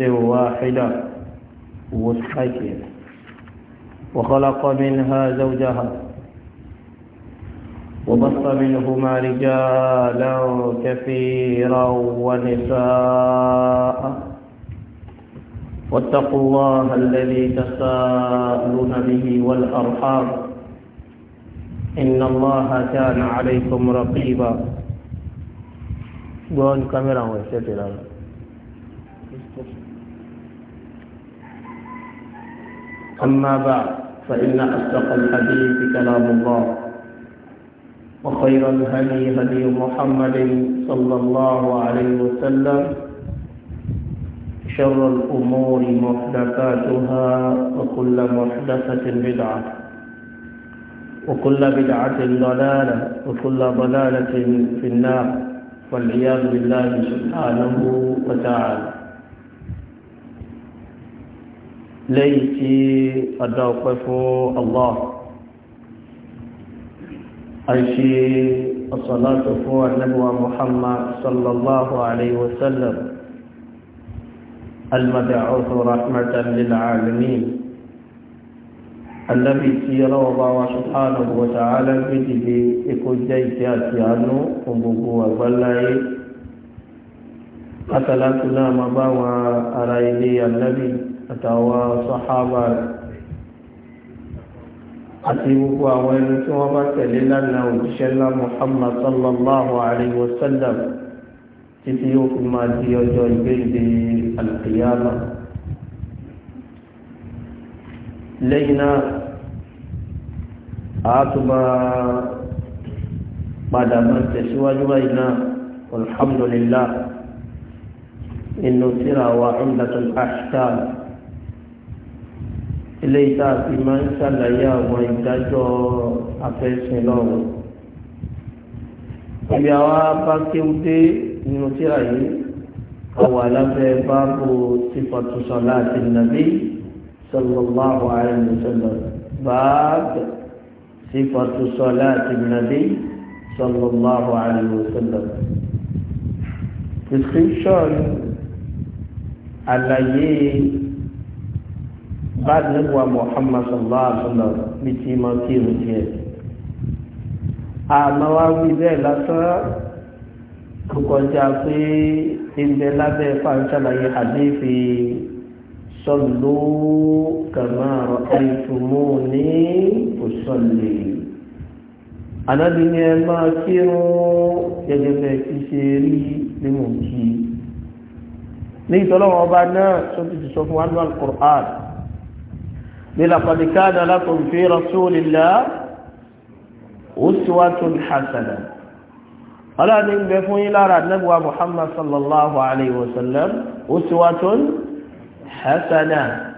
واحدة وسحكين وخلق منها زوجها وبص منهما رجالا كثيرا ونساء واتقوا الله الذي تساءلون به والأرحام إن الله كان عليكم رقيبا جون كاميرا وشتلا أما بعد فإن أصدق الحديث كلام الله وخير الهدي هدي محمد صلى الله عليه وسلم شر الأمور محدثاتها وكل محدثة بدعة وكل بدعة ضلالة وكل ضلالة في النار والعياذ بالله سبحانه وتعالى lẹ́yìn tí ọ̀dá ọpẹ́ fún Allah àṣì ọ̀sọ̀látò fún ànábùwà Muhammad sallallahu alayhi wa sallam al-mab'uth rahmatan lil alamin alábi tí ọlọ́wọ́ bá wa subhanahu wa ta'ala gbèdìde ikú jẹ́ ìfẹ́ àti àánú fún gbogbo àgbáláyé látàlátù náà máa bá wa ara ilé alábi àtàwọn sọ́hábà rẹ̀ àti gbogbo àwọn ẹni tí wọ́n bá tẹ̀lé lánàá òjíṣẹ́ ńlá Muhammad sallallahu alayhi wa sallam títí yóò fi máa di ọjọ́ ìgbéǹde alqiyama lẹ́yìn náà àátúbà padà máa tẹ̀síwájú báyìí náà alhamdulillah inú tíra wa Umdatul Ahkam ilé ìta àti máa ń ṣàlàyé àwọn ìdájọ́ afẹ́sìn lọ́wọ́ ibi àwa bá kéwúdé nínú tíra yìí ọwọ́ alábẹ́ báàbò sífọ̀tù sọ̀lá àti nàbí sallallahu alaihi wasallam báàbò sífọ̀tù sọ̀lá àti nàbí sallallahu alaihi wasallam prescription àlàyé bá nígbà Muhammad sallallahu alaihi wasallam bí tí ma kí ìlú tiẹ̀ àmọ́ wá wí bẹ́ẹ̀ lásán tó kọjá pé ìgbẹ́ lábẹ́ fàǹṣàlàyé hadithi sallu kama ra'aytumuni usalli ànábi ni ẹ máa kírun gẹ́gẹ́ bẹ́ẹ̀ kí ṣe rí nínú kí ní ìtọ́lọ́wọ́ ọba náà tó ti sọ fún wa ní al-Qur'an لقد كان لكم في رسول الله أسوة حسنة ألا نبفون إلى النبوة محمد صلى الله عليه وسلم أسوة حسنة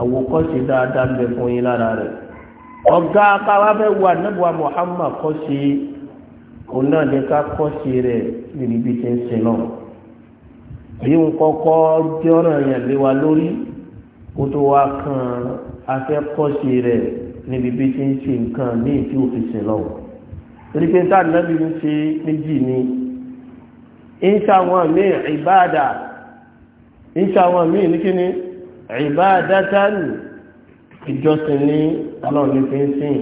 أو قصد آدم بفون إلى رأي ọ̀gá akáwáfẹ́ wà níbuwa Muhammad kọ́ sí òun náà ní ká kọ́ sí rẹ̀ níbi tí ń sin náà bí n kọ́kọ́ jọ́ràn yẹn wa lórí kó tó wá kan afẹ́kọ́ṣe rẹ̀ níbi bí ti ń ṣe nǹkan ní ìtí òfin sìn lọ́wọ́ torí pé tá nàbí ń ṣe méjì ni ìṣàwọn míì ìbáàdà ìṣàwọn míì ní kíni ìbáàdátán ìjọsìn ní ọlọ́run ní fi ń sìn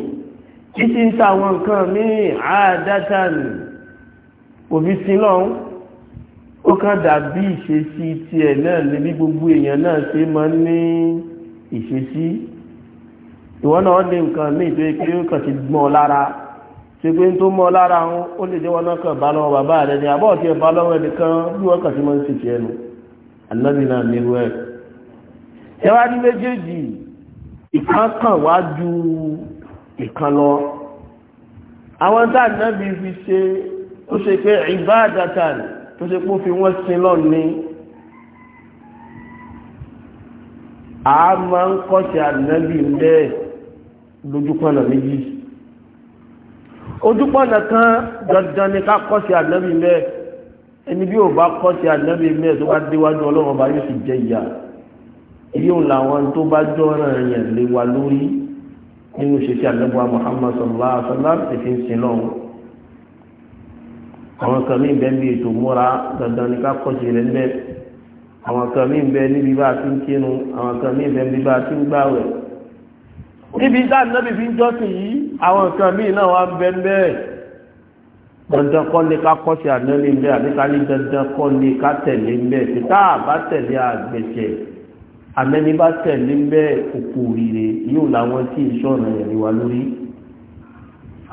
títí ń ṣàwọn nǹkan míì àádátán òfin sìn lọ́wọ́ ó kàn dàbí ìṣesí tiẹ̀ náà níbi gbogbo èèyàn náà ṣe máa ní ìṣesí ìwọ́n náà lè nǹkan míì tó yẹ kí ó kàn ti gbọ́n lára ṣe pé tó mọ́ lára wọn ó lè jẹ́ wọn náà kàn bá lọ́wọ́ bàbá rẹ̀ ní àbọ̀ tí ẹ bá lọ́wọ́ ẹnìkan bí wọ́n kàn ti mọ́ ń sì tiẹ̀ nù ànábì náà nírú ẹ̀. ẹ wá ní méjèèjì ìkan kàn wá ju ìkan lọ àwọn tá ànábì fi ṣe ó ṣe pé ìbáàdàtà tó ṣe pé ó fi wọ́n sin lọ́ọ̀ a máa ń kọ́ṣe ànábì ńlẹ́ lójúpọ̀nà méjì ojúpọ̀nà kan dandan ni ká kọ́ṣe ànábì ńlẹ́ ẹni bí ò bá kọ́ṣe ànábì ńlẹ́ tó bá déwájú ọlọ́run ọba yóò sì jẹ ìyà èyí làwọn tó bá jọ́ràn yẹn lé wa lórí nínú ṣe sí àlẹ́bùwà Muhammad sallallahu alaihi wasallam ìfi ń sin lọ́wọ́ àwọn kan ní ìbẹ́ bí ètò múra dandan ni ká kọ́ṣe rẹ̀ ńlẹ́ àwọn kan mí bẹ níbi bá ti ń kírun àwọn kan mí bẹ níbi bá ti ń gbàwẹ̀ níbi dáàdínlẹ́bì fi ń jọ́sìn yìí àwọn kan mí náà wà ń bẹ bẹ́ẹ̀ dandan kọ́ ni ká kọ́ sí ànáni bẹ́ẹ̀ àbí ká ní dandan kọ́ ni ká tẹ̀lé bẹ́ẹ̀ tí tá bá tẹ̀lé àgbẹ̀jẹ̀ àmẹ́ni bá tẹ̀lé bẹ́ẹ̀ òkú rire yóò làwọn tí ìṣọ̀nà ẹ̀rí wa lórí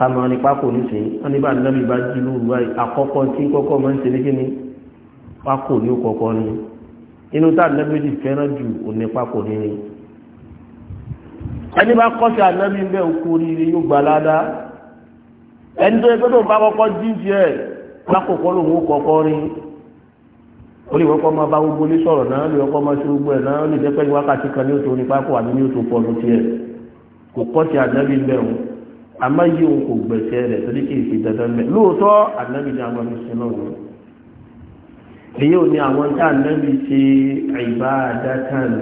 àmọ́ nípa kò ní sìn wọ́n ní bá ànáni bá jí lóru báyìí àkọ́kọ́ tí kọ́kọ́ máa ń ṣe ní kíni pákó ní ó kọ́kọ́ ni inú tá ànábìdì fẹ́ràn jù onípa kò ní ni ẹni bá kọ́ sí ànábì ń bẹ́ òkú oríire yóò gbà ládàá ẹni tó yẹ pé tó bá kọ́kọ́ jíjì ẹ̀ lákòókò lòun kọ́kọ́ rí ó lè wọ́pọ̀ máa bá gbogbo ní sọ̀rọ̀ náà ó lè wọ́pọ̀ máa ṣe gbogbo ẹ̀ náà ó lè jẹ́ pé wákàtí kan ní oṣù onípa kò àbí ní oṣù pọ̀lú tiẹ̀ kò kọ́ sí ànábì ń bẹ́ òun àmọ́ yìí òun kò gbẹ̀sẹ̀ rẹ̀ torí kì í fi dandan mẹ́ lóòótọ́ ànábì ni àwọn ẹni sin náà èyí ò ní àwọn tá nẹ́bí ṣe ìbádátàn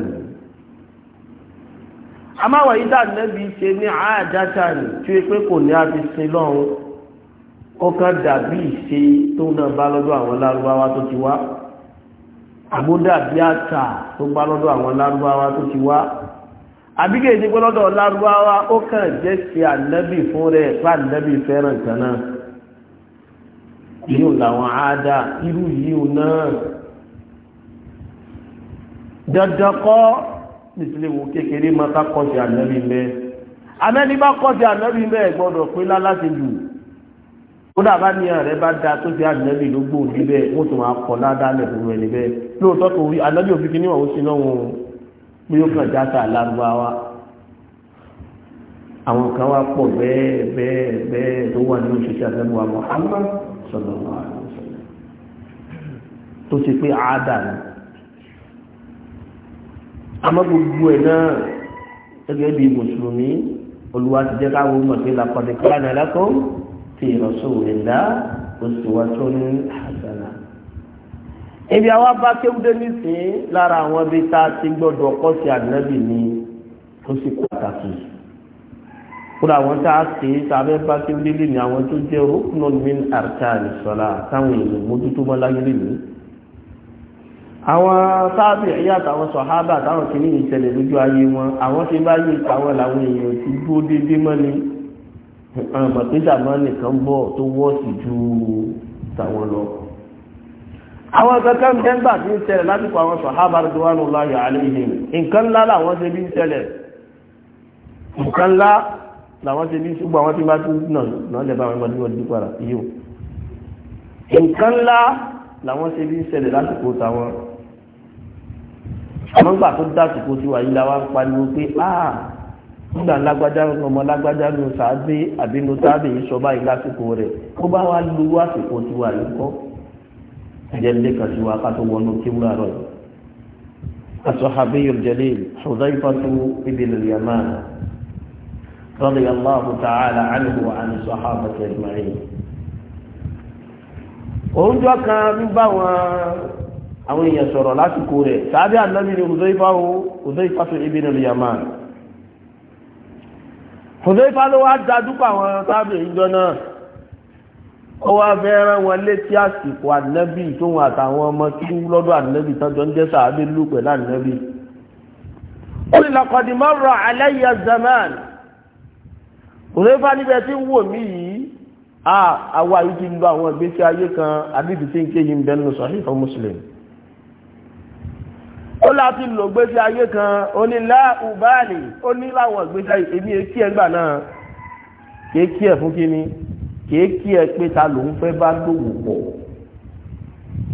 a máa wà yí tá nẹ́bí ṣe ní àádátàn tí ó pé kò ní a fi sin lọ́run ó kàn dàbí ìṣe tó náà bá lọ́dọ̀ àwọn lárúbáwá tó ti wá àbó dàbí àtà tó bá lọ́dọ̀ àwọn lárúbáwá tó ti wá àbíkè ní pé lọ́dọ̀ lárúbáwá ó kàn jẹ́ sí ànẹ́bí fún rẹ̀ pé ànẹ́bí fẹ́ràn kan náà yíò làwọn àádá irú yíò náà dandan kọ́ nítorí wo kékeré máa ká kọ́sí ànábì mẹ́ amẹ́ni bá kọ́sí ànábì mẹ́ gbọ́dọ̀ pé láláti lù kódà bá ní ààrẹ bá da tó ti ànábì ló gbó òbí bẹ́ẹ̀ wọ́n tún máa kọ́ ládàálẹ̀ fún ẹni bẹ́ẹ̀ lóòótọ́ tó rí ànábì òfin kí níwọ̀n ó sí náà wọn pé ó kàn játa lárúbáwá àwọn kan wá pọ̀ bẹ́ẹ̀ bẹ́ẹ̀ bẹ́ẹ̀ tó wà nínú ìṣẹ̀ṣẹ̀ àtẹ́bùwà mọ́ sallallahu alaihi wasallam tó ṣe pé àádà ni àmọ́ gbogbo ẹ̀ náà gẹ́gẹ́ bí mùsùlùmí olúwa ti jẹ́ káwọn ọmọ pé làkọ̀dé kílánà lakum fi rasulillahi uswatun hasanah ebi àwa bá kéwúdé nísìnyí lára àwọn ibi tá a ti gbọ́dọ̀ kọ́ sí ànábì ni ó sì pàtàkì yìí kódà àwọn tá a ṣe é sábẹ́ bá tí ó délé ní àwọn tó jẹ́ ruknul min arkani sọ́la táwọn èèyàn mójútó mọ́ láyé lónìí àwọn sáàbì ẹ̀yà àtàwọn sọ̀hábà táwọn ti ní ìṣẹ̀lẹ̀ lójú ayé wọn àwọn ti bá yí ìpàwọ̀ làwọn èèyàn ti dúró déédéé mọ́ ni àwọn mọ̀tẹ́jà máa nìkan bọ̀ tó wọ́ọ̀sì ju tàwọn lọ àwọn kankan mẹ́mbà ti ń ṣẹlẹ̀ lásìkò àwọn sọ̀hábà ridwanullahi alaihim nǹkan ńlá làwọn ṣe bí ń ṣẹlẹ̀ nǹkan ńlá làwọn ṣe bí ṣùgbọ́n àwọn tí bá tún náà náà lè bá wọn gbọ́dọ̀ wọlé padà yíò nǹkan ńlá làwọn ṣe bí ṣẹlẹ̀ lásìkò táwọn àwọn gbà tó dásìkò tiwa yìí làwọn ń pariwo pé áà nígbà lágbájá ọmọ lágbájá ní sàábé àbínú sáábé yìí sọ báyìí lásìkò rẹ̀ ó bá wá lu àsìkò tiwa yìí kọ́ ẹ̀jẹ̀ lè kàn sí wa ká tó wọnú kíwúrà rẹ̀ asọ̀hábíyul jalil Hudhayfatu ibn al-Yaman رضي الله تعالى عنه وعن الصحابة أجمعين oúnjẹ kan ń bá wọn àwọn èèyàn sọ̀rọ̀ lásìkò rẹ̀ sáábẹ́ ànábì ni òzòífáwò òzòífáṣọ ibn al-Yaman òzòífá ló wá dájúkọ àwọn sáábẹ́ ìjọ náà ó wá bẹ́ẹ̀rẹ̀ wọn létí àsìkò ànábì tó wọn àtàwọn ọmọ tí lọ́dọ̀ ànábì tọ́jọ́ ń òṣèfà níbẹ̀ tí ń wò mí yìí a àwa yìí ti lọ àwọn ìgbésí ayé kan àbíbi tí ń ké yìí ń bẹ́ẹ̀ nù Muslim ó láti lò gbésí ayé kan onílá ubali ó ní láwọn ìgbésí ayé èmi èkí e ẹ̀ gbà náà kéèkì ẹ̀ fún kíni kéèkì ẹ̀ pé ta ló ń fẹ́ bá dòwò pọ̀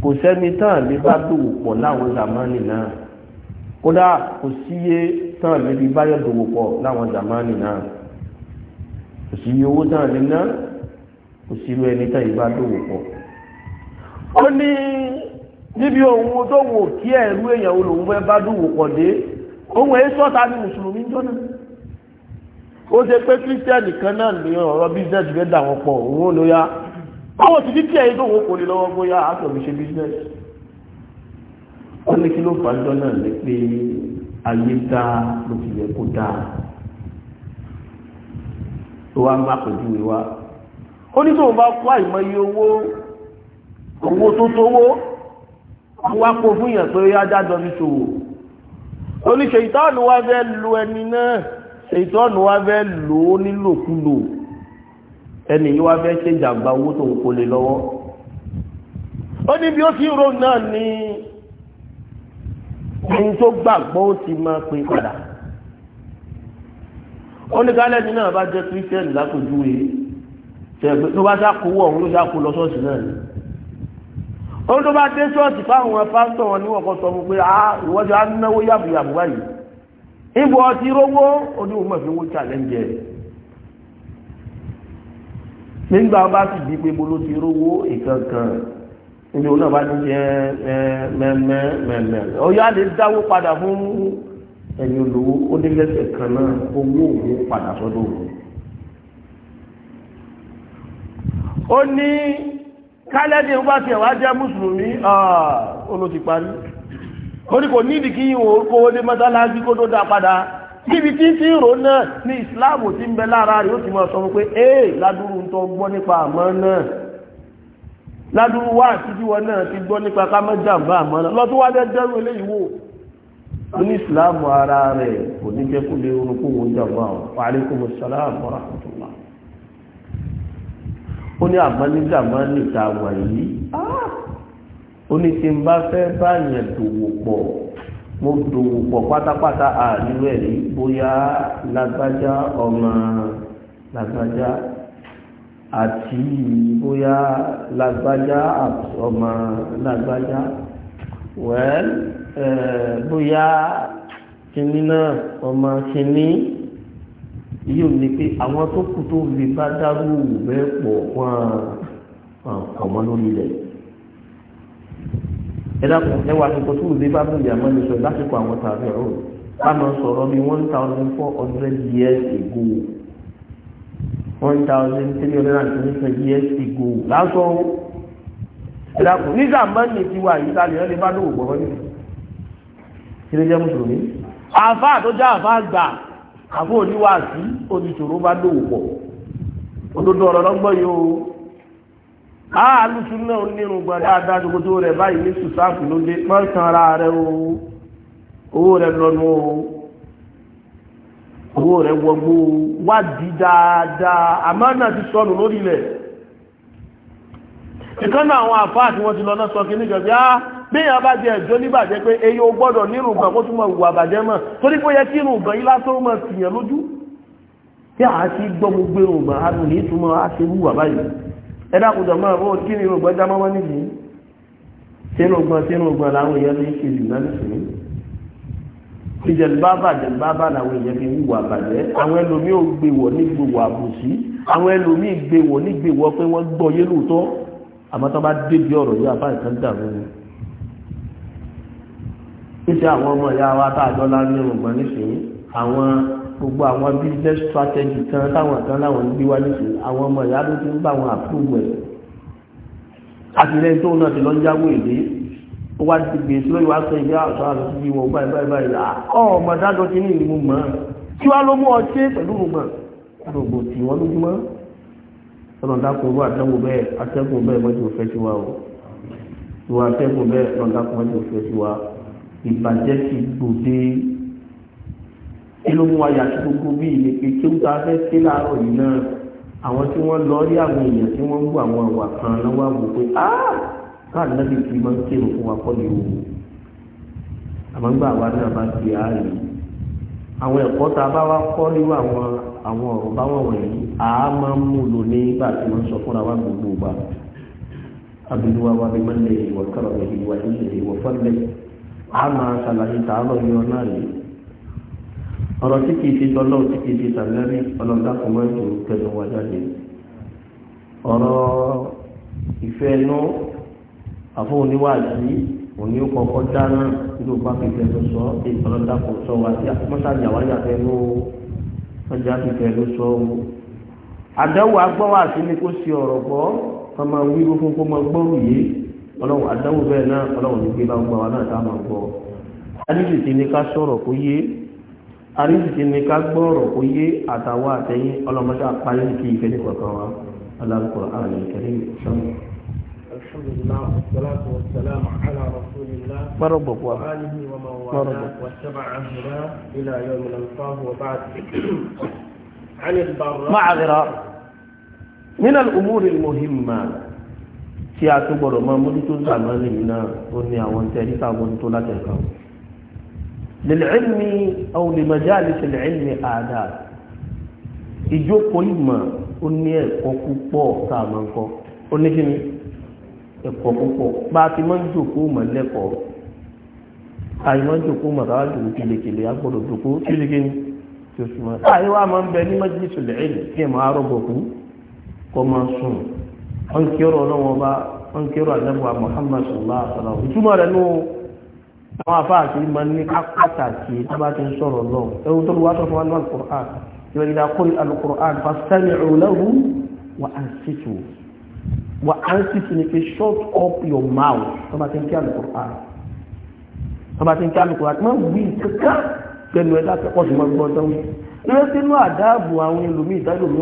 kò sẹ́ni tán lè bá dòwò pọ̀ láwọn zamani náà kódà kò síye tán lè bá yẹ dòwò pọ̀ láwọn zamani náà kò sí iye owó náà lè ná kò sí irú ẹni tán ìbá dòwò pọ̀ ó ní níbi ohun tó wò kí ẹ̀rú èèyàn olóhùn fẹ́ bá dòwò pọ̀ dé ohun èyí sọ́ta ni mùsùlùmí jóná ó ṣe pé kírísítẹ́nì kan náà ní ọ̀rọ̀ bísíǹsì fẹ́ dà wọ́n pọ̀ òun ò lóya báwo ti dúkìá yìí dòwò kò ní lọ́wọ́ bóyá àtọ̀bí ṣe bísíǹsì ó ní kí ló fàájọ́ náà lé pé ayé dá ló fi yẹ kó dáa tó wá ń bá pẹ̀lú ìwé wa ó ní tóun bá kó àìmọye owó owó tó tówó wá kó fún yàn pé yá dájọ́ ní ṣòwò ó ní ṣèyítọ́ọ̀nù wá fẹ́ lu ẹni náà ṣèyítọ́ọ̀nù wá fẹ́ lò ó nílòkulò ẹni yìí fẹ́ ṣe jàǹbá owó tóun kò lè lọ́wọ́ ó ní bí ó ti rò náà ní ohun tó gbàgbọ́ ó ti máa pín padà oníkálẹ̀ ní náà bá jẹ́ kírísítẹ́nì lápòjúwe tẹ̀gbẹ́ tó bá sákòwò ọ̀hún ló sákò lọ ṣọ́ọ̀ṣì náà ni ohun tó bá dé ṣọ́ọ̀ṣì fáwọn pásítọ̀ wọn níwọ̀n kan sọ fún pé ah, ìwọ́jọ́ á náwó yàbùyàbù báyìí ibo ọtí rówó oníwòmọ̀ fi wó challenge ẹ̀ nígbà bá sì di pé bolo ti rówó ìkankan níbi náà bá ti jẹ mẹ́mẹ́mẹ́mẹ́ ọ̀yá ẹni olówó ó ní lẹ́sẹ̀ kan náà owó òun padà sọ́dọ̀ òun. ó ní kálẹ́dì ń bá ti ẹ̀wà jẹ́ mùsùlùmí olóti parí ó ní kò nídìí kí ìwò kówó dé mọ́sálásí kó tó dá padà níbi tí tí ìrò náà ní ìsìláàmù tí ń bẹ lára rẹ̀ ó ti mọ̀ sọ pé ee ládùúrú ń tọ́ gbọ́ nípa àmọ́ náà ládùúrú wá àti tí wọn náà ti gbọ́ nípa ká mọ́ jàǹbá àmọ́ náà lọ́tún wá dẹ́dẹ́rú eléyìí wò ní ìsìláàmù ara rẹ̀ kò ní jẹ́ kó lè orúkú wọn jàmbá ọ̀ fàálíkùmù sàlámù rahmatulá ó ní àgbáníjàmbá nìta wà yìí ó ní tí n bá fẹ́ báyẹn dòwò pọ̀ mo dòwò pátápátá ààrírú ẹ̀ bóyá lágbájá ọmọ lágbájá àti bóyá lágbájá ọmọ lágbájá wẹ́ẹ́lì bóyá kìnní náà ọmọ kìnní yóò ní pé àwọn tó kù tó lè bá dárú bẹ́ẹ̀ pọ̀ wọ́n àwọn lórí ilẹ̀ ẹ dákun ẹ wà ní kòtò òde bá bùnjẹ àmọ́ ní sọ lásìkò àwọn tàbí ọ̀rọ̀ a máa sọ̀rọ̀ bí one thousand four hundred years ago one thousand three hundred and twenty years ago lásán ẹ dákun ní Zamani ti wà yìí sálẹ̀ ẹ lè bá dòwò gbọ́ ní. kí jẹ́ mùsùlùmí àfáà tó já àfáà gbà àfọ òníwà sí oníṣòro bá dòwò pọ̀ ọ̀rọ̀ lọ́gbọ́n yìí o alùsùn náà nírun gbọ́n dáadáa rẹ̀ báyìí ní sùsáàfù ló dé rẹ̀ o owó rẹ̀ lọ́nu o owó rẹ̀ wọgbó wádìí dáadáa àmọ́ náà ti sọnù lórí ilẹ̀ àwọn àfáà tí béèyàn bá jẹ ẹjọ́ níbàjẹ́ pé eyín o gbọ́dọ̀ nírun gan kó tún mọ ìwà àbàjẹ́ mọ̀ torí pé ó yẹ kí irun gan yìí lásán ó mọ tìyàn lójú tí a ti gbọ́ gbogbo irun gan adùn ní ìtumọ̀ á ṣe wúwà báyìí ẹ dákùjọ mọ́ ọ kí ni irun gan já mọ́mọ́ nìyí sínú gan sínú gan làwọn èèyàn lè ṣe jù náà nìyí ìjẹ̀lúbábà jẹ̀lúbábà làwọn èèyàn fi wúwà àbàjẹ́ àwọn ẹlòmíì ò gbé wọ̀ ní gbèwọ̀ àbòsí àwọn ẹlòmíì gbé wọ̀ ní gbèwọ̀ pé wọ́n gbọ́ yé lóòótọ́ àmọ́ tó bá débi ọ̀rọ̀ yóò àbá ìtàn dàrú ni títí àwọn ọmọ ìyá wa tá a jọ lá ní ọgbọ̀n nísìnyí àwọn gbogbo àwọn business strategy kan táwọn kan láwọn ń gbé wá nísìnyí àwọn ọmọ ìyá ló ti ń bá wọn àpúrògbò ẹ̀ àtìlẹ́yìn tó náà ti lọ ń jáwó èdè ó wá ti gbé sí lóyún wá sọ ìgbé àṣọ àlọ́ sí bí wọn báyìí báyìí báyìí ọ ọmọ dájọ́ ti ní ìlú mọ́ kí wá ló mú ọ ṣe pẹ̀lú mọ́ gbogbo tí wọ́n lójúmọ́ ọlọ́dàkùn owó àtẹ́wò bẹ́ẹ̀ atẹ́gùn bẹ́ẹ̀ mọ́jú òfẹ́ sí wa o ìwà atẹ́gùn ìbàjẹ́ ti gbòde inú wa yàtí gbogbo bí ilé pé kí ó ta fẹ́ sí láàárọ̀ yìí náà àwọn tí wọ́n lọ rí àwọn èèyàn tí wọ́n ń wo àwọn àwà kan lọ́wọ́ àwò pé káàdì náà ti máa ń kérò fún wa kọ́ ni o àmọ́ gbà wá náà bá ti àárẹ̀ àwọn ẹ̀kọ́ tá a bá wá kọ́ nínú àwọn àwọn ọ̀rọ̀ báwọn wọ̀nyí a máa ń mú lò nígbà tí wọ́n sọ fúnra wa gbogbo wa abinú wa wá bí mọ́lẹ̀ ìwọ̀kọ̀rọ̀ ìwà ìṣẹ̀lẹ̀ ìwọ̀fọ́lẹ̀ a máa ṣàlàyé tààrọ̀ yọ náà rí ọ̀rọ̀ tí kìí fi tọ́lọ́ tí kìí fi tàbílẹ́rí ọlọ́dàkùnmọ́jù tẹnu wà jáde ọ̀rọ̀ ìfẹ́ inú àfún oníwàásí òní ó kọ́kọ́ dáná nígbà bá fi fẹ́ lọ sọ ọlọ́dàkùn sọ wá sí mọ́sáàjì àwájà fẹ́ ọjà fi fẹ́ sọ ọ́ àdánwò agbọ́wà sí ni kó ṣe ọ̀rọ̀ gbọ́ ọmọ wíwú fún kó mọ gbọ́rù yìí ọlọ́run àdánwò bẹ́ẹ̀ náà ọlọ́run ní pé bá ń gbà wá náà tá a máa gbọ́ arísìtì ni ká sọ̀rọ̀ kó yé arísìtì ni ká gbọ́rọ̀ kó yé àtàwọn àtẹ̀yìn ọlọ́mọdé Al-Qur'an Al-Karim sọ́nù. alhamdulillah wa salatu معذرة من الأمور المهمة tí a tó gbọ́dọ̀ mọ mójútó sàmọ́ lèmi náà ó ní àwọn tẹ̀lé tá a mójútó láti ẹ̀kọ́. lèlẹ́ẹ̀mí àwọn olèmọ̀já àlejò lèlẹ́ẹ̀mí àdá ìjókòó ìmọ̀ ó ní ẹ̀kọ́ púpọ̀ tá a máa ń kọ́ ó ní kí ni ẹ̀kọ́ púpọ̀ bá a ti máa ń jókòó mọ̀ lẹ́kọ̀ọ́ àìmọ́ jókòó mọ̀ táwa jòkó kìlekìle a gbọ́dọ̀ jókòó kìlekìle sùn wọ́n kí ọ̀rọ̀ ọlọ́wọ́ bá wọ́n kí àdẹ́bùwà Muhammad sallallahu alaihi wasallam ìtumọ̀ rẹ̀ ló àwọn afáàtì máa ní pàtàkì tó ti ń sọ̀rọ̀ lọ ẹ̀rù tó wá sọ fún wọn al-Qur'an yóò ní akóri al-Qur'an fastami'u lahu wa ansitu wa ansitu ni pé shut up your mouth tó ti ń kí al-Qur'an tó ti ń kí al-Qur'an máa wí kankan pẹ̀lú ẹ̀dá kẹ́kọ̀ọ́ sí mọ́ gbọ́dọ̀ wí. ìrẹsì inú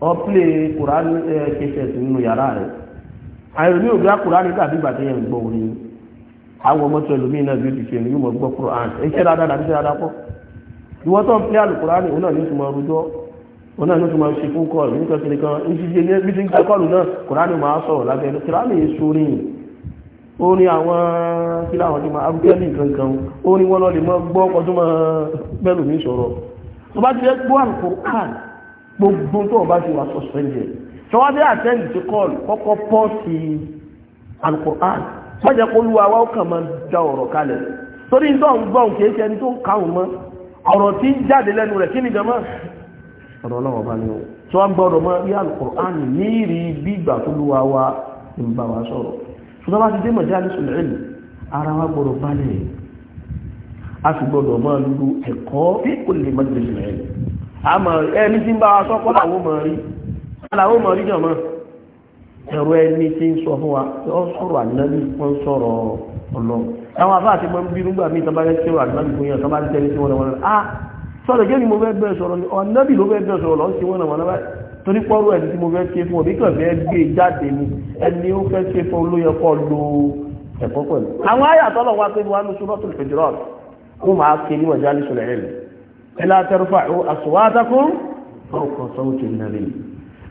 ọ̀pìlẹ̀ kùránì kẹsẹ̀t nínú yàrá rẹ̀ àìròmí òbí àkùránì tàbí ìgbà tẹ́yẹ̀ ń gbọ́ orin àwọn ọmọ tó ẹlòmíì náà bí ó ti ṣe ní yóò gbọ́ kùránì iṣẹ́ dáadáa dàbí iṣẹ́ dáadáa pọ̀ ìwọ́n tó ń pílẹ̀ àlùkùránì òun náà ní ìtumọ̀ rújọ́ òun náà ní ìtumọ̀ ṣe fún kọ́ọ̀lù ní kẹsìlì kan ìṣiṣẹ́ ní bí ti ń gba kọ́ọ̀lù náà kùránì máa sọ̀rọ̀ lábẹ́ ẹni kùránì èso rìn orin àwọn gbogbo tó o bá ti wà suspended tọ́wádé àtẹ́ǹdì ti kọ́ọ̀lù kọ́kọ́ pọ́ sí alukur'an wọ́n jẹ́ kó lúwa wá ó kàn máa da ọ̀rọ̀ kalẹ̀ torí tó ń gbọ́n kìí ṣe ẹni tó ń kàrùn mọ́ ọ̀rọ̀ tí ń jáde lẹ́nu rẹ̀ kí ni gan-an ọ̀rọ̀ ọlọ́wọ́ bá ní o tó ń gbọ́dọ̀ mọ́ rí alukur'an ní rí bí ìgbà tó lúwa wá ń bá wa sọ̀rọ̀ ṣùgbọ́n bá ti dé mọ̀já ní sùlẹ̀ẹ́lì ara wa gbọ́dọ̀ balẹ̀ àmọ́ ẹni tí ń bá wa sọ kọ́ làwọn mọ̀ rí làwọn mọ̀ rí jọ̀mọ́ ẹ̀rọ ẹni tí ń sọ fún wa ọ sọ̀rọ̀ ànábì wọ́n sọ̀rọ̀ ọlọ́run àwọn afá àti mọ́ ń bínú gbà mí tọ́ba ẹ̀ṣẹ́ wà ànábì fún yẹn tọ́ba ẹ̀ṣẹ́ tí wọ́n wọn a sọ̀rọ̀ jẹ́ ni mo fẹ́ bẹ́ẹ̀ sọ̀rọ̀ ni ọ̀nábì ló fẹ́ bẹ́ẹ̀ sọ̀rọ̀ lọ́n ti wọ́n wọn torí pọ́rọ̀ ẹni tí mo fẹ́ ṣe fún ọ bí kàn fẹ́ gbé jáde ni ẹni ó fẹ́ ṣe fún olóyè kọ́ lo ẹ̀kọ́ pẹ̀lú. àwọn àyàtọ̀ lọ́wọ́ akẹ́kọ̀ọ́ wa ní sọ́dọ̀tún ìfẹ̀jọ́rọ̀ kó máa ṣe níwọ̀n jáde sọ̀rọ̀ ẹ̀ lọ ẹlá tẹrùfàáwò àṣùwátákún ọkọ̀ sọ́wọ́tì nàrí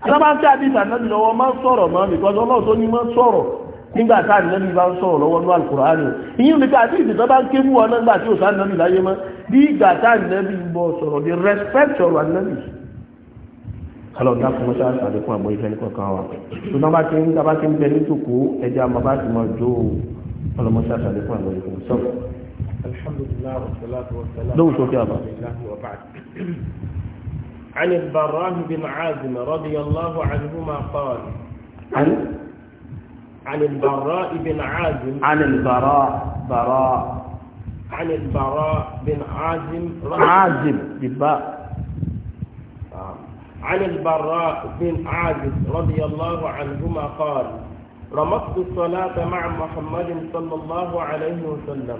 alábáṣí àdìsà nàbì lọ́wọ́ máa sọ̀rọ̀ máa bìkọ́jọ́ náà tó ní máa sọ̀rọ̀ nígbà tá nàbì bá ń sọ̀rọ̀ lọ́wọ́ ní alukùránì ìyún nípa àti ìdìtọ́ bá ń ké mú wọn nígbà tí òsán nàbì láyé mọ́ bí ìgbà tá nàbì ń bọ̀ sọ̀rọ̀ the respect sọ̀rọ̀ nàbì kálọ̀ dá fún mọ́ṣá àdékùn àmọ́ ìfẹ́ ní kankan wa tó náà bá ti ń bá ti ń bẹ ní tòkó ẹja máa bá ti máa jó ọlọmọṣá الحمد لله والصلاة والسلام على lóhùn sókè àbá. عن البراء بن عازم رضي الله عنهما قال عن عن البراء بن عازم عن البراء براء عن البراء بن عازم عازم بالباء عن البراء بن عازم رضي الله عنهما قال رمضت الصلاة مع محمد صلى الله عليه وسلم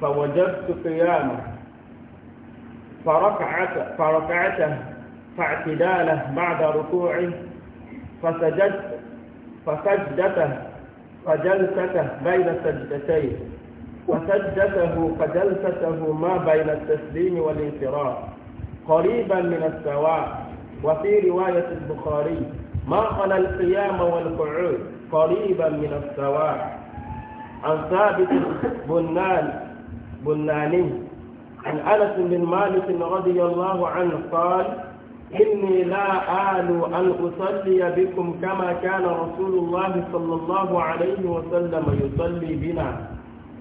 فوجدت قيامه فركعته فركعته فاعتداله بعد ركوعه فسجدت فسجدته فجلسته بين سجدتين وسجدته فجلسته ما بين التسليم والانصراف قريبا من السواء وفي رواية البخاري ما خلا القيام والقعود قريبا من السواء عن ثابت بنان بناني عن أنس بن مالك رضي الله عنه قال إني لا آل أن أصلي بكم كما كان رسول الله صلى الله عليه وسلم يصلي بنا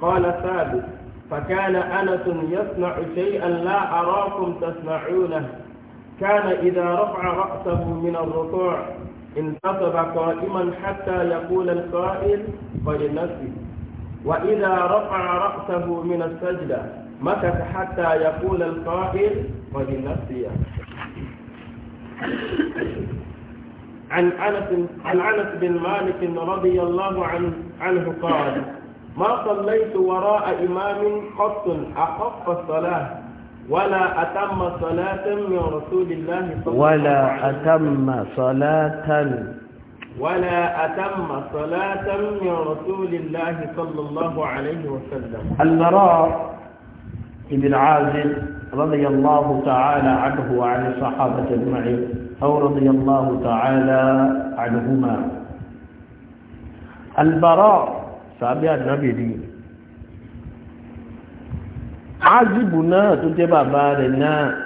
قال ثابت فكان أنس يصنع شيئا لا أراكم تصنعونه كان إذا رفع رأسه من الركوع انتصب قائما حتى يقول القائل قد نسي وإذا رفع رأسه من السجدة مكث حتى يقول القائل قد نسي عن أنس عن أنس بن مالك رضي الله عنه, عنه قال ما صليت وراء إمام قط أخف الصلاة ولا أتم صلاة من رسول الله صلى الله عليه وسلم ولا أتم صلاة ولا أتم صلاة من رسول الله صلى الله عليه وسلم البراء بن عازب رضي الله تعالى عنه وعن الصحابة أجمعين أو رضي الله تعالى عنهما البراء سابع النبي دي عازبنا تجيب بارنا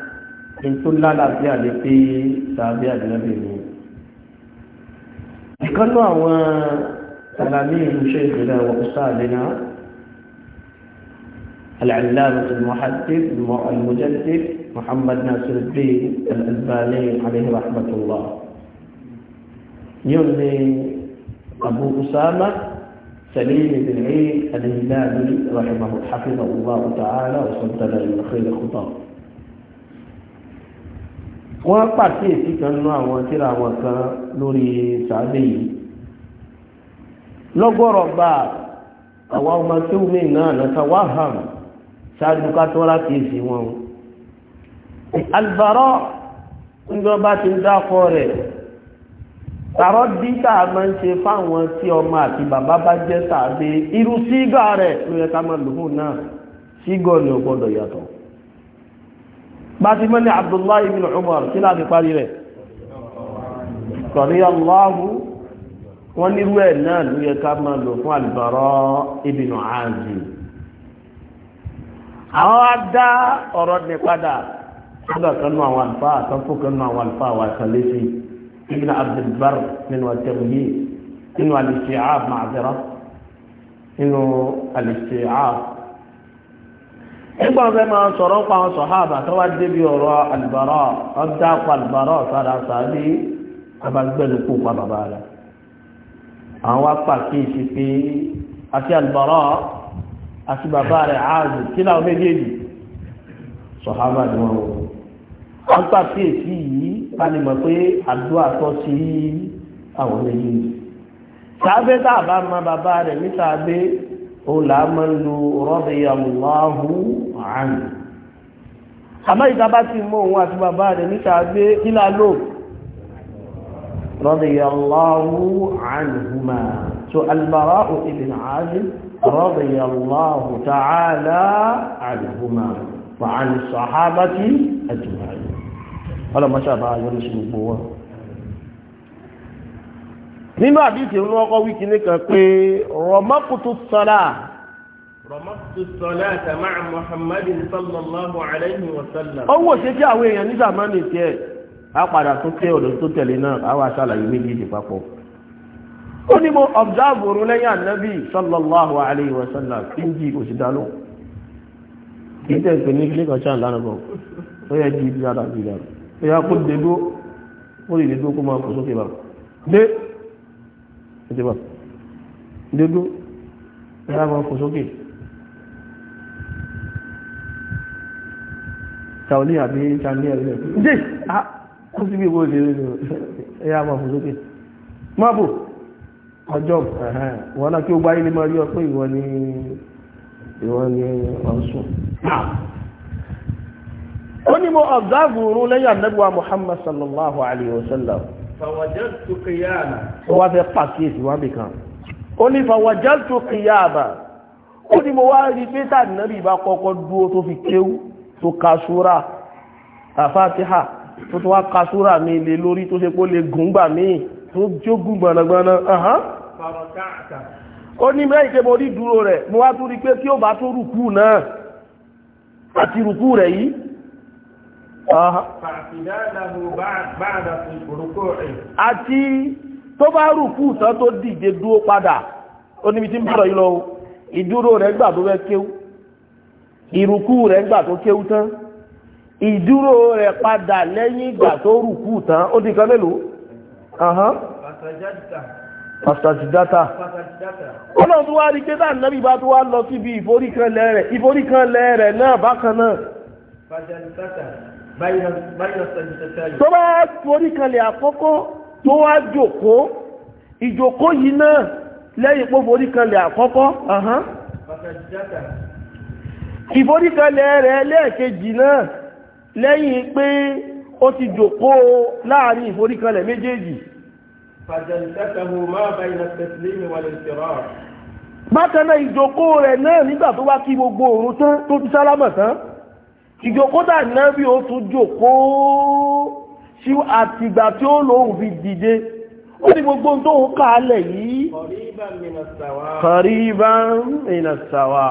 إن تلا لا في سابع النبي دي ìkan وتلاميذ شيخنا وأستاذنا العلامة المحدث المجدد محمد ناصر الدين الألباني عليه رحمة الله يوني أبو أسامة سليم بن عيد الهلالي رحمه حفظه الله تعالى وصدنا من خير خطاه wọ́n pàkíyèsí kan nú àwọn tíra àwọn kan lórí sàádé yìí lọ́gọ́rọ̀ gba àwọn ọmọ tí ó mí náà lọ́ta wá hàn ṣáájú ká tó láti èsì wọn albarọ́ ńjọba ti ń dákọ́ rẹ̀ tààrọ́ dídá máa ń ṣe fáwọn tí ọmọ àti bàbá bá jẹ́ sàádé irú sígà rẹ̀ ló yẹ ká máa lòun náà sígọ̀ ni ò gbọ́dọ̀ yàtọ̀ bá ti mọ́ ní Abdullahi ibn Umar kí láti parí rẹ̀ sọ̀rí Allahu wọ́n nírú ẹ̀ náà ló yẹ ká máa lò fún Al-Bara ibn Azib àwọn á dá ọ̀rọ̀ ní padà sọ́dọ̀ kan nù àwọn àlùfáà àtọ́fù kan àwọn àlùfáà wà kan ibn Abdul nínú àtẹ̀wòye nínú al-Isti'ab nínú al-Isti'ab nígbà wọn fẹ́ máa sọ̀rọ̀ pa àwọn sọ̀háàbà tó wá débi ọ̀rọ̀ àlùbárà ọjà pa àlùbárà sára sàbí abagbẹ́lùkù pa bàbá rẹ̀ àwọn wá pàkíyèsí pé àti àlùbárà àti bàbá rẹ̀ áàzù kí láwọn méjèèjì sọ̀háàbà ni wọ́n wọ́n wọ́n pàkíyèsí yìí ká lè mọ̀ pé àdúrà tọ́ sí àwọn méjèèjì sàbẹ́ tá a bá ma bàbá rẹ̀ ní sàbẹ́ ó là máa ń lo radiyallahu anhu àmọ́ ìta bá ti mọ́ òun àti bàbá rẹ̀ níta gbé kílà lò radiyallahu anhuma so al-Bara'u ibn Azib radiyallahu ta'ala anhuma wa 'an as-sahabati ajma'in ọlọ́mọṣàbá yọ́nù sí gbogbo wọn nínú àdìsí inú ọkọ wíkì nìkan pé rọmọkùtù sọlá. rọmọkùtù sọlá tàmá muhammadu sallallahu alayhi wa sallam. ó wò ṣe kí àwọn èèyàn ní sàmánì tiẹ̀ á padà tó tẹ ọ̀dọ̀ tó tẹ̀lé náà á wá ṣàlàyé méjèèjì papọ̀. ó ní mo observe òru lẹ́yìn ànábì sallallahu alayhi wa sallam kí n jí òṣìdálò kì í tẹ̀sí ní kílíkà ṣáà lánàá bọ̀ ó yẹ kí ibi àdàbí rẹ̀ ó yà kó dédó ó lè dédó kó máa ẹ̀tí bọ̀ dédó ìrábọ̀ kò sókè tàolí àbí ìtàní ẹ̀rẹ́ dé ó sì bí owó ìlérí ìrábọ̀ kò sókè mọ́bù ọjọ́ wọ́n náà kí ó gbáyé ní mọ́ rí ọ pé ìwọ ni ìwọ ó ní mo observe rún lẹ́yìn àdẹ́gbà Muhammad sallallahu alaihi wasallam fàwàjẹ́tù kìyàmà ó wá fẹ́ pàkíyèsí wá nìkan ó ní fàwàjẹ́tù kìyàmà ó ní mo wá rí pé tàbí bá kọ́kọ́ dúó tó fi kéwú tó kasúra àfáàtíhà tó tó wá kasúra mi lè lórí tó ṣe pó lè gùngbà míì tó jógùn gbọ̀nàgbọ̀nà ó ní mẹ́rin pé mo rí dúró rẹ̀ mo wá tún rí pé kí ó bá tó rùkú náà àti rùkú rẹ̀ yìí àti tó bá rùkú tán tó dìde dúó padà ó níbi tí ń bọ̀rọ̀ yìí lọ ìdúró rẹ̀ gbà tó fẹ́ kéwú ìrùkú rẹ̀ gbà tó kéwú tán ìdúró rẹ̀ padà lẹ́yìn ìgbà tó rùkú tán ó di kan mélòó pàtàkìdáta ọ̀nà tó wá rí pé dáà náà bá tó wá lọ síbi ìforíkanlẹ̀ rẹ̀ náà bákan náà tó bá torí kanlẹ̀ àkọ́kọ́ tó wá jòkó ìjòkó yìí náà lẹ́yìn pó forí kanlẹ̀ àkọ́kọ́ ìforí kanlẹ̀ rẹ̀ lẹ́ẹ̀kejì náà lẹ́yìn pé ó ti jòkó láàrin ìforí kanlẹ̀ méjèèjì bákan náà ìjòkó rẹ̀ náà nígbà tó wá kí gbogbo òrùn tán tó fi sálámà tán ìjókòtà nábì ó tún jókòó sí àtìgbà tí ó lóhùn fi dìde ó ní gbogbo tó ń kàálẹ̀ yìí kọ̀ríban ìnàṣàwà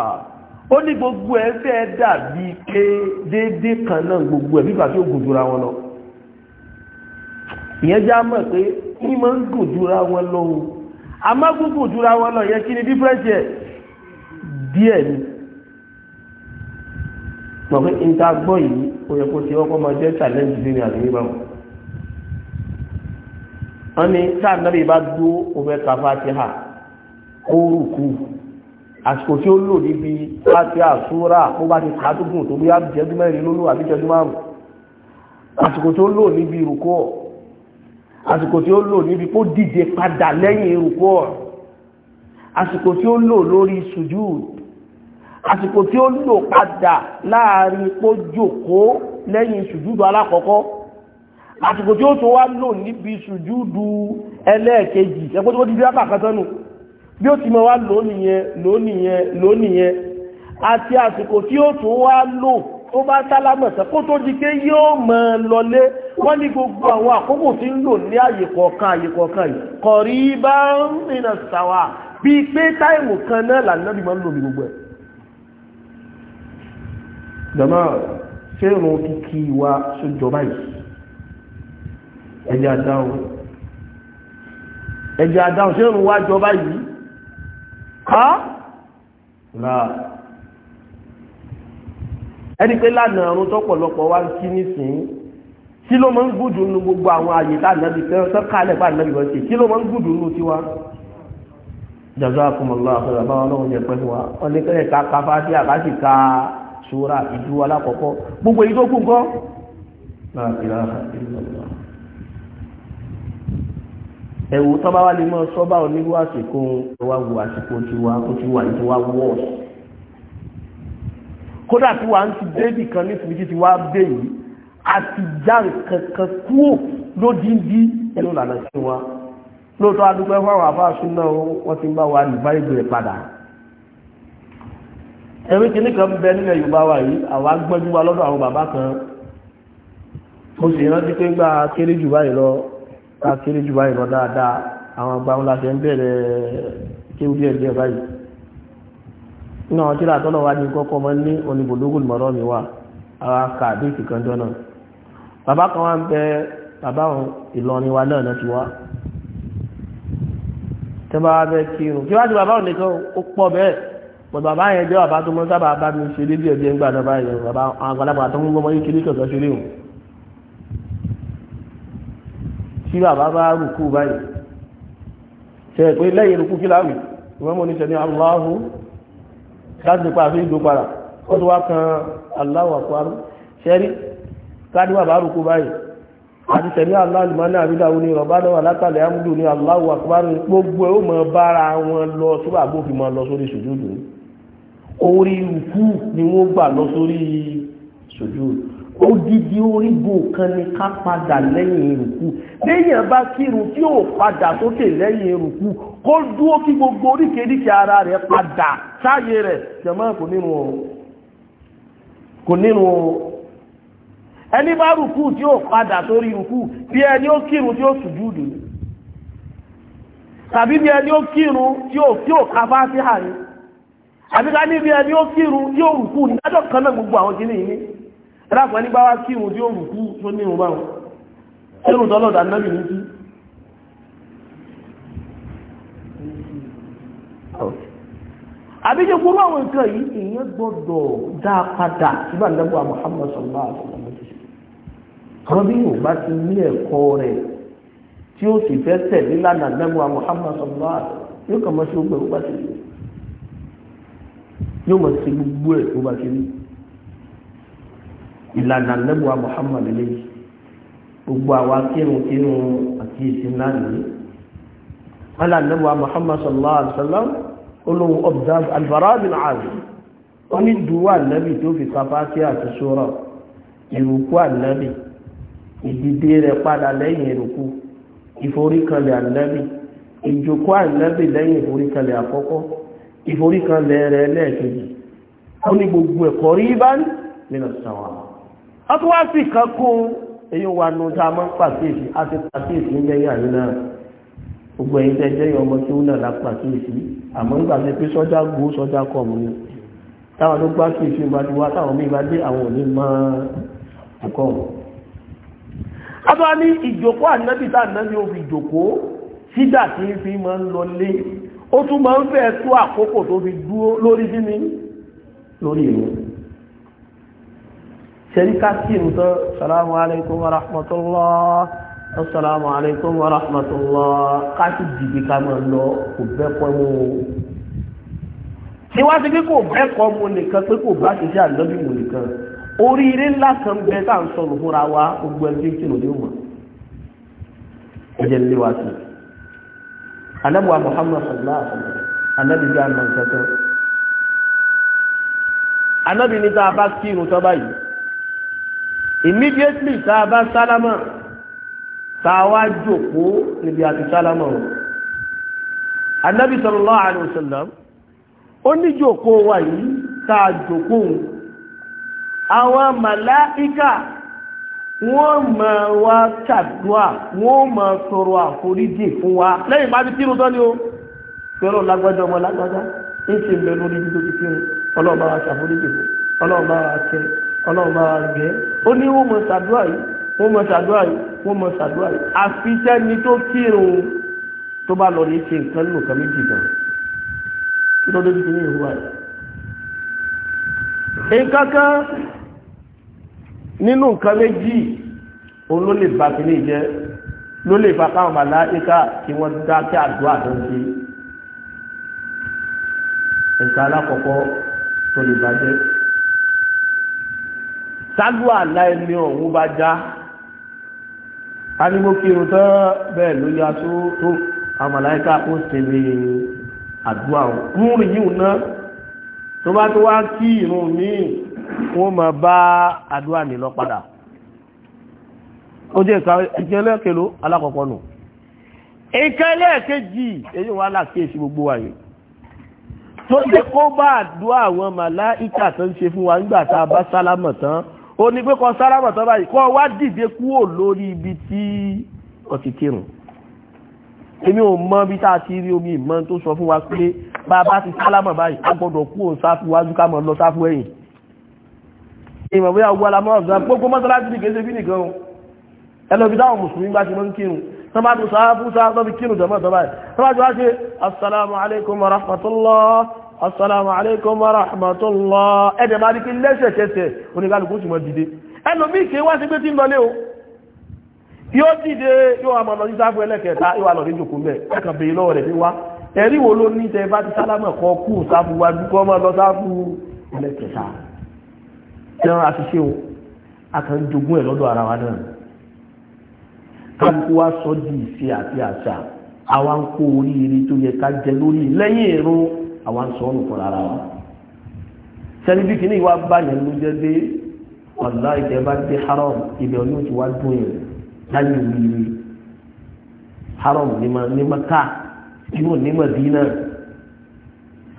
ó ní gbogbo ẹ fẹ́ dàbí pé déédé kan náà gbogbo ẹ̀ bípa tí ó gùn wọn lọ ìyẹn já mọ̀ pé ní máa ń gùn wọn lọ́wọ́ àmọ́ gùn jura wọn lọ yẹ kí ni díẹ̀ ni mọ̀ pé n ta gbọ́ yìí ó yẹ kó ti ọkọ́ máa jẹ́ challenge sí ní àdúgbò báwọn. wọ́n ní táà nábì bá dúró òfẹ́ ka fatiha ó rù kú àsìkò tí ó lò níbi fatiha súra ó bá ti ká dúgùn tó bí á jẹ́jú mẹ́rin lólò àbí jẹ́jú márùn àsìkò tí ó lò níbi ìrùkọ́ àsìkò tí ó lò níbi kó dìde padà lẹ́yìn ìrùkọ́ àsìkò tí ó lò lórí sùjúù àsìkò tí ó lò padà láàrin kó jòkó lẹ́yìn sùjúdù alákọ̀ọ́kọ́ àsìkò tí ó tó wá lò níbi sùjúdù ẹlẹ́ẹ̀kejì ẹgbẹ́ tó dídí lápá kan sánú bí ó ti mọ̀ wá lò nìyẹn lò nìyẹn lò nìyẹn àti àsìkò tí ó tó wá lò tó bá sálámọ̀sẹ̀ kó pé táìmù kan náà lànà bí máa ń lò ní gbogbo ẹ̀ jama fẹ́ràn kíkí wa sójọba yìí ẹjẹ́ adáhùn ẹjẹ́ adáhùn fẹ́ràn wá jọba yìí ká láà ẹni pé lánàá ọ̀run tọ́pọ̀lọpọ̀ wá ń kí nísìnyí kí ló máa ń gùdù nínú gbogbo àwọn àyè tá ànábì fẹ́ràn tó kálẹ̀ bá ànábì wọ́n ṣe kí ló máa ń gùdù náà ń yẹ wa wọ́n ní kẹ́kẹ́ ká ká fásitì àkáṣì ká ṣúra ìdúró alákọ̀ọ́kọ́ gbogbo èyí tó kù kọ́ ẹ̀wù tọ́ba wá lè mọ́ sọ́bà onírú àsìkò wa wo àsìkò tiwa ó ti wà ìtiwa wọ́ọ̀s kódà tí wà ń ti débì kan ní fìdí ti wá dé yìí àti já nǹkan kan kúò lódìndí ẹnu lànà sí wa lóòótọ́ adúgbò fáwọn àbáṣúná wọ́n ti bá wa nìbá ìgbè padà ẹ̀rí kìíní kan bẹ nílẹ̀ Yorùbá wa yìí àwa gbọ́njú wa lọ́dọ̀ àwọn bàbá kan mo sì rántí pé gba kéré jù báyìí lọ gba kéré jù báyìí lọ dáadáa àwọn àgbà wọn láti ń bẹ̀rẹ̀ kéwú díẹ̀ díẹ̀ báyìí nínú àwọn tíra tọ́lọ̀ wá ní kọ́kọ́ mọ́ ní oníbòlógún mọ̀rọ́ mi wà ara ka àdéhìí kan jọ náà bàbá kan wá ń bẹ bàbá Ìlọrin wa náà náà ti wá tẹ́ bá wá bẹ́ kírun kí wá ti bàbá òní kan ó pọ̀ bẹ́ẹ̀ pọ̀ bàbá yẹn jẹ́ bàbá tó mọ́ sábà bá mi ṣe dédé ẹ̀bí ẹgbà náà báyìí bàbá àgbàlagbà tó ń gbọmọ kékeré kẹsàn ṣe léwu tí bàbá bá rùkú báyìí ṣe pé lẹ́yìn rùkú kí láwì ìwọ́n mọ̀ níṣẹ́ ní aláhu láti pa àfi ìdó padà ó tó wá kan aláwọ̀ àpárú ṣẹ́rí káàdì bàbá rùkú báyìí àti tẹ̀lé aláàlùmọ́ ní àbídáwò ní ìrọ̀bá lọ́wọ́ látàlẹ̀ àmúdù ní aláwọ̀ àpárú gbogbo ẹ̀ ó mọ̀ bára wọn lọ tó bàbá òfin mọ̀ lọ sórí ṣùjúdù ní orí ikú ni wọ́n gbà lọ sórí ṣojú odidi orígun kan ni ká padà lẹ́yìn ìrùkú léèyàn bá kírun tí ó padà sókè lẹ́yìn ìrùkú kó dúó kí gbogbo oríkèéríkèé ara rẹ̀ padà sáyé rẹ̀ jẹ̀mọ́ kò nínú ọ̀rọ̀ kò nínú ọ̀rọ̀ ẹni bá rùkú tí ó padà sórí ìrùkú bí ẹni ó kírun tí ó sùjúdù tàbí bí ẹni ó kírun tí ó tí ò ká fásíhà ni. àti ká níbi ẹni ó kírun yóò rùkú nídájọ́ kan náà gbogbo àwọn kìíní yìí ráfẹ́ nígbà wá kírun tí ó rùkú tó ní ìrùn báwọn kírun tọ́lọ̀dà nábì ní kí àbíjẹ kúrú àwọn nǹkan yìí èèyàn gbọ́dọ̀ dá padà síbà lẹ́gbọ́ Muhammad sallallahu alaihi wasallam àwọn bí yóò bá ti ní ẹ̀kọ́ rẹ̀ tí ó sì fẹ́ tẹ̀lé lánàá lẹ́gbọ́ Muhammad sallallahu alaihi wasallam yóò kàn mọ́ sí ó yóò mọ̀ sí gbogbo ẹ̀ tó bá ṣe rí ìlànà lẹ́bùwà Muhammad lẹ́yìn gbogbo àwa kírun kírun àti ìsìn náà nìyí ala nabuwa muhammad sallallahu alaihi wasallam olóhun observe albara bin azim ó ní duwa nabi tó fi kafasi àti sora ìrùkú anabi ìdìde padà lẹ́yìn ìrùkú ìforíkalẹ̀ anabi ìjókòó anabi lẹ́yìn ìforíkalẹ̀ àkọ́kọ́ ìforí kan lẹ́ẹ̀rẹ̀ lẹ́ẹ̀kejì ó ní gbogbo ẹ̀kọ́ rí bá ń nínú sàwà a tó wá sí kan kún èyí wà nù tá a máa ń pàṣẹsì a ti pàṣẹsì ń lẹ́yìn àyè náà gbogbo ẹ̀yin tẹ́jẹ́ ọmọ tí ó náà la àmọ́ ń gbàgbé pé sọ́jà gbó sọ́jà kọ̀ mú ni táwọn ló gbá sí ìfihàn bá wá táwọn míì bá dé àwọn ò máa ẹ̀kọ́ wọn abá ní ìjòkó ànábì ìjòkó sídà ó tún máa ń fẹ́ tó àkókò tó fi dúró lórí kíni lórí ìlú ṣeríká sí ìlú tán salamu alaikum wa rahmatullah assalamu alaikum wa rahmatullah ká sì dìbì ká máa lọ kò bẹ́kọ́ mú o ní wá sí pé kò bẹ́kọ́ mú nìkan pé kò bá ṣiṣẹ́ àlọ́bí mú nìkan oríire ńlá kan bẹ tá à ń sọnù fúnra wa gbogbo ẹgbẹ́ tí ò ní mọ̀ ẹ jẹ́ nílé wa sí i anábùwà Muhammad sallallahu alaihi wasallam anábì bí àmà ìtẹ́tẹ́ anábì ní tá a bá kírun tó báyìí immediately tá a bá sálámà tá a wá jókòó níbi àti sálámà o anábì sallallahu alaihi wasallam ó ní jókòó wa yìí tá àwọn màláíkà wọ́n máa wá ṣàdúrà wọ́n máa tọrọ àforíjì fún wa lẹ́yìn bá ti tírun tán ni ó pẹ̀lú lágbájá ọmọ lágbájá ń ṣe ń bẹ lórí ibi tó ti tírun ọlọ́run bá wa ṣàforíjì fún ọlọ́run bá wa ṣe ọlọ́run bá wa gẹ́ ó ní wọ́n máa ṣàdúrà yìí wọ́n máa ṣàdúrà yìí wọ́n máa ṣàdúrà yìí àfi sẹ́ni tó kírun tó bá lọ ní ṣe nǹkan nínú nǹkan méjì kan kí ló nínú nǹkan méjì òun ló lè ba kìíní jẹ ló lè fa káwọn màláíkà kí wọ́n dá kí àdúrà tó ń ṣe nǹkan alákọ̀ọ́kọ́ tó lè bàjẹ́ sálúwà láìní ọ̀hún bá já a ní mo kírun tán bẹ́ẹ̀ ló yá tó tó àwọn màláíkà ó sinmi àdúrà òun rìn yìí náà tó bá tó wá kí ìrun míì wọ́n máa bá àdúrà mi lọ padà ó jẹ́ ìka ẹ̀jẹ̀ lẹ́kẹ̀ló alákọ̀ọ́kọ́ nù ìka lẹ́ẹ̀kejì èyí wọn aláàkíyèsí gbogbo wa yìí tó jẹ́ kó bá àdúrà àwọn màláìkà tó ń ṣe fún wa nígbà tá a bá sálámọ̀ ó ní pé kọ́ sálámọ̀ báyìí kọ́ wá dìde kúrò lórí ibi tí ó ti kírun èmi ò mọ bí tá a ti rí omi ìmọ̀ tó sọ fún wa pé bá a bá ti sálámọ̀ báyìí a gbọ́dọ̀ kúrò sáfù wájú ká mọ̀ lọ sáfù ẹ̀yìn ìmọ̀ bóyá ogun alamọ́ ọ̀gá gbogbo mọ́sálásí ní kéèsè bí nìkan ẹlọ́bí dáwọn mùsùlùmí bá ti mọ́ ń kírun tó bá tún sáà fún sáà lọ́bí kírun jọmọ́ tọ́bá ẹ̀ tó bá tún wá ṣe assalamu alaikum wa rahmatullah assalamu alaikum wa rahmatullah ẹ̀dẹ̀ bá rí pé lẹ́sẹ̀kẹsẹ̀ oníkálukú sì mọ́ dìde ẹlòmí ìṣe wá sí pé tí ń lọlé o yóò dìde yóò wà mọ̀lọ́ sísá fún ẹlẹ́kẹta yóò wà lọ níjòkó mẹ́ ẹ̀kan bèèrè lọ́wọ́ rẹ̀ bí wá ẹ̀rí wo ló ní tẹ bá ti sálámọ̀ kọ kú sáfù wájú kọ́ ẹran àṣìṣe o akàn jogún ẹ̀ lọ́dọ̀ ara wa náà kálukú wa sọ di ìṣe àti àṣà àwa ń kó oríire tó yẹ ká jẹ lórí lẹ́yìn ìrun àwa ń sọ ọ́nù fún ara wa sẹ́ni bí kìíní wa bá yẹn ló jẹ́ dé ọ̀la ìjẹ́ bá dé haram ibẹ̀ ọ̀nà tí wá dùn yẹn láyé oríire haram ní ma ká yóò ní ma dín náà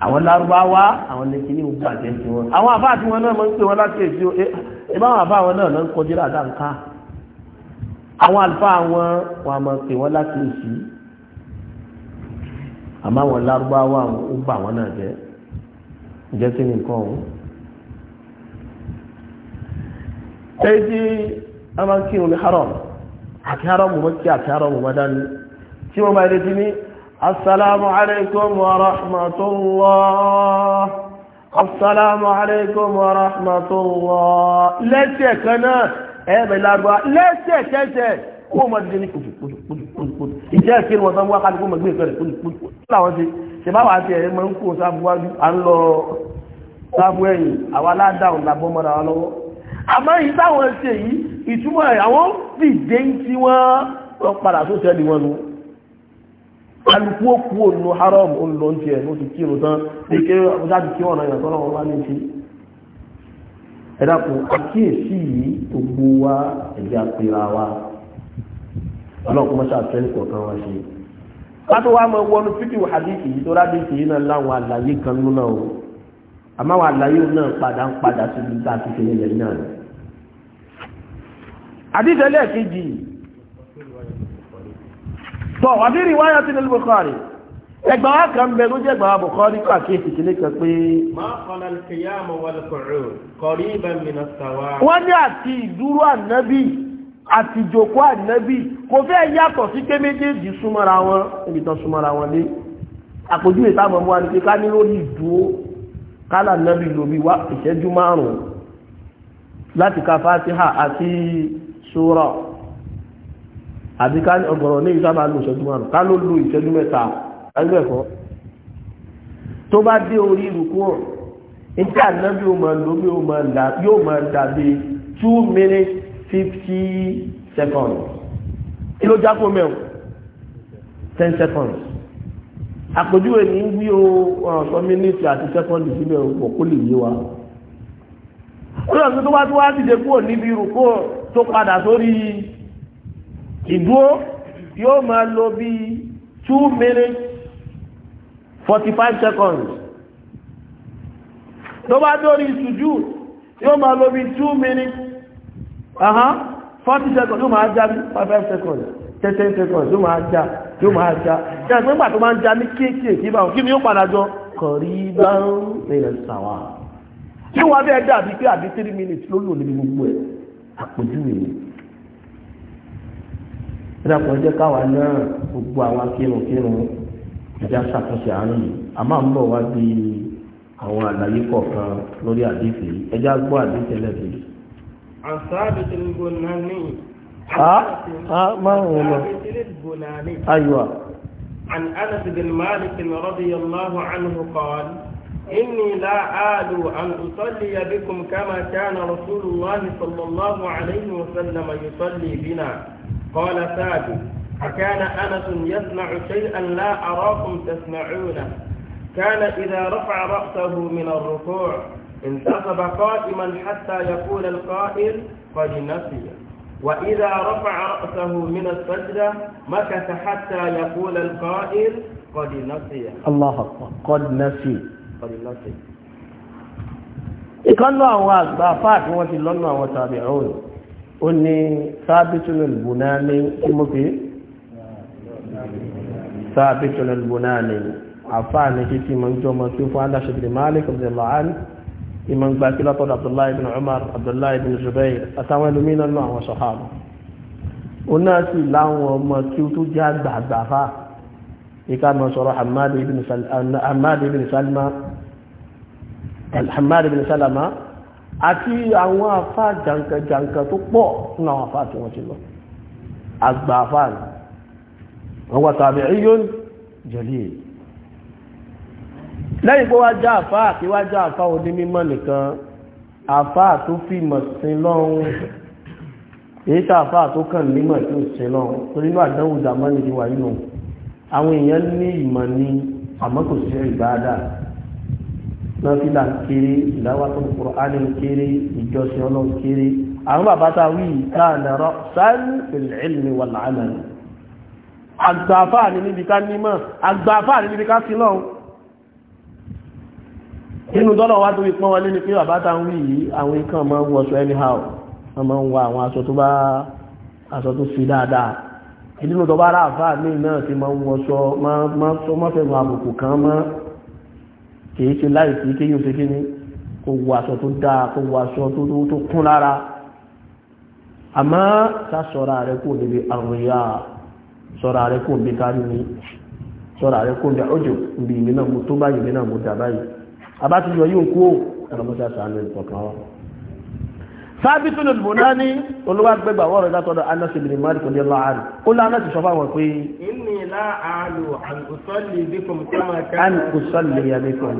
àwọn lárúbáwá àwọn lẹ́kì ní gbogbo àjẹ́ ti wọn àwọn àfáà tí wọn náà mọ́ ń pè wọn láti èsì ìbáwọn àfáà wọn náà lọ ń kọjú láàdá ń ká àwọn àlùfáà wọn wọn mọ́ pè wọn láti èsì àmọ́ àwọn lárúbáwá wọn ó bà wọn náà jẹ́ jẹ́ kí ni nǹkan ọ̀hún. ṣé tí wọ́n máa ń kírun ní haram àti haram mọ́ kí àti haram mọ́ dání tí wọ́n máa retí ní السلام عليكم ورحمة الله السلام عليكم ورحمة الله lẹ́sẹ̀ kan náà ẹ̀bẹ̀ lárúbá lẹ́sẹ̀ kẹsẹ̀ kó mọ̀ dídé ní kùtùkùtùkùtù ìjẹ́ ìkíni wọn tán wá kálukú mọ̀ gbé ìfẹ́rẹ̀ kùtùkùtù láwọn ti ṣe bá wà á ti ẹ̀rẹ́ mọ̀ ń kó sáfù wájú à ń lọ sáfù ẹ̀yìn àwa aládàáhùn làbọ́ mọ́ra wa lọ́wọ́ àmọ́ yìí táwọn ṣe yìí ìtumọ̀ àwọn fìdé ń tí wọ́n lọ padà sóṣẹ́lì wọn nù alùpù òkú ònú haram ònlọ ń tiẹ̀ ó ti kírun tán pé ọjọ́ àti kí ọ̀nà ìyàtọ̀ náà wọ́n bá ní ti ẹ̀dàkùn àkíyèsí yìí gbogbo wa ẹ̀jẹ̀ àpèrà wa ọlọ́kùn mọ́ṣá àtẹ́lì kọ̀ọ̀kan wa ṣe látò wá mọ wọnú fídíò hadithi yìí tó rábí ìṣèyí náà láwọn àlàyé kan lónà o àmọ́ àwọn àlàyé náà padà ń padà síbi tá a ti fi nílẹ̀ náà. àdìsẹ́lẹ̀ kejì yìí tọ́ wà ní riwaya ti nílùú Bukhari ẹgbà wa kan bẹ ló jẹ́ gbà Bukhari kọ́ àkéèsì kìlẹ̀ kan pé. máa kọ́lá kìyàmù wàlú kùrù kọ́rí ibà mìíràn sàwà. wọ́n ní àti ìdúró ànábì àti ìjòkó ànábì kò fẹ́ yàtọ̀ sí pé méjèèjì súnmọ́ra wọn níbi tán súnmọ́ra wọn lé àpòjú ìta àmọ́ mu wa ká ní lórí ìdúró kálà ànábì lóbi wá ìṣẹ́jú márùn-ún láti ka Fatiha àti sura àti ká ọgbọ̀rọ̀ ní ìsábà lò ìṣẹ́jú márùn ká ló lò ìṣẹ́jú mẹ́ta ẹgbẹ̀kọ́ tó bá dé orí ìrùkú ọ̀ nígbà náà o máa lò bí o máa dàbí two minutes fifty seconds kí ló jákò mẹ́wọ̀n ten seconds àpèjúwe ní wí o ọ̀sọ́ mínítì àti sẹ́kọ́ndì sílẹ̀ ọ̀pọ̀ kó lè yé wa ó lọ sí tó bá tó wá dìde kúrò níbi ìrùkú tó padà sórí ìdúró yóò ma lo bí two minutes forty seconds tó bá dórí ìṣújú yóò ma lo bí two minutes forty seconds yóò ma já bi five seconds 10 seconds yóò ma já yóò ma já ṣe àti nígbà tó máa ń já ní kéékèèké báwọn kí ni yóò padà jọ kọ̀rí bá ń sàwà àbí minutes lórí òní ìdàpọ̀ jẹ́ káwa náà gbogbo àwọn akírunkírun ìjà ṣàtúnṣe àárín yìí a máa ń bọ̀ wá bí àwọn àlàyé kọ̀ọ̀kan lórí àdìsí ẹjá gbọ́ àdìsí ẹlẹ́sìn. àṣàbí ti ń gbóná ní. a a máa ń wọlọ. àṣàbí ti عن أنس بن مالك رضي الله عنه قال إني لا آل أن أصلي بكم كما كان رسول الله صلى الله عليه وسلم يصلي بنا قال ثابت فكان أنس يسمع شيئا لا أراكم تسمعونه كان إذا رفع رأسه من الركوع انتصب قائما حتى يقول القائل قد نسي وإذا رفع رأسه من السجدة مكث حتى يقول القائل قد نسي الله أكبر قد نسي قد نسي ìkan كان àwọn àgbà fáàkì wọ́n ti lọ́nà àwọn ó ní sábìtún al-Bunani kí mo fi sábìtún al-Bunani àfáà ní títí ma ń jọ ma tó fún Anas ibn Malik radiyallahu anhu ìmọ̀ ń gba kí látọ̀dọ̀ Abdullahi ibn Umar Abdullahi ibn Zubair àtàwọn ẹlòmínà náà àwọn sọ̀hábà ó náà sì láwọn ọmọ tí ó tó jẹ́ àgbààgbà fáà ìkàmọ̀ sọ̀rọ̀ Hamad ibn Salama àti àwọn afá jàǹkàjàǹkà tó pọ̀ nínú àwọn afá tí wọ́n ti lọ àgbà afá ni wọ́n wà tàbí iyón jẹ̀lì lẹ́yìn pé wá já afá àti wá já afá òní mímọ́ nìkan afá tó fi mọ̀ sí lọ́run èyí tá afá tó kàn nímọ̀ tó sí lọ́run torí náà àdánwò dàmọ́ nìdí wà àwọn èèyàn ní ìmọ̀ ni àmọ́ kò sí ìbáadáa nọ́fílà ń kéré ìdáwàtò kùránì ń kéré ìjọsìn ọlọ́run kéré àwọn bàbá ta wí káàna rọ sáàrù ìlẹ̀ẹ́lì wà láàmà ní àgbàfà ní níbi ká nímọ̀ àgbàfà ní níbi ká sí lọ́run inú dọ́lọ̀ wá tó ipọ́n wọlé ni pé bàbá ta ń wí yìí àwọn ikán máa ń wọṣọ anyhow wọ́n ń wọ àwọn aṣọ tó bá aṣọ tó fi dáadáa ìdí kìí ṣe láì sí kí yóò ṣe kí ni kò wọ aṣọ tó dáa kò wọ aṣọ tó kún lára àmọ́ sásọ̀rọ̀ rẹ̀ kò níbi àrùyá sọ̀rọ̀ rẹ̀ kò níbi kárí ni sọ́ra rẹ̀ kò níbi ọjọ́ níbi ìmínà mo tó báyìí ìmínà dà báyìí abá ti yọ sábìtún olùbọ̀nà ní olúwàgbẹ́gbà wọ́rọ̀ látọ̀dọ̀ Anas ibn Malik ní ọlọ́ àárín ó lánà ti sọ fáwọn pé inni la a'lu an usalli bikum kama kana an usalli bikum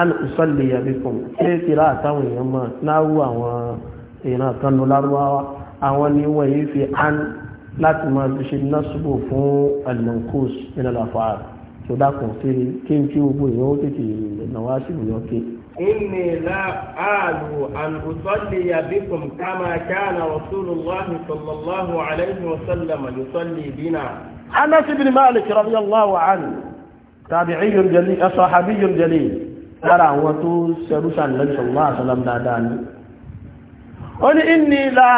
an usalli bikum ṣé kìrá àtàwọn èèyàn mọ̀ náwó àwọn èèyàn kan ló lárúbáwá àwọn ni wọ́n yìí fi an láti máa fi ṣe násùbò fún al-manqus min tó dákùn kí n kí gbogbo èèyàn ó tètè náwó àṣìwò yọ kéè إني لا آل أن أصلي بكم كما كان رسول الله صلى الله عليه وسلم يصلي بنا أنس بن مالك رضي الله عنه تابعي جليل صحابي جليل lára àwọn tó ṣẹrúṣà lẹ́ṣọ̀ máa sọ́lọ́m dáadáa ní ó ní ìní la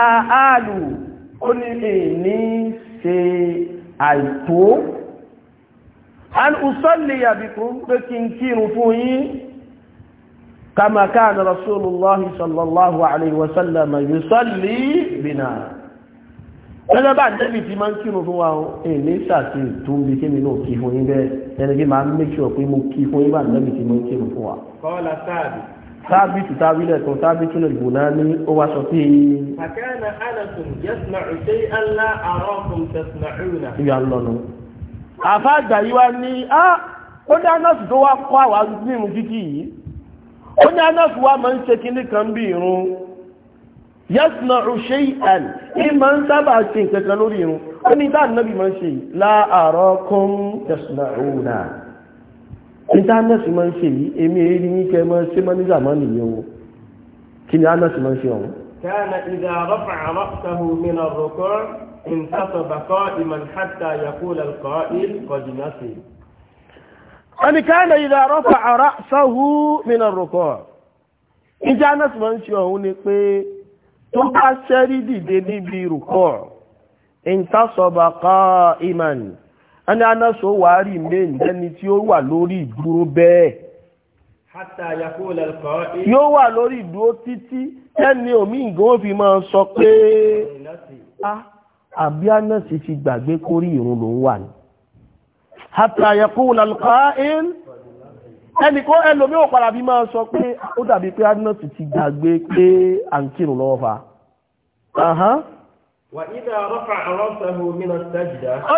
áàlù ó ní ìní ṣe àìtó an usọ́lẹ̀ yàbìkún pé kí n kírun fún yín كما كان رسول الله صلى الله عليه وسلم يصلي بنا ẹgbẹ́ bá débi tí máa ń kírun fún wa ó èlé ṣàti ìtúnbi kí mi náà kí fún yín bẹ́ẹ̀ ẹni kí máa ń make sure pé mo kí fún yín bá débi tí máa ń kírun fún wa. kọ́lá sáàbì. sáàbì tù tábí lẹ́kọ̀ọ́ sáàbì tún lè gbò náà ní ó wá sọ pé. àkànnà alẹ́kùn yẹ́sùn náà ṣe é ńlá àrọ́kùn tẹ̀sùn náà rìn náà. ìyá ń lọ nù. àfáàgbà yìí wá ní á ah, ó dáná sì tó wá kọ́ àwa nínú kíkì yìí ó ní anáfù wa máa ń ṣe kíní kan bí irun yasna shay'an ní máa ń sábà ṣe nǹkan kan lórí irun ó ní dáa nábì máa ń ṣe la arakum tasna'una ní dáa náà sì máa ń ṣe yìí èmi èyí ní kẹ máa ṣe o kí ni anáà sì máa ń ṣe ọ̀hún. kana idha rafa'a ra'sahu min ar-ruku' intasaba qa'iman hatta wọ́n ni káàdà ìdá rọ́pà ara sáhú mìíràn rọ̀kọ̀ ìjà anas máa ń ṣe ọ̀hún ni pé tó bá ṣẹ́rí dìde níbi rọ̀kọ̀ ìntàsọ̀bà ká iman ẹni anas ó wà rí main lẹ́ni tí ó wà lórí ìdúró bẹ́ẹ̀ yóò wà lórí ìdúró títí ẹni omi ìgò fi máa sọ pé ah, àbí anas ti gbàgbé kórìí ìrun lòún wà ní hatta yaqul al-qa'il ẹnìkó ẹlòmí ò padà bí máa sọ pé ó dàbí pé adínà ti gbàgbé pé à ń ó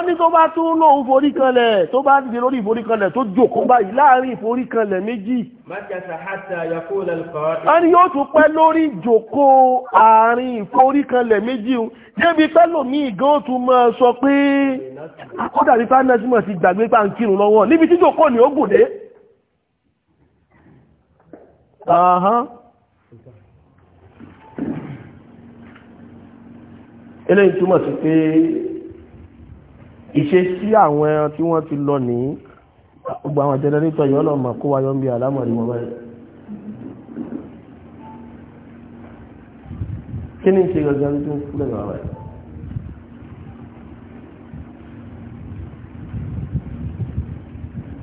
ní tó bá tún lóun forí kanlẹ̀ tó bá dìde lórí ìforí kanlẹ̀ tó jókòó báyìí láàrin ìforí kanlẹ̀ méjì ó ní yóò tún pẹ́ lórí jókòó àárín ìforí kanlẹ̀ méjì débi pẹ́lò ní ìgán tún mọ́ sọ pé akọ́dà fánẹ́símọ̀ pa ń kírun lọ́wọ́ níbi tí ni ó gùn eléyìí túmọ̀ sí pé ìṣesí àwọn ẹran tí wọ́n ti lọ ní gbogbo àwọn jẹnẹrétọ̀ yìí ọlọ́mọ kó wáyọ ń bí àlámọ̀rí wọn báyìí kí ni ṣe gàgàrí tó ń fúlẹ̀ wà báyìí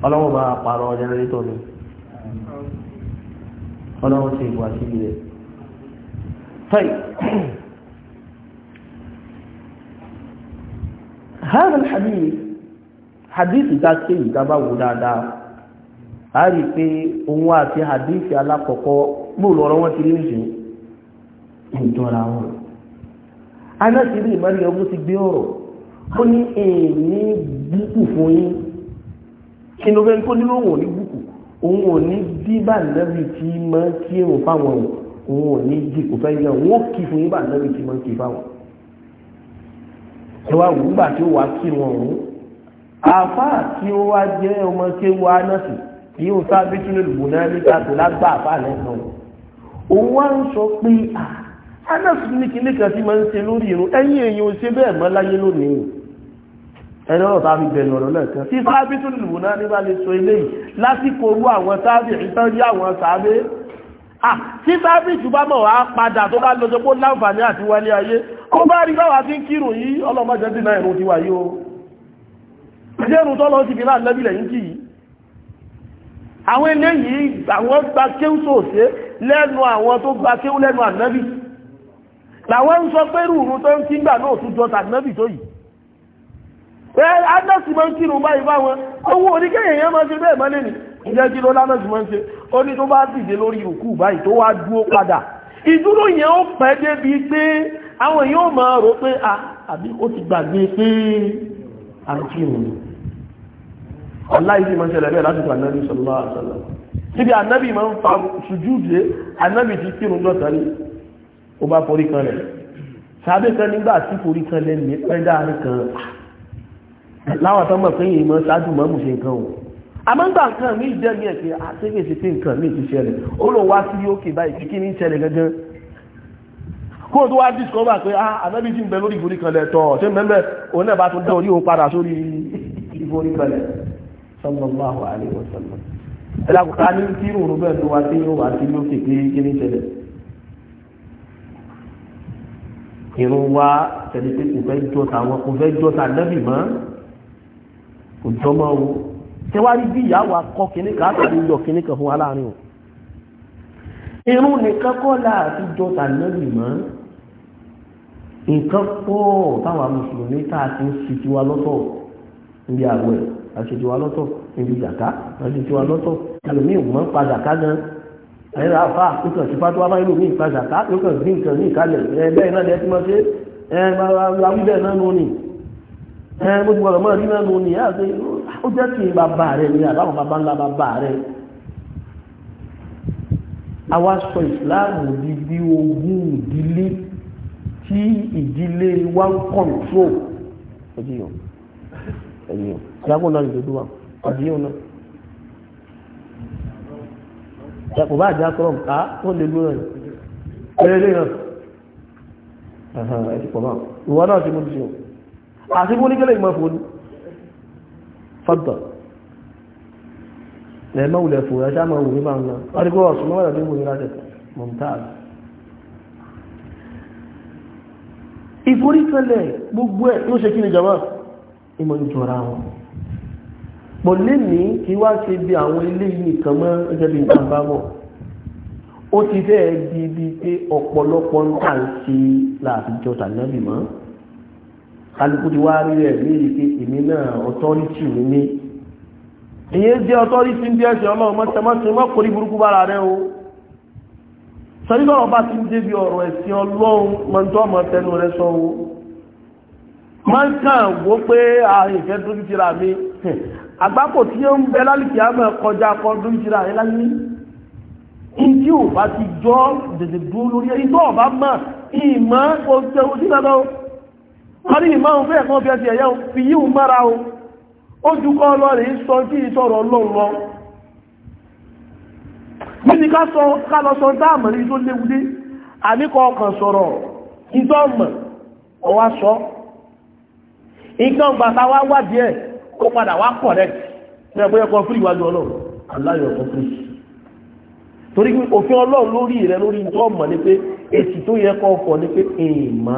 ọlọ́wọ́ bá pààrọ̀ jẹnẹrétọ̀ mi ọlọ́wọ́ ṣe ìwà sí ilẹ̀ هذا الحديث حديث ذات شيء تبا ودادا a rí pé òun àti hadith alákọ̀ọ́kọ́ mú lọ́rọ̀ wọn ti rí nìṣẹ́ ìjọra wọn anásìrí ìmọ̀lẹ́ ọgbọ́n ti gbé ọ̀rọ̀ ó ní èèní búkù fún yín kí ló fẹ́ kó nínú òun ò ní búkù òun ò ní dí bàǹdẹ́bì tí máa ń kí èrò fáwọn òun ò ní dí kò fẹ́ yẹ òun ó kí fún yín bàǹdẹ́bì tí máa ń kí fáwọn ẹ wá wù gbà tí ó wá kí wọn òun àfáà tí ó wá jẹ́ ọmọ kéwu anásì yìí ó sábẹ́ tún lè lùbọ̀ náà níta tó lágbà àfáà lẹ́sàn òun wá ń sọ pé anásì ní kíní kan sí máa ń ṣe lórí irun ẹ̀yìn èèyàn ò ṣe bẹ́ẹ̀ mọ́ láyé lónìí ẹni ọ̀rọ̀ tàbí bẹ̀rẹ̀ ọ̀rọ̀ náà kan tí sábẹ́ tún lè lùbọ̀ náà nígbà lè sọ eléyìí lásìkò orú àwọn sábẹ́ ìtọ́jú àwọn sábẹ́ ah tí sábẹ́ ìtúbámọ̀ wá padà tó bá lọ́jọ́ pé ó láǹfààní àti wálé ayé kó bá rí báwa tí ń kírun yìí ọlọ́mọdé dínà ìrun ti wà yìí o ìjẹ́rùn tó lọ sí fi láà lẹ́bí lẹ́yìn kì í àwọn eléyìí àwọn gba kéwú sòṣe lẹ́nu àwọn tó gba kéwú lẹ́nu ànábì làwọn ń sọ pé rúurun tó ń kígbà náà tún jọ tànábì tó yìí pé adásí máa ń kírun báyìí báwọn owó oníkẹyìn yẹn máa ń ṣe bẹ́ẹ̀ mọ́lẹ́ni ìjẹ́ kí ló lánàá sí máa ń ṣe ó ní tó bá dìde lórí òkú báyìí tó wá dúó padà ìdúró yẹn ó pẹ́ débi pé àwọn èèyàn ó máa rò pé àbí ó ti gbàgbé pé àǹkí òun aláìsí máa ń ṣẹlẹ̀ bẹ́ẹ̀ lásìkò ànábì sọ̀rọ̀ àṣàlẹ̀ síbi ànábì máa ń fa sùjúdé kan nígbà tí forí kan lẹ́nu pẹ́ dáa nìkan láwọn tó mọ̀ pé yìí mọ́ ṣáájú mọ́ nǹkan òun àmọ́ngbà nǹkan mí jẹ́ ní ẹ̀kẹ́ àtẹ́gbèsè tí nǹkan mí ti ṣẹlẹ̀ ó lọ wá sí òkè báyìí kí ní ṣẹlẹ̀ gangan kó tó wá discover pé ah àbẹ́bí ti ń bẹ lórí ìforí kan lẹ̀ tọ̀ ṣé mẹ́mẹ́ òun náà bá tún dán orí òun padà sórí ìforí kan lẹ̀ sallallahu alaihi wasallam ẹlẹ́kùnká ní kírù rú bẹ́ẹ̀ tó wá sí yóò wá sí lókè pé kí ní ṣẹlẹ̀ irun wa tẹ̀lé pé kò fẹ́ jọta wọn ṣe wá rí bí ìyàwó akọ kìíní kan àtàrí yọ kìíní kan fún wa láàrin o irun nìkan kọ́ láàfin jọ tàlẹ́lì mọ́ nǹkan pọ̀ táwa mùsùlùmí tá a ti ń ṣe tiwa lọ́tọ̀ níbi àwẹ̀ àṣetiwa lọ́tọ̀ níbi jàká àṣetiwa lọ́tọ̀ ẹlòmíì ò mọ̀ ń pa jàká gan ẹ̀rọ àfa nǹkan ṣùpá tó wá máa ń lò ní ìpa gbé nǹkan ní ìkálẹ̀ ẹ̀ bẹ́ẹ̀ náà lẹ́ẹ̀tí mọ́ ṣe ẹ̀ ẹ mo ti gbọ́dọ̀ mọ́ rí mẹ́nu ni ẹ àti ó jẹ́ kí bàbá rẹ̀ ni àbáwọn bàbá ńlá bàbá rẹ̀ àwa ìsìláàmù di ogún ìdílé tí ìdílé wa ń kọ̀ǹtró ẹ̀yìn o ẹ̀yìn o ìyàgò náà ìdodo wa ọ̀dìyẹ náà ẹ̀kọ́ bá àjá tọrọ nǹka ah, wọ́n lè lóra ẹ̀ ẹ̀rẹ́ lè hàn ẹ̀hàn ẹ̀sìn pọ̀ náà ìwọ náà ti mú ti o àti fún oníkẹ́lẹ̀ ìmọ̀ fún ní fọ́dọ̀ lẹ́mọ̀ ulẹ̀ fún ẹjá mọ̀ wù ní bá ń lọ ọdíkọ́ ọ̀sùn mọ́wàá tó wù ní rájẹ̀ mọ̀mtáàz ìforíkẹ́lẹ̀ gbogbo ẹ̀ ló ṣe kí ni jama ìmọ̀ ìjọra wọn pọ̀ lé ní kí wá ṣe bí àwọn ilé yìí kan mọ́ ẹgbẹ́ bí nǹkan bá bọ̀ ó ti fẹ́ẹ̀ di ibi pé ọ̀pọ̀lọpọ̀ ń tà ń ṣe láàfijọ́ tàbí mọ́ kálukú ti wá rí rẹ̀ ní ìké èmi náà ọtọ́rítì mi ní. ìyẹn jẹ́ ọtọ́rítì ń bí ẹ̀sìn ọlọ́run mọ́tẹ́mọ́tẹ́ mọ́kòrí burúkú bára rẹ o. sọ́rí lọ́rọ̀ bá ti ń débi ọ̀rọ̀ ẹ̀sìn ọlọ́run mọ́tọ́ ọmọ tẹnu rẹ sọ o. máa ń kàn wó pé ìfẹ́ dójú ti rà mí. àgbákò tí ó ń bẹ lálùkì àmọ́ kọjá kọ dójú ti rà mí ìdí ò bá ti jọ́ àrí ìmáhùn fẹ́ ẹ̀kan fi ẹ̀sì ẹ̀yà fi yíò mára o ó dúkọ́ lọ rẹ̀ sọ kí ìṣọ́rọ̀ ọlọ́run lọ níbi ká sọ kálọ sọ dáàmù rí tó léwúdé àníkọ ọkàn sọ̀rọ̀ ìdọ́mọ̀ ọwá sọ ìgbọ̀ngbà ta wá wádìí ẹ̀ kó padà wá correct ní ẹgbẹ́ ẹ̀kọ́ fún ìwájú ọlọ́run aláyọ̀ ọ̀kan fún torí òfin ọlọ́run lórí rẹ lórí ìdọ́mọ̀ ni pé èsì tó yẹ kọ́ ọ̀fọ̀ ni pé èèmọ́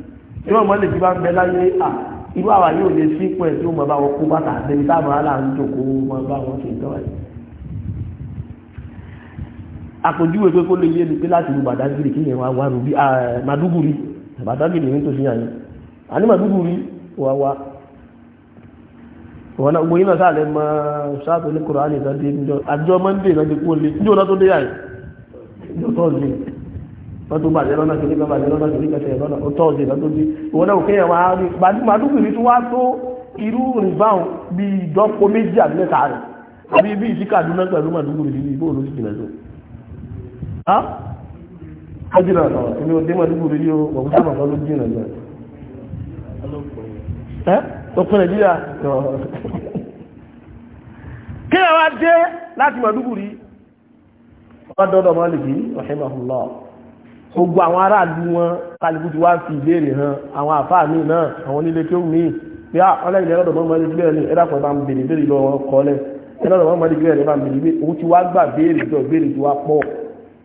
tí wọ́n mọ́lẹ̀ tí bá ń bẹ láyé à irú àwa yóò lè sí ipò ẹ̀ tí ó mọ̀ bá wọn kó bàtà àtẹni táwọn ará ń jòkó mọ̀ bá wọn ṣe ìtọ́ ẹ̀. àpòjúwe pé kó lè yé ni pé láti lu bàdágìrì kí yẹn wá wá rubí màdúgùrì bàdágìrì ní tòsí yàn yín àní màdúgùrì wà wá. wọn náà gbóyìn náà sáàlẹ̀ mọ sáàtò ní kùrọ̀ àlè ìtàn dé àjọ mọ́ndé náà ti kú lé níjọ́ náà tó dé yà wọ́n tún bàjẹ́ lọ́nà kìíní kan bàjẹ́ lọ́nà kìíní kan ṣẹlẹ̀ lọ́nà ọ̀tọ̀ ọ̀sẹ̀ lọ́nà tó di òun náà kéèyàn máa rí màdúgbò mi tún wá tó irú rìn báwọn bí ìdọ́pọ̀ méjì àbí mẹ́ta rẹ̀ àbí bí ìsíkà dúná pẹ̀lú màdúgbò mi níbi ìbòòrò sì jìnà tó. ó jìnà lọ èmi ò dé màdúgbò mi yóò wọ̀ fún sábà lọ́dún jìnà lọ. ẹ ọ̀pọ̀ nàìjíríà kéèyàn wá dé láti màdúgbò rí wọ́n dọ́dọ̀ mọ́lìkì rahimahullah gbogbo àwọn aráàlú wọn kálukú ti wá fi ìbéèrè hàn àwọn àfáà míì náà àwọn onílé kéwù míì pé ah, ọlẹ́ ilẹ̀ ọ̀dọ̀ mọ́mọ́ ẹni bẹ́ẹ̀ ni ẹ̀dá kan bá ń béèrè béèrè lọ wọn kọ́lẹ̀ ẹ̀dá ọ̀dọ̀ mọ́mọ́ ẹni bẹ́ẹ̀ ni bá ń béèrè pé òun ti wá gbà béèrè jọ béèrè ti wá pọ̀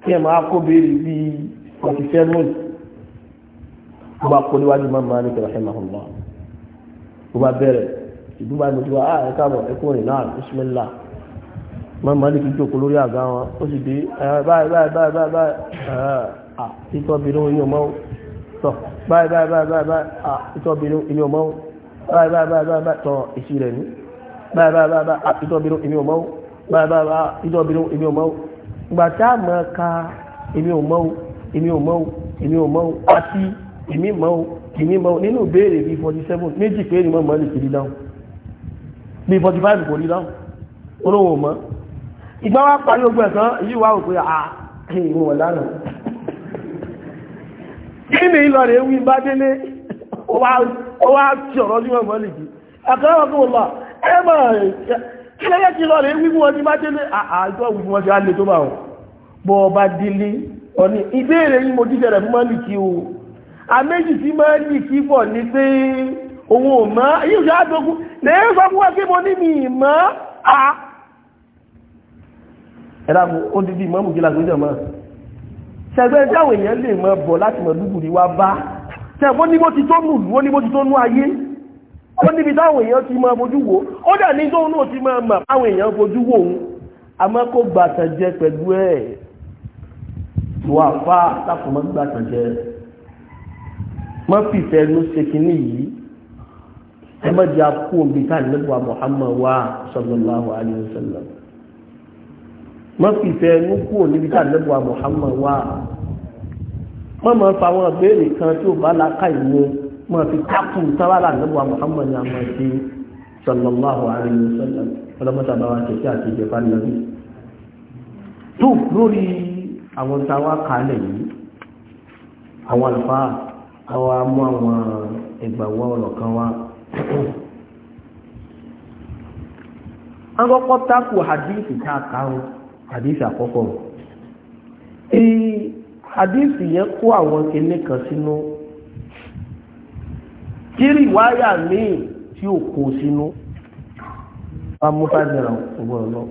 kí ẹ̀ máa kó béèrè bí ọ̀sì sẹ́mọ̀n ó bá kó níwájú máa máa ní rahimahullah ó bá bẹ̀rẹ̀ ìdúbà mi ti wá ah, ẹ̀ káàbọ̀ ẹ kúrò náà bísímìlá máa máa ní kí jókòó lórí àga wọn ó sì dé ah, ìtọ́bìnrin èyí ò mọ́ tọ́ báyìí báyìí báyìí báyìí ìtọ́bìnrin èyí ò mọ́ báyìí báyìí báyìí tọ́ èsì rẹ̀ ní báyìí báyìí ìtọ́bìnrin èmi ò mọ́ báyìí báyìí ìtọ́bìnrin èmi ò mọ́ ìgbà tá a mọ̀ ká èmi ò mọ́ èmi ò mọ́ èmi ò mọ́ àti èmi mọ́ èmi mọ́ nínú ìbéèrè bíi forty seven méjì pé èmi mọ́ mọ́ lè kiri dáhùn bíi forty five kò rí dáhùn olówó mọ́ ìgbà wa parí ogun ẹ̀sán yìí wá òpin ah, à ìwọ̀n lánàá kí ni ìlọrin ewì bá délé ó wá tí ọ̀rọ̀ sí wọn mọ́lìkì àkọ́wọ́kọ́wọ́lá ẹ mọ̀ kí lẹ́yẹ́ kí lọ rẹ̀ wíwú ọdí bá délé àjọ wíwú ọdí alẹ́ tó bá wọn bọ́ ọba délé ọ̀ní ìbéèrè yìí mo díjẹ rẹ̀ fún mọ́lìkì o àméjì tí mọ́lìkì bọ̀ ní pé òun ò mọ́ yíò ṣe àdógún lẹ́yìn sọ fún wa pé mo ní mi mọ́ a ẹ̀dàgbò ó dídí mọ́mù tẹ̀gbẹ́ dáwọ̀ èèyàn lè mọ bọ̀ láti mọ̀ lúgbùrí wá bá tẹ̀gbọ́ ní bó ti tó lùlú ó ní bó ti tó nú ayé ó níbi dáwọ̀ èèyàn ti mọ fojú wo ó dẹ̀ ní tó náà ti mọ mọ̀ àwọn èèyàn fojú wo òun àmọ́ kó gbà tànjẹ pẹ̀lú ẹ̀ wà fá láti mọ́ gbà tànjẹ mọ́ fìfẹ́ ló ṣe kínní yìí ẹ mọ́ di akó omi ká nígbà Muhammad wa sallallahu alayhi wa sallam má fi fẹ́ ẹnu kúrò níbi tá àdébùwà Muhammad wá má máa fa àwọn ìbéèrè kan tí ò bá la ká ìwé má fi kápù sábàlá àdébùwà Muhammad ní àmọ́ ṣe sallallahu alaihi wasallam ọlọ́mọta bá wa kẹ̀kẹ́ àti ìjẹba nàbí. tó lórí àwọn táwa kalẹ̀ yìí àwọn àlùfáà àwọn amú àwọn ìgbàwọ́ ọ̀rọ̀ kan wá an kọ́kọ́ tákù hadith tá a hadith àkọ́kọ́ tí hadith yẹn kó àwọn kinní kan sínú kiri wáyà míì tí ò kó sínú wọn mú five naira ọgbọ̀n lọ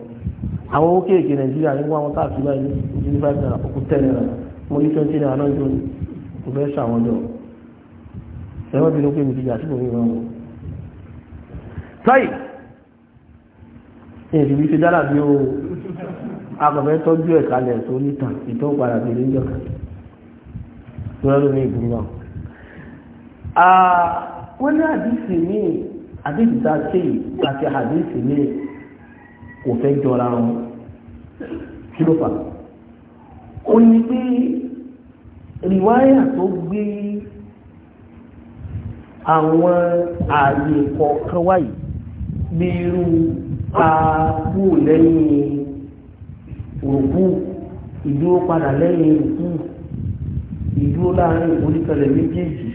àwọn owó kéèké nàìjíríà ní wọn àwọn káàkiri báyìí ní ní five naira kókó ten naira mo ní twenty naira náà jọ kò fẹ́ sàwọn jọ ẹ̀rọ bí ló pé mi ti jà sí ní ìwọ̀n wọn. táyì ẹ̀sìn bí ṣe dára bí ó akọ̀fẹ́ tọ́jú ẹ̀ kalẹ̀ tó níta ìtọ́ padà sí níjọ́ kan tó lọ́dún ní ìbúgbà. wọ́n ní àdìsí ní àdìsí tá a ké yìí àti àdìsí ní kò fẹ́ jọra wọn kí ló fà. ó ní pé rìwáyà tó gbé àwọn ààyè kọ̀ọ̀kan wáyé bí irú agbó òkú ìdúró padà lẹ́yìn òkú ìdúró láàrin ìforíkẹlẹ̀ méjèèjì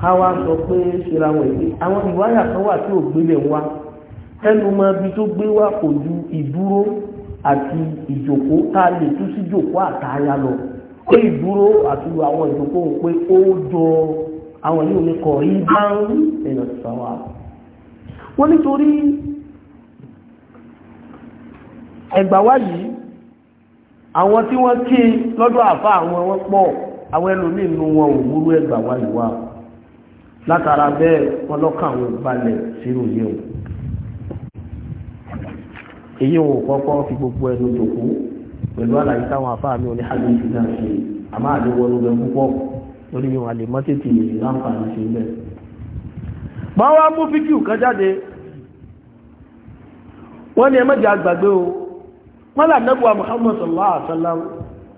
káwá sọ pé ṣera wọn ìgbé àwọn ìwáyà kan wà tí ò gbélé wa ẹnu mọ ibi tó gbé wá kò ju ìdúró àti ìjòkó tá a lè tú sí jòkó àtàyà lọ pé ìdúró àti àwọn ìjòkó ń pé ó jọ àwọn yóò ní kọ̀ rí bá ń èèyàn ti sàwọn wọ́n nítorí ẹgbàwá yìí àwọn tí wọ́n kí lọ́dọ̀ àfá àwọn wọn pọ̀ àwọn ẹlòmí inú wọn ò wúrú ẹgbà wá ìwà látara bẹ́ẹ̀ wọn lọ́kàn àwọn balẹ̀ sínú yẹn o èyí wọn ò kọ́kọ́ fi gbogbo ẹnu tòkú pẹ̀lú àlàyé táwọn afá mi ò ní hàbíyèsí náà ṣe àmọ́ àdéwọlú bẹ púpọ̀ lórí wọn àlè mọ́tètè láǹfààní ṣe bẹ́ẹ̀. báwa mú fíkì kan jáde wọ́n ní ẹ mẹ́jọ àgbàgbé o wọ́n là nẹ́bùwà Muhammad sallallahu alaihi wasallam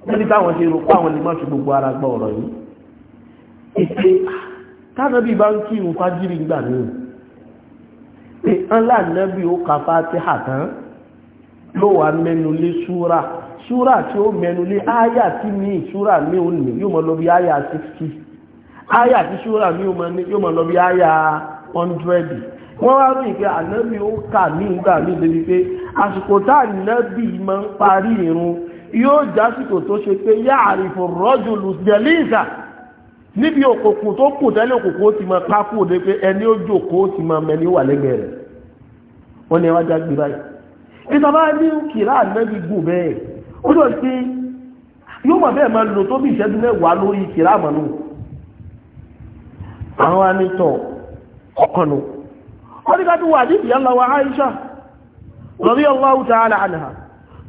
níbi táwọn ṣe rò pàwọn lè má ṣe gbogbo ara gbọ́ ọ̀rọ̀ yìí ìpé tánàbí bá ń kírun fájírì gbà ní pé ńlá nẹ́bí ó ka Fátíhà tán ló wà mẹ́nu lé súra súra tí ó mẹ́nu lé áyà tí ní súra ní òun ní yóò mọ lọ bí áyà 60 áyà tí súra ní yóò mọ lọ bí áyà 100 wọ́n wá rí ìgbé ànábì ó kà ní ìgbà ní ìdébí pé àsìkò tá ànábì máa ń parí irun yóò jásìkò tó ṣe pé yá àrífò rọ́jò lùsìdẹ̀lìsà níbi òkòkò tó kù tẹ́lẹ̀ òkòkò ó ti máa pákó òde pé ẹni ó jòkó ó ti máa mẹ́ni wà lẹ́gbẹ̀ẹ́ rẹ̀ wọ́n ní ẹwájá gbé báyìí wọ́n ní ká tó wà ní ìyànlá wa Aisha radiyallahu ta'ala anha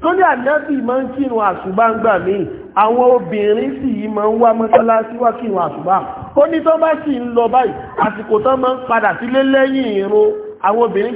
tó ní ànábì máa ń kírun àṣùbá ń gbà míì àwọn obìnrin sì yí máa ń wá mọ́sálásí wá kírun àṣùbá ó ní tó bá sì ń lọ báyìí àsìkò tó máa ń padà sílé lẹ́yìn irun àwọn obìnrin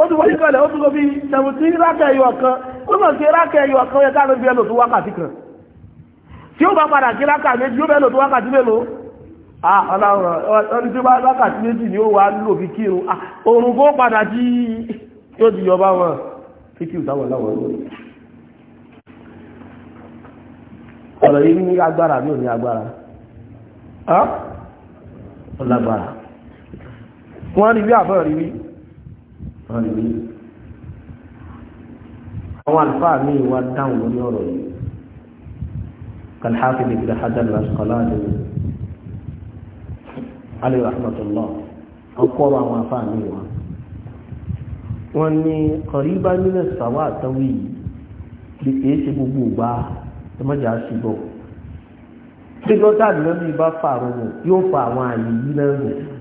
ó tún wọlé kọlẹ̀ ó tún lọ bí sẹ̀mùtì rákẹ̀ ẹ̀yọ̀ kan ó mọ̀ sí rákẹ̀ ẹ̀yọ̀ kan yẹ káàdùn bí ẹ lò tó wákàtí kan tí ó bá padà kí rákà méjì yóò bẹ́ẹ̀ lò tó wákàtí mélòó ah ọlọ́run ọdún tí ó bá wákàtí méjì ni ó wà lò fi kírun ah òrùn kó padà jí yóò di yọba wọn fi kí ìtawọ̀ láwọn lórí ọ̀rọ̀ yìí ní agbára ní òní agbára ọlágbára wọ́n rí bí àfẹ́ rí bí wọ́n lè rí àwọn àlùfáà mi wá dáhùn lórí ọ̀rọ̀ yìí kàlhàfi lè fi hajar al-Asqalani alayhi rahmatullah ọkọ̀rọ̀ àwọn àlùfáà mi wá wọ́n ní kọ̀ríbá nílẹ̀ sàwọ́ àtàwí yìí kìí ṣe gbogbo ìgbà ẹmọ́jà ṣùgbọ́n tí lọ́tà lọ́nà ìbá fà rọrùn yóò fa àwọn àyè yìí náà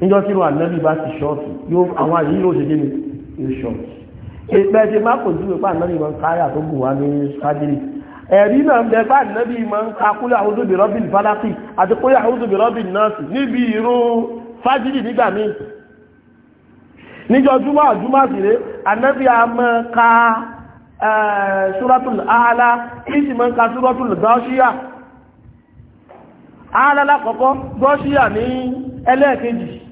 níjọ́ tí wà nẹ́bí bá ti ṣọ́ọ̀tù yóò àwọn àyíyí yóò ṣe dé ní yóò ṣọ́ọ̀tù ìpẹ́ ti má kò júwe pà nẹ́bí ma ń káyà tó bù wá ní sájírì ẹ̀rí náà ń bẹ pà nẹ́bí ma ń ka kúlẹ̀ àwọn òdòbí rọ́bì fálákì àti kúlẹ̀ àwọn òdòbí rọ́bì nọ́ọ̀sì níbi ìró fájírì nígbà míì níjọ́ júmọ́ àjúmọ́ àtìré ànẹ́bí a mọ́ ka ṣúrọ́tùl àhálà kí sì mọ́ ka ṣúrọ́tùl gọ́ṣíà àhálà lákọ̀ọ́kọ́ gọ́ṣíà ní ẹlẹ́ẹ̀kejì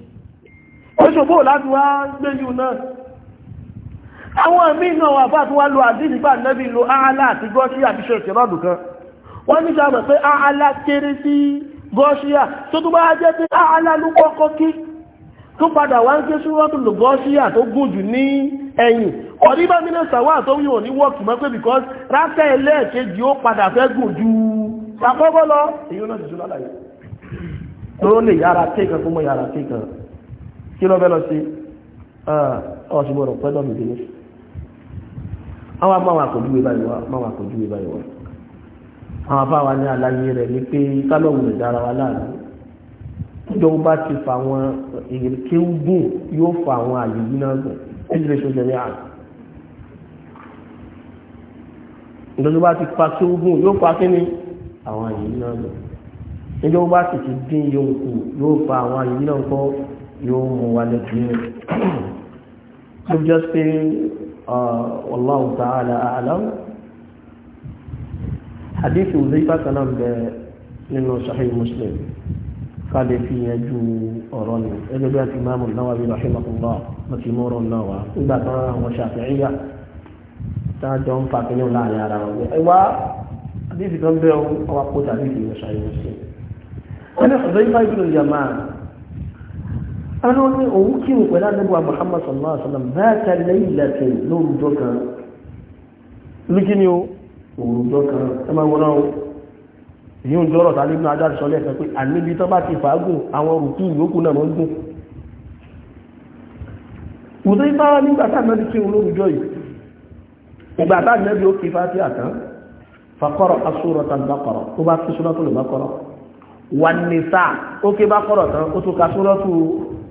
ó ṣòbó láti wá gbéjú náà àwọn míì náà wà fún àtúwá lo àdínì bá nẹ́bí lo áhálà àti gọ́ṣíà bí ṣe ìṣẹ́lọ́dù kan wọ́n ní sábà pé áhálà kéré sí gọ́ṣíà tó tó bá jẹ́ pé áhálà ló kọ́kọ́ kí tó padà wá ń ké ṣúrọ́tù lò because rákẹ́ ẹlẹ́ẹ̀kejì ó padà fẹ́ gùn ju àkọ́kọ́ lọ èyí ó náà ti ṣe lálàyé tó lè kí lọ́bẹ̀ lọ sí ah, ọ̀ṣùgbọ́rọ̀ pẹ́lú ọ̀bìnrin àwọn máa wà kòjú ìbáyìí wá máa wà kòjú ìbáyìí wá àwọn afáwa ní àlàyé rẹ̀ ní pé kálọ̀wù rẹ̀ dára wa láàrin níjọba bá ti fa àwọn èrè kéwùgùn yóò fa àwọn àyè yìí náà gùn ẹ̀jẹ̀ ṣoṣo ní àná ìjọba bá ti fa kéwùgùn yóò fa kíni àwọn àyè yìí náà gùn níjọba bá ti ti dín yòókù yóò fa àwọn àyè yìí kọ́ yóò mú wa lẹ́jú rẹ̀ ló jẹ́ pé wallahu ta'ala a'lam hadithi Hudhayfa kan náà bẹ nínú Sahih Muslim káde fi yanjú ọ̀rọ̀ ni ẹgbẹ́ bí àti Imam Nawawi rahimahullah àti mọ́rọ̀ náà wá nígbà tán àwọn Shafi'iyya tájọ ń fa kínní láàrin ara wọn ẹ wá hadithi kan bẹ́ẹ̀ ọwọ́ àpótà hadithi Sahih Muslim ẹni Hudhayfa ibn al-Yaman àwọn ní òun kí ní pẹ̀lá nígbà Muhammad sallallahu alaihi wasallam záàtà lẹ́yìnlẹ́tẹ̀ lóòrùjọ́ kan lókí ni ó òòrùjọ́ kan ẹmà wọ́nà ó yíò ń jọ́rọ̀ tàbí ní adáàrí sọ lẹ́ẹ̀kan pé àníbi tó bá ti fàágùn àwọn rùkú yòókù náà wọ́n gùn òdó ibá nígbà tá àmọ́ kí olóòrùjọ́ tó bá kí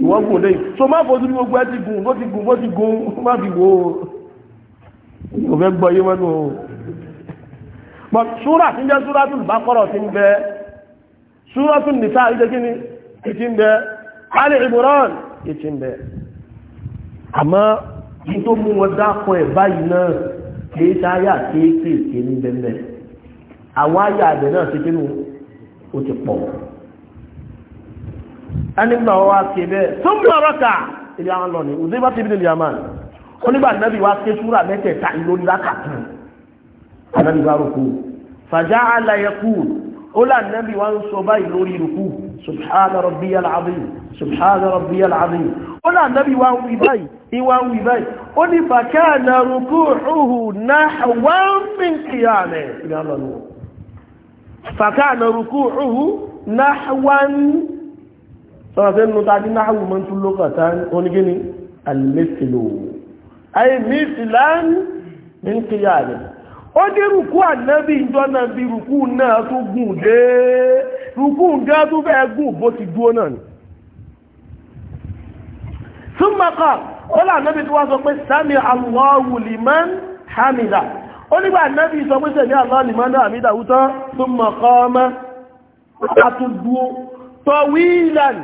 ìwọ́n gùn lẹ́yìn so má fojú ní gbogbo ẹ ti gùn bó ti gùn bó ti gùn má fi wò ó fẹ́ gbọ́ yé mọ́nu o mọ̀ súrà tí ń jẹ́ súrà tún bá kọ́rọ̀ tí ń bẹ súrà tún nìta ìjẹ́ kí ni ìtì ń bẹ Ali Imran ìtì ń bẹ àmọ́ kí tó mú wọn dákọ̀ ẹ̀ báyìí náà kìí sáyà kéékèèké ní bẹ́ẹ̀ àwọn àyà àgbẹ̀ náà ti kí ni ó ti pọ̀ ẹnigbà wọn wá ké bẹ́ẹ̀ tó ń bọ̀ rọ́kà ilé àwọn lọ ni òde bá ti bí nílùú yamani onígbà nàbí wá ké súrà mẹ́tẹ̀ẹ̀ta ìlú oníláka kan ànábì wá rúkú fàjá àlàyékù ó là nàbí wá ń sọ báyìí lórí rúkú subhana rabbiyal azim subhana rabbiyal azim ó là nàbí wá ń wí báyìí ìwà ń wí báyìí ó ní bàkà nà rúkú ruhu náà wọ́n mí kíyàmẹ́ ilé àwọn lọ ni fàkà nà rúkú ruhu náà wọ́n mí tọ́nà tẹ́ nù tàbí náà wù mọ́ tún lókàtà onígíní alìmẹ́sìlò ayé mẹ́sìlán ní kíyà rẹ̀ ó dé rùkú ànábì ìjọ́nà bí rùkú náà tó gùn dé rùkú dé tó fẹ́ gùn bó ti dúó náà ni súnmọ́kà ó là tó wá sọ pé sami Allahu hamida ó nígbà ànábì sọ pé sẹ̀mí Allahu liman hamida wútán súnmọ́kà ọmọ àtúndúó tọ̀wílàn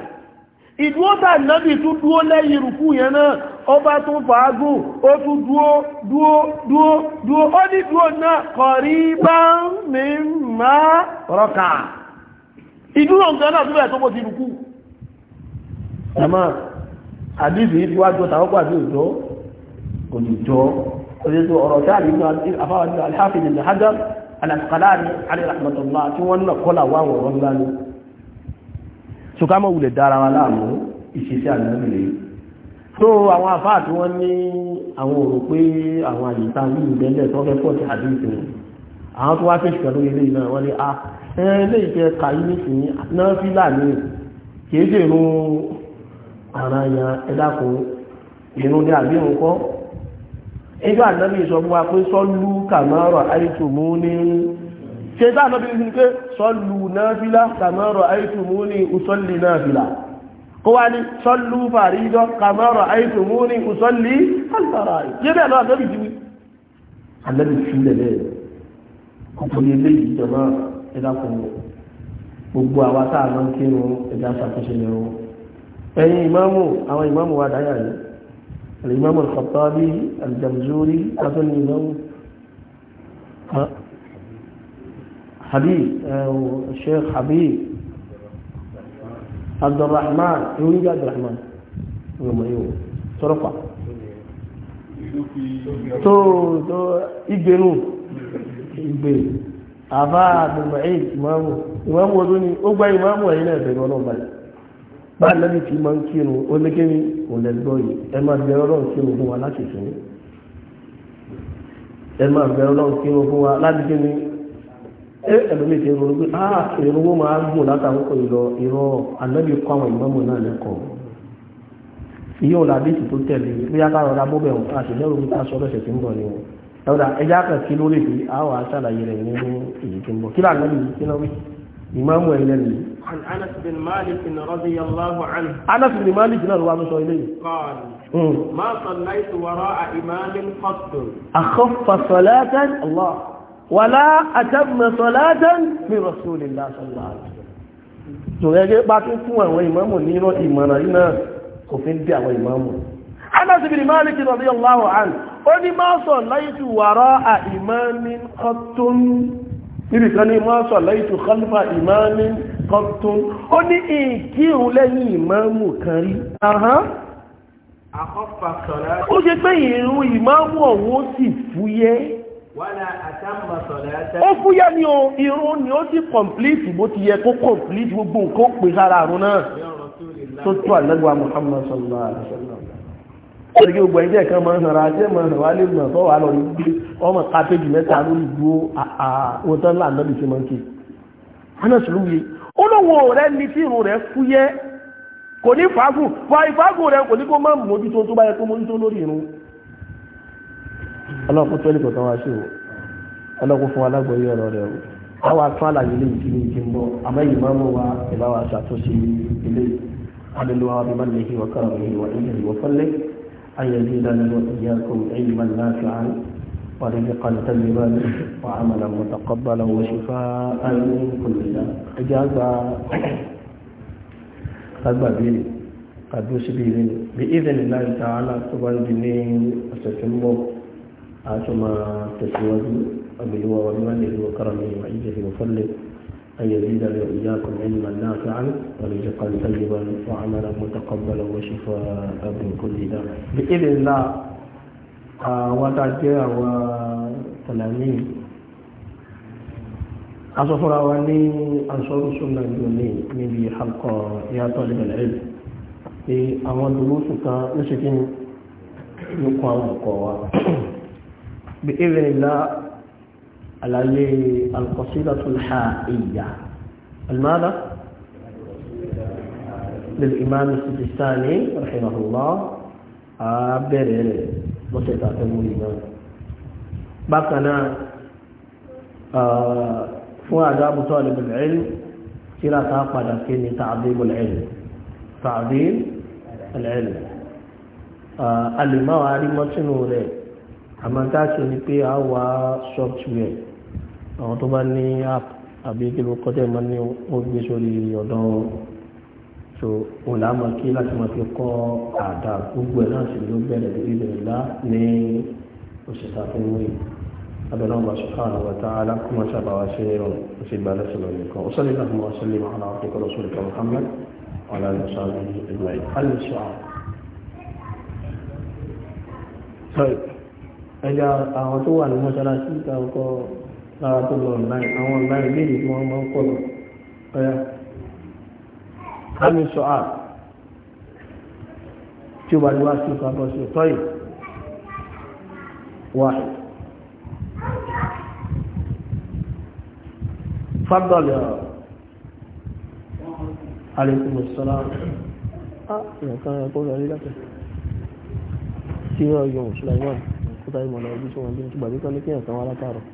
ìdúó tà nábì tún dúó lẹ́yìn ìrùkú yẹn náà ọba tún fàágùn ó tún dúó dúó dúó dúó ó ní dúó náà kọ̀rí bá ń mi máa rọ́kà ìdúró nǹkan náà tún bẹ̀rẹ̀ tó bó ti ìrùkú ẹ̀mọ́ àdìsí ti wá jọ tàwọn pàdé òjò òjò òjò ọ̀rọ̀ táàrí nínú afáwọn alhafi nìyànjú Hajar al-Asqalani alayhi rahmatullah tí wọ́n náà kọ́là wáwọ̀ ọ̀rọ̀ ńlá ni so ka dara wa laamu isise alabi le so awon afa ti won ni awon oro pe awon ayita wi n bele to fe poti hadith ni awon to wa fish pelu ile ina wani a eh le je ka yi ni kini na fi la keje ru ara ya edako inu ni abi n ko ejo alabi so bu wa pe so lu ṣe tá àlọ́bí ní pé sọ́lù náàfílá kàmọ́rọ̀ àìtùmú ní usọ́lì náàfílá kó wá ní sọ́lù fàrídọ́ kàmọ́rọ̀ àìtùmú ní usọ́lì alfàrà yẹ́ bẹ́ẹ̀ lọ àlọ́bí ti wí àlọ́bí ti lẹ̀ bẹ́ẹ̀ ọkùnrin ilé ìjọba ẹ̀dá kan gbogbo àwa الإمام الخطابي الجمزوري أظن إمام حبيب الشيخ حبيب عبد الرحمن يوني عبد الرحمن يوم يوم ترفع tó tó ìgbénu ìgbé àbá àbùmáìd ìmáàmù ìmáàmù ọdún ni ó gbá ìmáàmù ẹ̀yìn náà bẹ̀rẹ̀ ọlọ́run báyìí bá lẹ́bí tí máa ń kírun ó lékè ní òlẹ́gbọ́ yìí ẹ máa bẹ̀rẹ̀ ọlọ́run kírun fún wa láti sìn ẹ máa bẹ̀rẹ̀ ọlọ́run kírun fún wa láti kírun ẹlòmíì ti ronú pé ah ìrúwó máa gùn látàwọn kò ìrọ̀ ìrọ̀ ànábì kọ́ àwọn ìmọ̀mù náà lẹ́kọ̀ọ́ ìyẹn ò làbíìsì tó tẹ̀lé bóyá ká rọra bó bẹ̀rù àṣìlẹ́rù bí ká sọ lọ́sẹ̀ tí ń bọ̀ ni o ẹ̀rọ ẹja kan kí lórí ìpè àwọn aṣàlàyé rẹ̀ nínú èyí tó ń bọ̀ kí làwọn ẹ̀mí kí lọ́wọ́ ìmọ̀mù ẹ̀ lẹ́nu. Anas bin Anas bin Malik náà ló ló sọ eléyìí. ما صليت وراء إمام قط. أخف صلاة الله wàlá àtẹ́bùmọ̀ sọ̀látẹ́n fi rasulillah sọ̀lá tòrẹ́gẹ́ bá tún fún àwọn ìmámù nínú ìmọ̀ràn yìí náà kò fi ń dí àwọn ìmámù Anas bin Malik radiyallahu anhu ó ní máa sọ láìtù wàrọ́ à ìmámin qattun níbi kan ní máa sọ láìtù khalfa ìmámin qattun ó ní ìkírun lẹ́yìn ìmámù ṣe pé ìrun ìmámù ọ̀hún sì fúyẹ́ ó fúyẹ́ ni o irun ni ó ti kọ̀m̀plíìtì bó ti yẹ kó kọ̀m̀plíìtì gbogbo nǹkan pè sára àrùn náà tó tó àlẹ́gbàá Muhammad sallallahu alaihi wasallam ọ̀rẹ́gí gbogbo ẹ̀jẹ̀ kan máa ń sanra jẹ́ máa ń wá lè mọ̀ tó wà lọ ìgbé ọmọ kápẹ́jì mẹ́ta lórí gbó àwọn tán láàánú bí ṣe máa ń ké anas lóye olówó rẹ ní tí irun rẹ fúyẹ́ kò ní fàágùn fa ìfàágùn rẹ kò ní kó má mójútó tó bá yẹ kó mójútó lórí irun ọlọ́kùn tó ẹnìkọ̀ kan wá sí o ọlọ́kùn fún alágbòye ọ̀rọ̀ rẹ̀ o àwọn atún àlàyé lè ti ní ti ń bọ̀ àmọ́ yìí máa ń mú wa ìbá wa ṣàtúnṣe ilé adìlú wa bí mọ́lẹ̀ yìí wọ́kọ́ rẹ̀ yìí wà ilẹ̀ yìí wọ́fọ́lẹ̀ ayé bí dáná lọ ìyá kò ẹ̀yìn máa náà fi hàn wà ní bí ثم تزوج بالهوى والمنه وكرمه وعزه وفضله أن يزيدنا وإياكم علما نافعا ورزقا طيبا وعملا متقبلا وشفاء من كل داء بإذن الله وتعجيا وتلاميذ أصفر أولي أنصر سنة جوني من حلقة يا طالب العلم في أول دروسك نسكن يقوى وقوى بإذن الله على القصيدة الحائية الماذا؟ للإمام السجستاني رحمه الله عبر آه، بسيطه المريدان بقنا آه، فؤاد أبو طالب العلم إلى تعقد كني تعظيم العلم تعظيم العلم آه، الموارد مشنوره àmọ́ tá a ṣe ni pé a wá software àwọn tó bá ní app àbí kí ló kọ́tẹ́ máa ní ó gbé sórí ọ̀dọ́ so òun là á mọ̀ kí láti máa fi kọ́ àdá gbogbo ẹ̀ náà sì ló bẹ̀rẹ̀ ìbẹ̀rẹ̀ lá ní òṣìṣẹ́ àfihàn yìí abẹ́lẹ́ wọn bá subhanahu wa ta'ala kó máa sábà wá sí ìrọ̀rùn ó sì gbà lẹ́sẹ̀ lọ́yẹ̀ kan ó sọ́lé láti máa sọ́lé máa náà fi kọ́lọ́ sórí ẹja àwọn tó wà ní mọ́ṣáláṣí ìtàkọ́ lára tó lọ ọ̀nláì àwọn ọ̀nláì léèrè tí wọ́n máa ń kọ̀ lọ ọ̀yà kámi sọ à tí ó bá ní wá sí ìfàkọ́ sí ọ̀tọ́ yìí wà fàdọ̀lẹ̀ عليكم السلام اه كان يقول علي لك سيما يوم سليمان sáré mọ̀ lọ́wọ́ bí sí wọn bí kí gbàgbé kan ní kíyàn kan wá látàrọ̀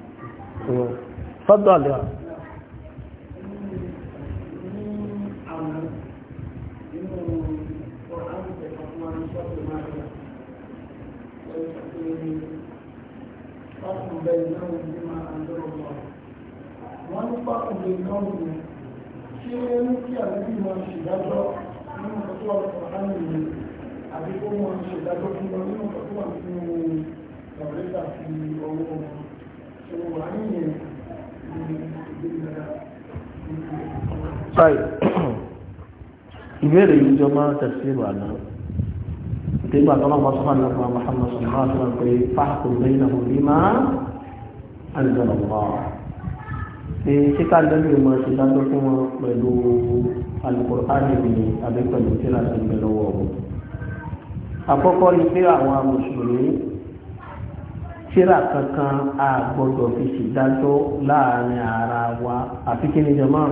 wọ́n ní pàtàkì náà ní ṣé ní kí àlébí máa ṣèdájọ́ nínú ọjọ́ ọ̀sán àmì àbíkó máa ṣèdájọ́ fún wọn ọ̀rẹ́ta fi owó tó wà níyẹn ní ìbéèrè yìí jọ máa tẹ̀sí wà náà ìgbà tó lọ́wọ́ sọ́kà ní ọkùnrin Muhammad sọ̀rọ̀ àti wọn pé fáàkùn lẹ́yìn náà bí máa ń jọ̀rọ̀ wá ṣe ṣé ká lẹ́nu ìmọ̀ ṣe dájọ́ fún wọn pẹ̀lú Al-Qur'ani ìbìnrin àbí pẹ̀lú tíra ṣe ń bẹ lọ́wọ́ wọn. àkọ́kọ́ ni pé àwọn mùsùlùmí tíra kankan a gbọ́dọ̀ fi ṣèdájọ́ láàrin ara wa àfi kí ni jọmọ́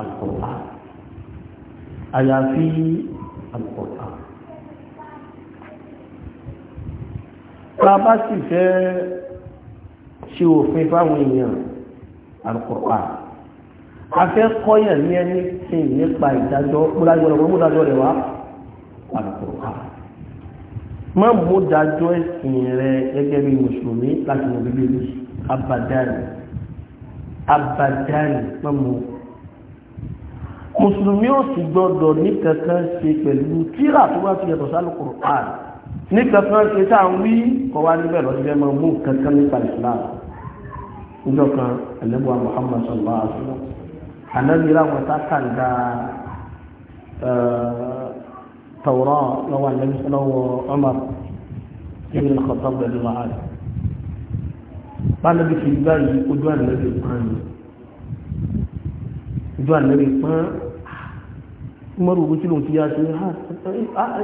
àkọ́kọ́ àyàfi àkọ́kọ́. tá a bá sì fẹ́ ṣe òfin fáwọn èèyàn àkọ́kọ́ a fẹ́ kọ́yàn ní ẹni tí nípa ìdájọ́ múlájọ́ rẹ̀ wá àkọ́kọ́ má mú dájọ́ ẹ̀sìn rẹ gẹ́gẹ́ bí mùsùlùmí láti mọ̀ bíbélì abàdáni abàdáni má mú mùsùlùmí ò sì gbọdọ̀ ní kankan ṣe pẹ̀lú tíra tó wá fi yàtọ̀ sálù Kùránì ní kankan ṣe tá à ń wí kọ́ wá níbẹ̀ lọ́sibẹ́ máa mú kankan nípa ìsìláàmù níjọ́ kan àlẹ́bùwà Muhammad sallallahu alaihi wa sallam ànábìrà wọn tá kàńdà ẹ̀ẹ́ tawra lọ́wọ́ anabi lọ́wọ́ Umar ibn al-Khattab rẹ̀ lọ́wọ́ àlẹ́ bánabi fi gbá yìí ojú anabi pọ́n ni ojú anabi pọ́n Umaru ogun tí lòun ti yá sí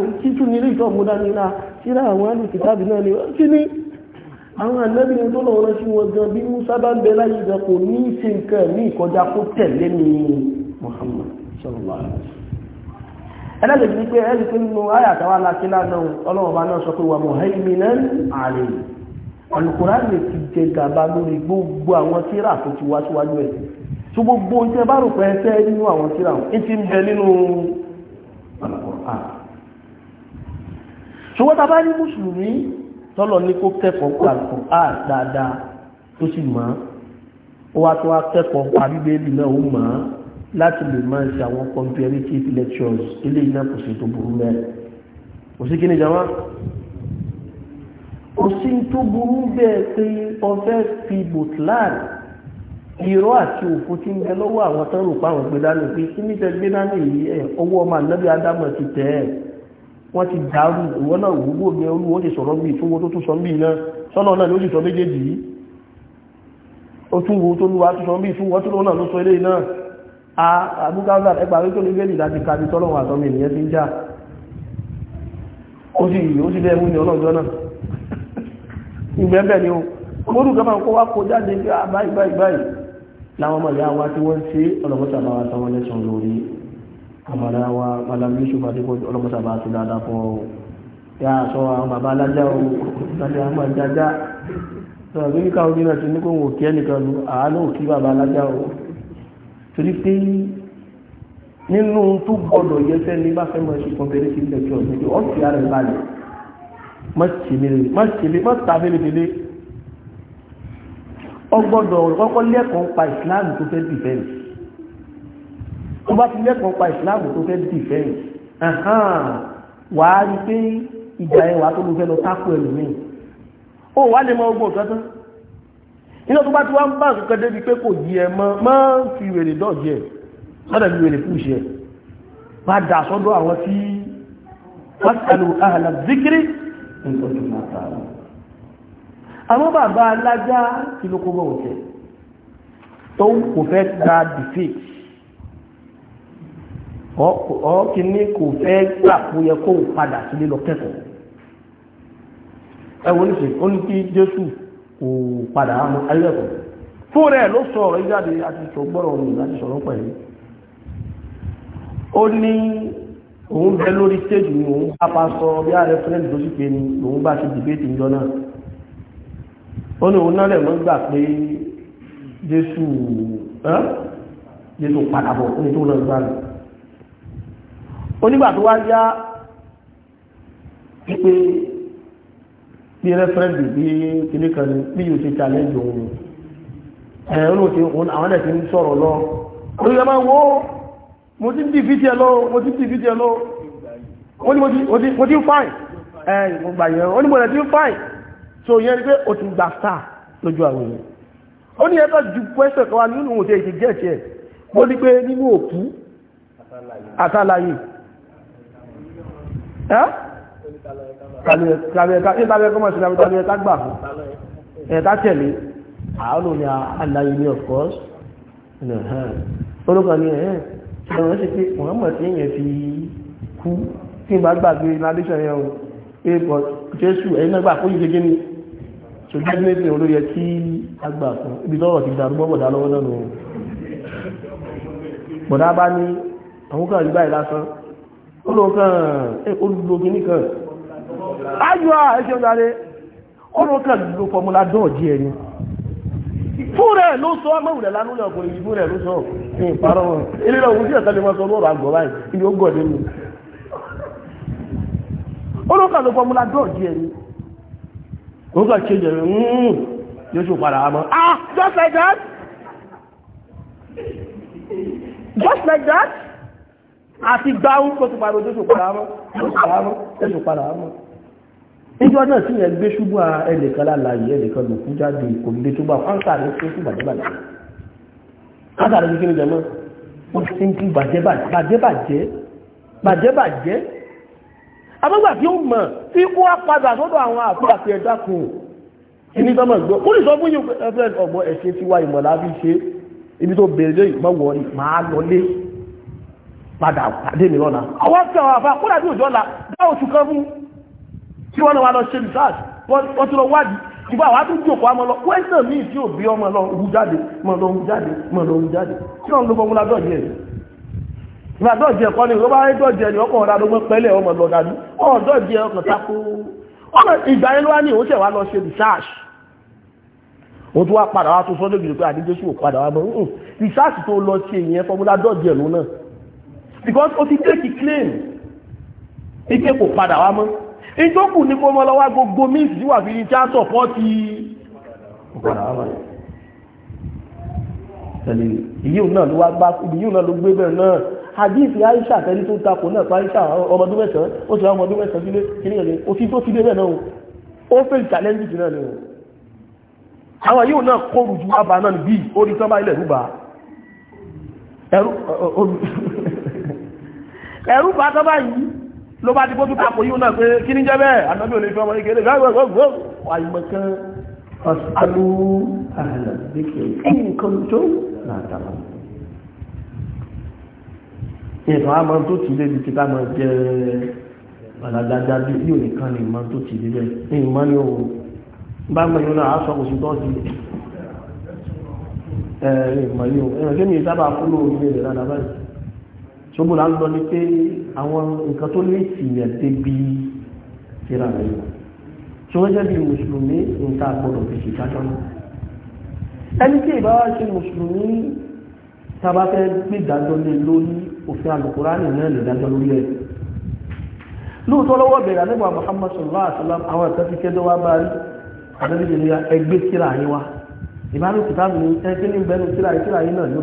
i títún ní ilé ìtọ́ ọ̀gbọ́dá ní ilá síra àwọn alùpùpù náà ni kí ni àwọn anabi ní tó lọ́wọ́ rẹ̀ sí wọn gan bí Musa bá ń bẹ láyé gan kò ní í ṣe nǹkan ní ìkọjá kó tẹ̀lé ní Muhammad sallallahu alaihi wasallam ẹlẹ́gbẹ̀ẹ́ ní pé ẹ̀rí pé nínú ayàtàwà alákílá náà ọlọ́ọ̀bá náà sọ pé wà muhaiminan alayhi Al-Qur'an ti jẹ gàba lórí gbogbo àwọn tírà tó ti wá síwájú ẹ̀ tó gbogbo ohun tẹ́ bá rò pé ẹsẹ́ nínú àwọn tírà ń ti ń bẹ nínú al ṣùgbọ́n tá ní mùsùlùmí tọ́lọ̀ ní kó kẹ́kọ̀ọ́ pé al dáadáa tó láti lè máa ṣe àwọn comparative lectures ilé iná kò sí tó burú mẹ́ kò sí kíní jama kò sí tó burú bẹ́ẹ̀ pé ọfẹ́ fi botlan irọ́ àti òfò tí ń bẹ lọ́wọ́ àwọn tán rò páwọn gbé dání pé kí ní tẹ́gbé dání yìí ẹ̀ ọwọ́ ọmọ ànábì ádámọ̀ ti tẹ̀ ẹ́ wọ́n ti dàrú ìwọ náà wúgbò mi olúwo ti sọ̀rọ̀ bí ìtúwó tó sọ bí iná sọ́nà náà ló sì sọ méjèèjì yìí ó tún wo tó lúwa tó sọ bí ìtúwó tó lọ́nà ló sọ eléyìí náà àbúkáwà ẹgbà wípé ní bẹ́ẹ̀lì láti kàbí tọ́lọ̀wọ̀ àtọ́mì ènìyàn ti ń já ó sì ó sì bẹ́ẹ̀mú ní ọlọ́jọ́ náà ìgbẹ́bẹ̀ ni ó mọ́rù gọ́mà kó wá kó jáde ah, báyìí báyìí báyìí láwọn ọmọdé àwa tí wọ́n ṣe ọlọ́mọ́sàbáwà táwọn lẹ́sàn lórí àmàrà wa malami ṣùgbọ́n ọlọ́mọ́sàbáwà ti dáadáa fún ọ yà sọ àwọn bàbá alájá o láti àwọn àjájá sọ̀rọ̀ bí níkà omi náà ti ní kó wò kí ẹnìkan lu àánú kí bàbá torí pé nínú tó gbọdọ̀ yẹ sẹ́ni bá fẹ́ mọ̀ ṣe kọ̀m̀pẹ́rẹ́ sí ilẹ̀ tí ọ̀sẹ̀ tí wọ́n fi ara ẹ̀ balẹ̀ má ṣèlérí má ṣèlérí má ta fẹ́lẹ́fẹ́lẹ́ ọgbọ́dọ̀ kọ́kọ́ lẹ́kọ̀ọ́ pa ìsìláàmù tó fẹ́ dìfẹ́ǹsì tó bá ti lẹ́kọ̀ọ́ pa ìsìláàmù tó fẹ́ dìfẹ́ǹsì wà á rí pé ìgbà ẹ̀ wà tó ló fẹ́ lọ tákù ẹlòmíì ó wà lè mọ ọgbọ́n kan tán iná tó bá ti wá ń bá nǹkan débi pé kò yí ẹ mọ́ máa ń fi wèrè dọ́ọ̀dì ẹ̀ lọ́dọ̀ fi wèrè fún iṣẹ́ bá dà sọ́dọ̀ àwọn tí wọ́n ti àlò àhàlà zikiri nǹkan tó máa ta àwọn. àwọn bàbá alájá tí ló kó bọ̀ òtẹ́ tó kò fẹ́ gba defeat ọkìnní kò fẹ́ gbà kó yẹ Jésù kò padà á mọ ayẹ́kọ̀ọ́ fún rẹ̀ ló sọ ọ̀rọ̀ ìjáde àti ìṣògbọ́rọ̀ òun láti sọ̀rọ̀ pẹ̀lú ó ní òun bẹ lórí stéèjì ni òun bá pa sọ bí ààrẹ fúnẹ́ẹ̀lì tó sì pé ni òun bá ṣe dìbéètì ìjọ náà ó ní òun náà lẹ̀ mọ́ gbà pé jésù jésù padà bọ̀ ní tó lọ gbà lọ onígbà tó wá yá pípé bí rẹ́fẹ́rẹ́dì bí kìlí kan ní bí yóò ṣe challenge òun ni ẹ̀rọ ti òun àwọn ẹ̀sìn ń sọ̀rọ̀ lọ orí ẹ máa wo mo ti ń di fídí ẹ lọ mo ti ń di fídí ẹ lọ ó ní mo ti ń fáìn ẹ mo gbà yẹn ó ní mo rẹ̀ ti ń fáìn so yẹn ni pé o ti gba star lójú àwọn èèyàn ó ní ẹgbẹ́ ju pẹ́sẹ̀ kan wá nínú òun ti èyí jẹ́ tiẹ̀ mo ní pé nínú òkú àtàlàyé ẹ́ tàbí ẹ̀kọ́ mọ̀ sí tàbí ẹ̀ta gbà fún ẹ̀ta tẹ̀lé àánú ni àlàyé ní of course orúkọ ni ẹ̀hẹ́ ẹ̀rọ sí pé Muhammad tí èèyàn fi kú tí ìgbà gbàgbé ládíṣẹ́ yẹn o pé bọ̀ Jésù ẹ̀yìn náà gbà yìí gẹ́gẹ́ ni ṣùgbọ́n ní ìpín olóyẹ tí a gbà fún ibi tọ́rọ̀ ti dàrú bọ́bọ̀dá lọ́wọ́ náà nù bọ̀dá bá ní àwọn kan rí báyìí lásán ó kan ayọ́ ẹ̀ṣẹ́ ìdáre ọ̀rọ̀ ló fọmúlá dọ́ọ̀dí ẹni fún rẹ̀ ló sọ mẹ́wùlẹ̀ lánúlẹ̀ ọkọ̀ yìí fún rẹ̀ ló sọ ní ìparọ́ wọn ilé lọ òun sí ẹ̀sẹ̀ lè máa sọ lọ́rọ̀ àgbọ̀ báyìí ah just like that just like that níjọ́ náà tí yẹn gbé ṣubú ẹnìkan lálàyé ẹnìkan lòkú jáde kò lè tó bá fáńkà ní tó kú bàjẹ́bàjẹ́ fáńkà ní kíni jẹ náà wọ́n ti ń kú bàjẹ́bàjẹ́ bàjẹ́bàjẹ́ abọ́gbà tí ó mọ̀ tí kó wá padà sọ́dọ̀ àwọn àfúrà fi ẹ̀dá kù ìní tọ́mọ̀ gbọ́ kó lè sọ fún yín ẹgbẹ́ ọgbọ́n ẹ̀ṣẹ́ tiwa ìmọ̀lá fi ṣe ibi tó bèrè lé ìmọ̀wọ̀ padà pàdé mi lọ́la àwọn fẹ́ àwọn àfà kó dàbí òjò ọ̀la dá oṣù kan fún tí wọ́n lọ wá lọ ṣe research wọ́n ti lọ wádìí ìgbà wàá tún jòkó àmọ́ lọ question míì tí ò bí ọmọ lọ hu jáde mọ lọ hu jáde mọ lọ hu jáde kí wọ́n lọ bọ́ múlá dọ́ọ̀jì ẹ̀ múlá dọ́ọ̀jì ẹ̀kọ́ ni ìrọ́bà ayé dọ́ọ̀jì ẹ̀ ni ọkọ̀ ọ̀dà lọ́gbọ́n pẹ́lẹ̀ ọmọ lọ dàdú ọ̀ dọ́ọ̀jì ẹ̀ ọkọ̀ tako ọmọ ìgbà yẹn ló wá ní ìwọ́sẹ̀ wa lọ ṣe research wọ́n tún wá padà wá tó sọ́dọ̀ gbèrè pé àdéjọ́sí ò padà wá mọ́ hmm, research tó lọ sí èyàn fọmúlá dọ́ọ̀jì ẹ̀ lónà because ó ti take claim ike kò padà wá mọ́ ìjókù ní kọmọ lọ́wọ́ gbogbo míìsì tí wà fi ní tíátọ̀ pọ́ ti ìyíò náà ló wá gbá ìyíò náà ló gbé bẹ̀rẹ̀ náà àdíìsì Aisha tẹ́lí tó takò náà pa Aisha ọmọdún mẹ́sàn-án ó sì ọmọdún mẹ́sàn-án sílé kìnìyàn ní òfin tó fi dé bẹ́ẹ̀ náà ó fẹ́ challenge náà ni àwọn yíò náà kọrù ju abà náà ló bá ti bó tún tapò yíò náà pé kí ní jẹ́ bẹ́ẹ̀ àtàbí olè fẹ́ ọmọ ìkèrè gbogbo àìmọ̀kan ọ̀sánú àìlàdíkẹ̀ nǹkan tó látàrà ìtàn àmọ́ tó ti lé ti bá máa jẹ́ àlàdájá bí yóò nìkan lè tó ti ẹ̀rìn ìmọ̀ yóò ẹ̀rìn kí ni ìsábà fúnlò ilé rẹ̀ báyìí ṣogbo la ń lọ ní pé àwọn nǹkan tó lè tìyàn débi síra rẹ̀ lọ tí wọ́n jẹ́ bí mùsùlùmí nǹkan àgbọ̀dọ̀ fi ṣe dájọ́ náà ẹni tí ìbá wá ṣe mùsùlùmí tábà fẹ́ gbé ìdájọ́ lé lórí òfin àlùkùránì náà lè dájọ́ lórí ẹ̀ lóòótọ́ lọ́wọ́ bẹ̀rẹ̀ àdébà Muhammad sallallahu alaihi wasallam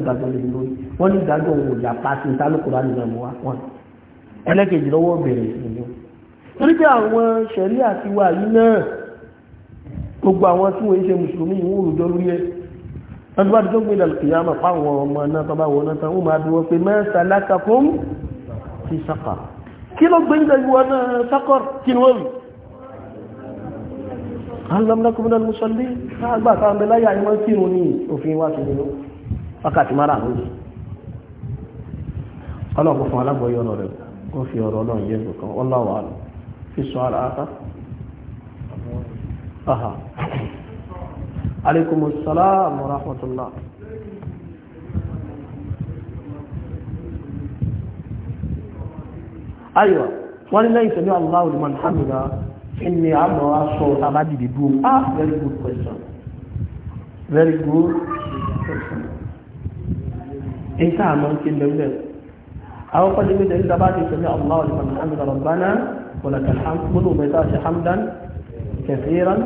àwọn ẹ̀ka wọ́n ní ìdájọ́ òun ìjà pàṣẹ ìtàlùkùrá nìyà mọ́ wa wọn ẹlẹ́kejì lọ́wọ́ bèrè ìsinmi torí pé àwọn ṣẹ̀rí àti wà yìí náà gbogbo àwọn tí wọ́n ṣe mùsùlùmí ìwọ̀n òrùjọ lórí ẹ̀ wọ́n bá dúró gbéra kìyàmà fáwọn ọmọ náà tọ́ba wọn náà tán wọ́n máa bí wọ́n pé mẹ́sà wákàtí mara àwọn yìí ọlọ́pọ̀ fún alágbọ̀yọ̀ ọ̀rọ̀ rẹ̀ ó fi ọ̀rọ̀ náà yẹ nǹkan ọláwà lọ fi sọ ara ata aha aleykum salaam wa rahmatulah. aywa wọ́n ní lẹ́yìn sẹ́mi aláwọ̀ lè máa hàmìlá ẹni àmọ́ aṣọ àbájìdì dúró ah very good question very good question. Èyí tá a máa ń ké lẹ́gbẹ̀ẹ́ àwọn kọ́ni mi tẹ̀lé dábàá ti sẹ́mi allah alayhi wa sallam rabbana wàlá kalham gbọ́dọ̀ mẹ́ta ṣe hamdan kathiran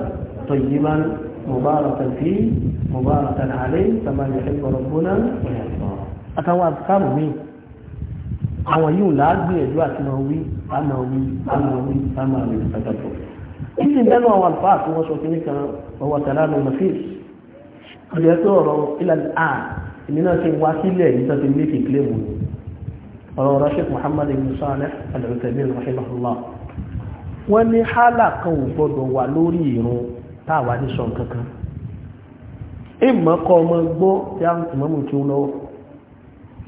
tayyiban mubarakan fi mubarakan alayhi kama yuhibbu rabbuna àtàwọn àbùkárù mi àwọn yìí làágbìyànjú àti máa wí àmà wí àmà wí àmà wí pẹ̀tẹ̀tọ̀ títí nínú àwọn àlùfáà tí wọ́n sọ kí nìkan ọwọ́ tàlánù mafis ọjọ́ tó ọ̀rọ̀ ilẹ̀ àà ìmínà ti wá sílẹ̀ yìí tó ti méjì kílẹ̀ mú ni ọ̀rọ̀ Rashid muhammad ibn salih al-uthaymin rahimahullah wọ́n ní hálà kan wà lórí ìrun táwa ní sọ kankan ìmọ̀ ọmọ gbọ́ tí a mọ̀mù tí ó lọ́wọ́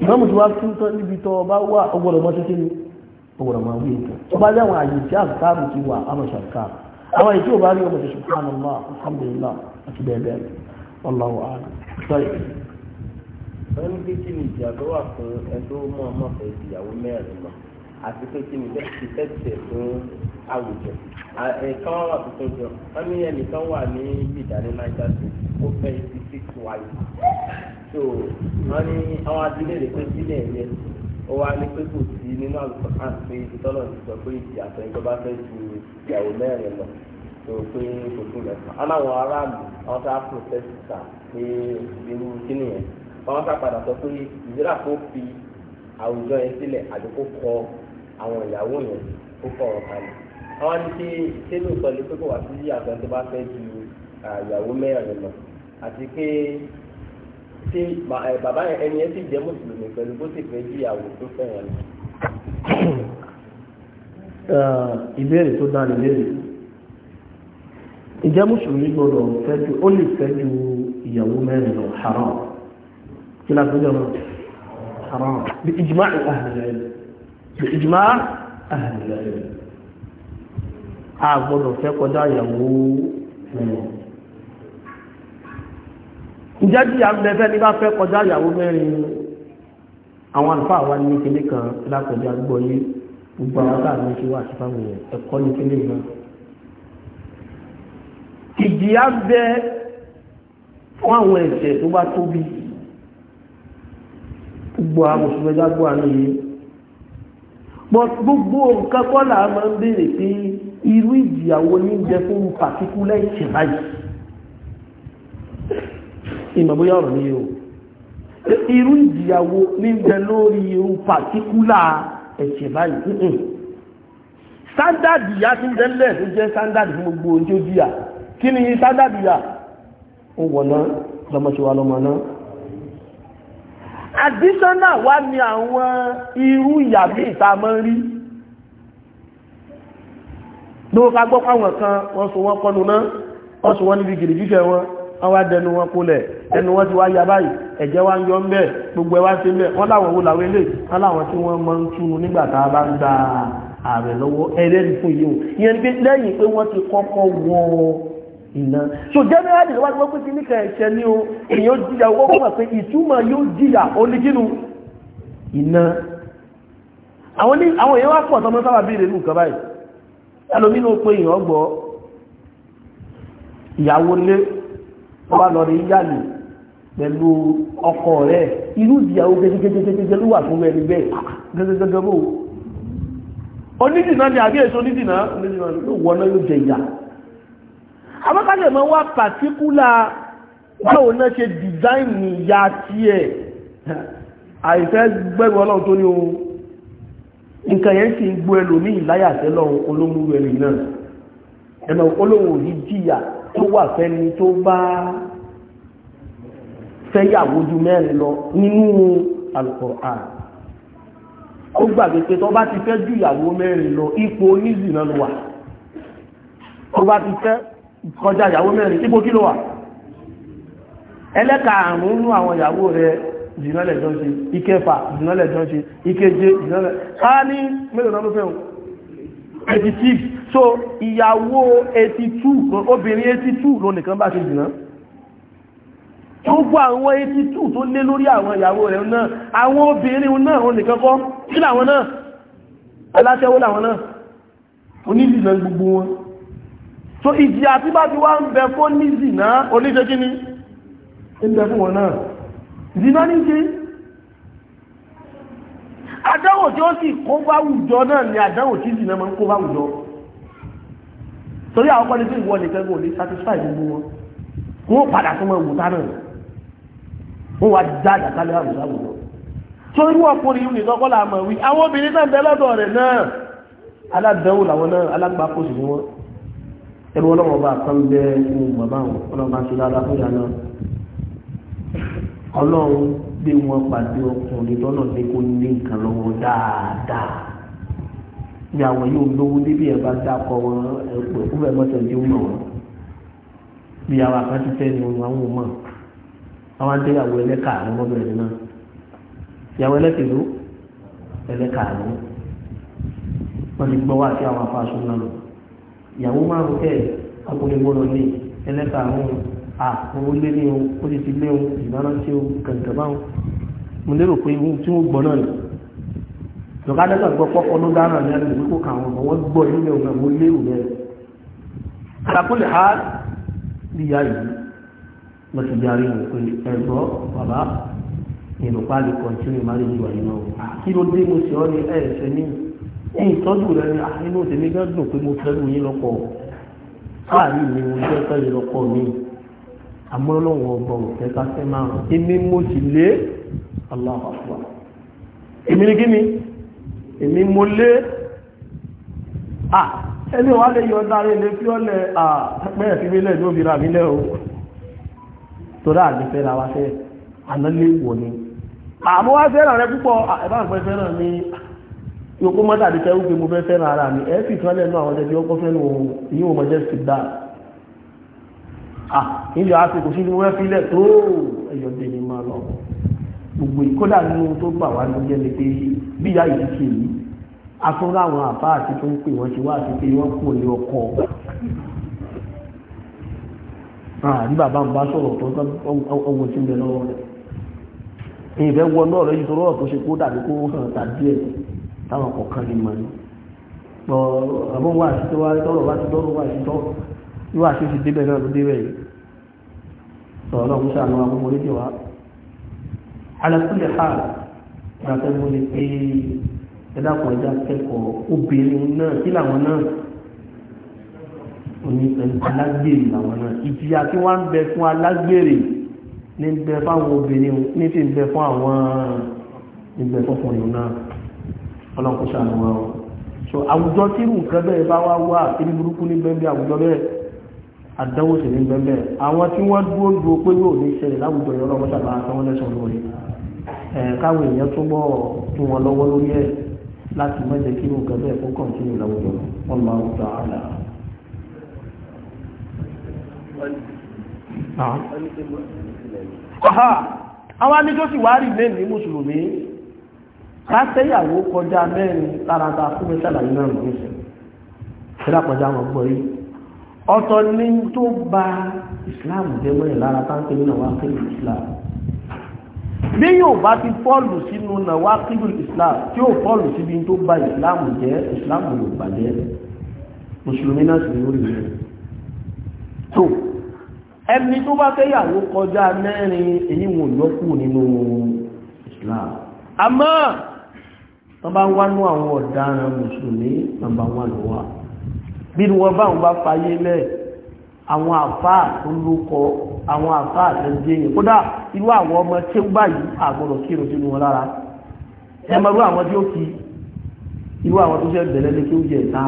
mọ̀mù tí wá tún tán níbi tọ́ ọba wà ọgbọ́dọ̀ mọ́ títí mọ́ wí àyè tí ti wà àwọn èyí tí bá rí ọmọ alhamdulillah àti bẹ́ẹ̀ wọ́n ní pé kí ni ìjà tó wà fún ẹjọ́ mọ́ ọmọ fẹ́ ìyàwó mẹ́rin mọ́ àti pé kí ni bẹ́ẹ̀ ti tẹ́tẹ̀ fún àwùjọ ẹ̀ka wà wà tuntun jọ wọ́n ní ẹnìkan wà ní niger state ó fẹ́ six wife so wọ́n ní àwọn adílé rẹ̀ pé sílẹ̀ yẹn ó wá ní pé kò sí nínú ti sọ pé ìdí àtẹ̀yìntọ́ bá fẹ́ ju ìyàwó mẹ́rin lọ tó wọn ká padà sọ pé ìdílà kó fi àwùjọ yẹn sílẹ̀ àti kó kọ àwọn ìyàwó yẹn kó kọ wọn kalẹ̀ àwọn ní ṣe ìṣèlú ìsọlẹ pé kò wá sí àgbọn tó bá fẹ́ ju ìyàwó mẹ́rin lọ àti pé ṣé bàbá yẹn ẹni yẹn sì jẹ́ mùsùlùmí pẹ̀lú bó sì fẹ́ ju ìyàwó tó fẹ́ yẹn lọ. ìbéèrè tó dáa lè léèrè ìjẹ́ mùsùlùmí gbọ́dọ̀ fẹ́ ju ó lè fẹ́ ju ìyàwó mẹ́rin lọ haram kí láti حرام بإجماع haram bí ijmá ahlil bí ijmá ahlil a gbọ́dọ̀ fẹ́ kọjá ìyàwó mẹ́rin ìjẹ́ tí a bẹ̀ fẹ́ ní bá fẹ́ kọjá ìyàwó mẹ́rin àwọn àlùfáà wa ní kíní kan lákọjá gbọ́ yé gbogbo àwọn tá a ní ṣe wà sí fáwọn èèyàn ẹ̀kọ́ ní kíní náà ìjìyà bẹ fún àwọn ẹ̀ṣẹ̀ tó bá tóbi gbogbo àwọn òṣùpẹ́ dágbò àná yìí gbogbo nǹkan kọ́ là á máa ń béèrè pé irú ìjìyàwó ní jẹ fún pàtíkúlẹ̀ ìṣẹ̀lá yìí ìmọ̀ bóyá ọ̀rọ̀ ní o irú ìjìyàwó ní jẹ lórí irú pàtíkúlà ẹ̀ṣẹ̀ báyìí sándàdì yá tí ń jẹ́ tó jẹ́ sándàdì fún gbogbo ohun tó jìyà kí ni sándàdì yá ó wọ̀ náà lọ́mọ ṣe wa lọ́mọ náà additional wá ní àwọn irú ìyàbí ìta mọ́ rí ló ká gbọ́ fáwọn kan wọ́n so wọ́n kọlu náà wọ́n so wọ́n níbi gìrì jíṣẹ́ wọn wọ́n wá dẹnu wọn kólẹ̀ ẹnu wọn ti wá ya báyìí ẹ̀jẹ̀ wá ń yọ ń bẹ̀ gbogbo ẹ̀ wá sí mẹ́ wọ́n láwọn wo làwọn ilé wọ́n láwọn tí wọ́n mọ́ ń túnu nígbà tá a bá ń gba ààrẹ lọ́wọ́ ẹ̀rẹ́ fún yìí o ìyẹn ni pé lẹ́yìn pé wọ́n ti kọ́kọ́ wọ́ọ́ iná so generally wọ́n ti wọ́n pé kíní kan ẹ̀ṣẹ̀ ni o èèyàn jìyà owó kọ́ pé ìtumọ̀ yóò jìyà oníjìnnú iná àwọn ní àwọn èèyàn wá pọ̀ tọmọ sábà béèrè nù kan báyìí ẹlòmí ló pé èèyàn gbọ́ ìyàwó lé wọ́n bá lọ rí yàlè pẹ̀lú ọkọ rẹ̀ irú ìyàwó gẹ́gẹ́gẹ́gẹ́gẹ́ ló wà fún ẹni bẹ́ẹ̀ ah, gẹ́gẹ́gẹ́gẹ́ bò onídìnnà ni àbí èso onídìnnà onídìnnà yóò wọ́n náà yóò jẹ ìyà abákálẹ̀ mọ́ wá pàtíkúlà báwo náà ṣe dìzáìnì ìyá tí ẹ̀ àìfẹ́ gbẹ́rù ọlọ́run tó ní ohun nǹkan yẹn sì ń gbọ́ ẹlòmíì láyàtẹ́ lọ́run olómúrú ẹ̀rì náà ẹ̀nà olóhùn òní jìyà tó wà fẹ́ni tó bá fẹ́yàwó ju mẹ́rin lọ nínú Al-Qur'an ó gbàgbé pé tó bá ti fẹ́ ju ìyàwó mẹ́rin lọ ipò onízì náà lọ wà tó bá ti fẹ́ kọjá ìyàwó mẹ́rin ipò kí ló wà ẹlẹ́kàrún nú àwọn ìyàwó rẹ̀ jìnàlẹ̀ jọ ṣe ìkẹfà jìnàlẹ̀ jọ ṣe ìkeje jìnàlẹ̀ ká ní mẹ́lẹ̀nà ló fẹ́hùn 86 so ìyàwó 82 obìnrin 82 ló nìkan bá ṣe jìnà tó gbọ́ àwọn 82 tó lé lórí àwọn ìyàwó rẹ̀ náà àwọn obìnrin náà ó nìkan kọ́ kí làwọn náà aláṣẹ́wó làwọn náà onílìlẹ̀ gbogbo wọn so ìjì àti bá ti wá ń bẹ fún ní zìnà oníṣẹ́ kí ni ń bẹ fún wọn náà zìnà ní ṣe àdáwò tí ó sì kó bá wùjọ náà ni àdáwò tí zìnà máa ń kó bá wùjọ torí àwọn pẹ́lú tí ìwọ nìkan kò lè satisfy gbogbo wọn wọ́n padà tó mọ̀ ìwòta náà wọ́n wá dá àjàkálẹ̀ àwùjọ àwùjọ tó irú ọkùnrin yìí nìkan kọ́ làmọ̀ wí àwọn obìnrin náà bẹ́ lọ́dọ̀ rẹ̀ náà aládánwò làwọn náà alágbàkóso ni wọ́n ẹrú ọlọ́wọ́ bá kan bẹ ohun bàbá wọn ọlọ́wọ́ bá ṣe dáadáa fún ìyànà ọlọ́run gbé wọn pàdé ọkùnrin tọ́nà pé kó ní nǹkan lọ́wọ́ dáadáa ní àwọn yóò lówó débi ẹ̀ bá dákọ wọn ẹ̀pọ̀ fúnbẹ̀ mọ́tò ìdí ọmọ wọn bí àwọn àkáǹtì fẹ́ ni wọn àwọn ọmọ àwọn adéyàwó ẹlẹ́ka àwọn ọmọbìnrin náà ìyàwó ẹlẹ́kẹ̀ló ẹlẹ́ka àwọn wọn ti gbọ́ wá sí àwọn afáṣọ náà lọ ìyàwó márùn kẹ ọkùnrin ní ẹlẹta àwọn àwọn olè ní o ó ti ti lé o ìbáná tí o kẹ̀kẹ́ báwọn mo lérò pé ohun tí wọ́n gbọ́ náà ni lọ́kàdẹ́gbà gbọ́ pọ́pọ́ ló dáná ní ẹni ìwé kó kà wọn wọ́n gbọ́ nílé òun àwọn olè òun àlàkùnlé ha níyà yìí lọ́sùn bí arí wọn pé ẹ̀gbọ́ bàbá ìrùpá lè kọ́ńtínú ìmárìjì wà nínú kí ló dé mo sì ọ́ ní ẹ̀ẹ́sẹ̀ níyì ní ìtọ́jú rẹ ní àìlú tèmi gán dùn pé mo fẹ́ràn yín lọ́pọ̀ fáàrí mi mo jẹ́ fẹ́ràn lọ́pọ̀ mi àmọ́ ọlọ́run ọgbọ̀n òfẹ́ ká fẹ́ máa rán èmi mo sì lé Allahu Akbar èmi ni kíni èmi mo lé à ẹni wàá lè yọ dáre lè fi ọlẹ à pẹ́ ẹ̀fí mi lẹ̀ ló fi ra o torí àdìfẹ́ ra wa fẹ́ àná lè wọ̀ ni àmọ́ wá fẹ́ràn rẹ púpọ̀ àbá fẹ́ràn mi yóò kó mọ́tà àti tẹ́wọ́ pé mo fẹ́ fẹ́ràn ara mi ẹ fi kan lẹ́nu àwọn ẹ̀dẹ́bí ọkọ̀ fẹ́ràn òun ìyẹn òun mọ̀jẹ́ dáa ah nílò àsìkò sí ni wọ́n fi lẹ̀ máa gbogbo ìkódà nínú tó gbà wá jẹ́ ni pé bí ìyá yìí yìí àbá àti tó ń pè wọ́n ti wá àti pé wọ́n kò ní ọkọ̀ táwọn kọ̀ọ̀kan lè mọ̀ ní pọ̀ àbọ̀ wà sí tó wá tọrọ wá sí tọrọ wà sí tọrọ wíwà sí ti débẹ̀ náà ló débẹ̀ yìí sọ̀rọ̀ náà musa àwọn akókò lè wá alẹ́kùnlé ha ìgbàfẹ́ mo lè pe ẹ̀dàkùn ẹ̀dà kẹ́kọ̀ọ́ obìnrin náà kí làwọn náà oní alágbèrè làwọn náà ìjìyà tí wọ́n ní bẹ ní ti ọlọ́kùn sàánú wa o so àwùjọ tí irú nǹkan bẹ́ẹ̀ bá wá wá kí ní burúkú ní bẹ́ẹ̀ àwùjọ bẹ́ẹ̀ àdánwò sì ní bẹ́ẹ̀ àwọn tí wọ́n dúró dúró pé yóò ní ṣẹlẹ̀ láwùjọ yẹn ọlọ́kùn sàánú wa sanwó lẹ́sàn lórí ẹ̀ káwọn èèyàn túbọ̀ tún wọn lọ́wọ́ lórí ẹ̀ láti má jẹ́ kí irú nǹkan bẹ́ẹ̀ kó kọ̀ǹtínú láwùjọ wọn máa ń ta àlà. àwọn anìjọ́sìn wàá rí lẹ́nu ní mùsùlùmí kásẹ̀yàwó kọjá mẹ́rin tààràtà fún mẹ́sàlàyé náà mọ̀ níṣẹ́ ìṣẹ́lá kọjá wọn gbọ́ yìí ọ̀tọ̀ ní tó ba Islam jẹ́ mọ́yìn lára táńkì nínú àwọn akéwì Islam bí yóò bá ti fọ́ọ̀lù sínú náà wá kíbù Islam tí yóò fọ́ọ̀lù síbi tó ba Islam jẹ́ Islam ló bàjẹ́ mùsùlùmí náà sì ní rẹ̀ tó ẹni tó bá fẹ́yàwó kọjá mẹ́rin èyí wọn yọkù nínú Islam àmọ́ wọ́n bá wá ní àwọn ọ̀daràn mùsùlùmí nàmbà wọn ló wà bí wọ́n bá wọn bá fayé lẹ̀ àwọn àfáà tó lókọ àwọn àfáà tó ń jẹyìn kódà irú àwọn ọmọ tí ó báyìí àgbọ̀dọ̀ kírun sínú wọn lára ẹ mọ̀ irú àwọn tí ó kí irú àwọn tó ṣe bẹ̀rẹ̀ lé kí ó jẹ ìta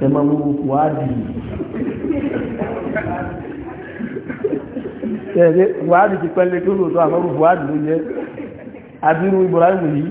ẹ mọ̀ mú wádìí ẹ̀rẹ́ buhari ti pẹ́lẹ́ kí ó lòótọ́ àmọ́rù buhari ló jẹ́ abirú ibrahim yìí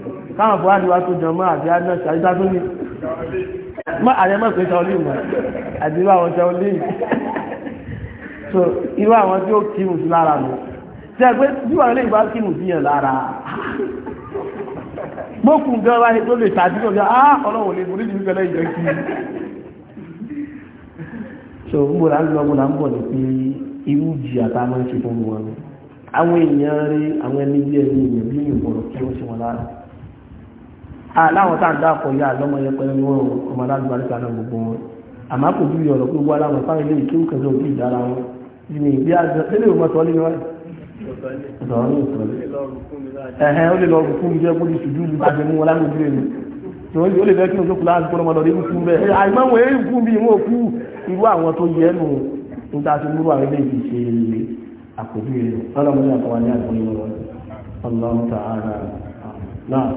káwọn fún àdìwá tó jọ mọ́ àti àdìwá tó àdìwá tó ní mọ́ àdìwá pé sọ́ọ́lì mọ́ àdìwá àwọn sọ́ọ́lì so irú àwọn tí ó kí mùsùn lára nù tí a pé bí wọn lè gbá kí mùsùn yẹn lára gbókùn gan wáyé tó lè tàbí tó lè ah ọlọ́wọ̀ lè borí jùlọ lẹ́yìn jẹ́ kí so ń bọ̀ láti lọ́gbọ̀n là ń bọ̀ ní pé irú jì àtàmọ́ ṣe fún wọn àwọn èèyàn rí àwọn aláwọn ah, tá à ń dá àkọ́ yá lọ́mọ yẹn pẹ̀lú wọn ọmọ aláàbáríkà náà gbogbo wọn àmọ́ kò bí ọ̀rọ̀ pé gbogbo aláwọn fáwọn ilé ìkéwù kẹsàn òbí ìdára wọn ìní ìgbé àjọ ilé ìwọ̀n tó lé wọn. ẹ̀hẹ́n ó lè lọ rùkú mi jẹ́ pólíṣì jù lù bàjẹ́ mú wọn lágbèjú èmi tí wọ́n yóò lè fẹ́ kí n tó kú láti kọ́nà ọmọdé ní fún bẹ́ẹ̀ àìmọ́ wọn èyí kú bí wọn kú irú àwọn tó yẹ nù níta ti múrò àwọn eléyìí ṣe àpòjú èlò ọlọ́mọdé àtọwálé àgbọ̀nyẹ̀wọ̀ ọlọ́mọdé àárà náà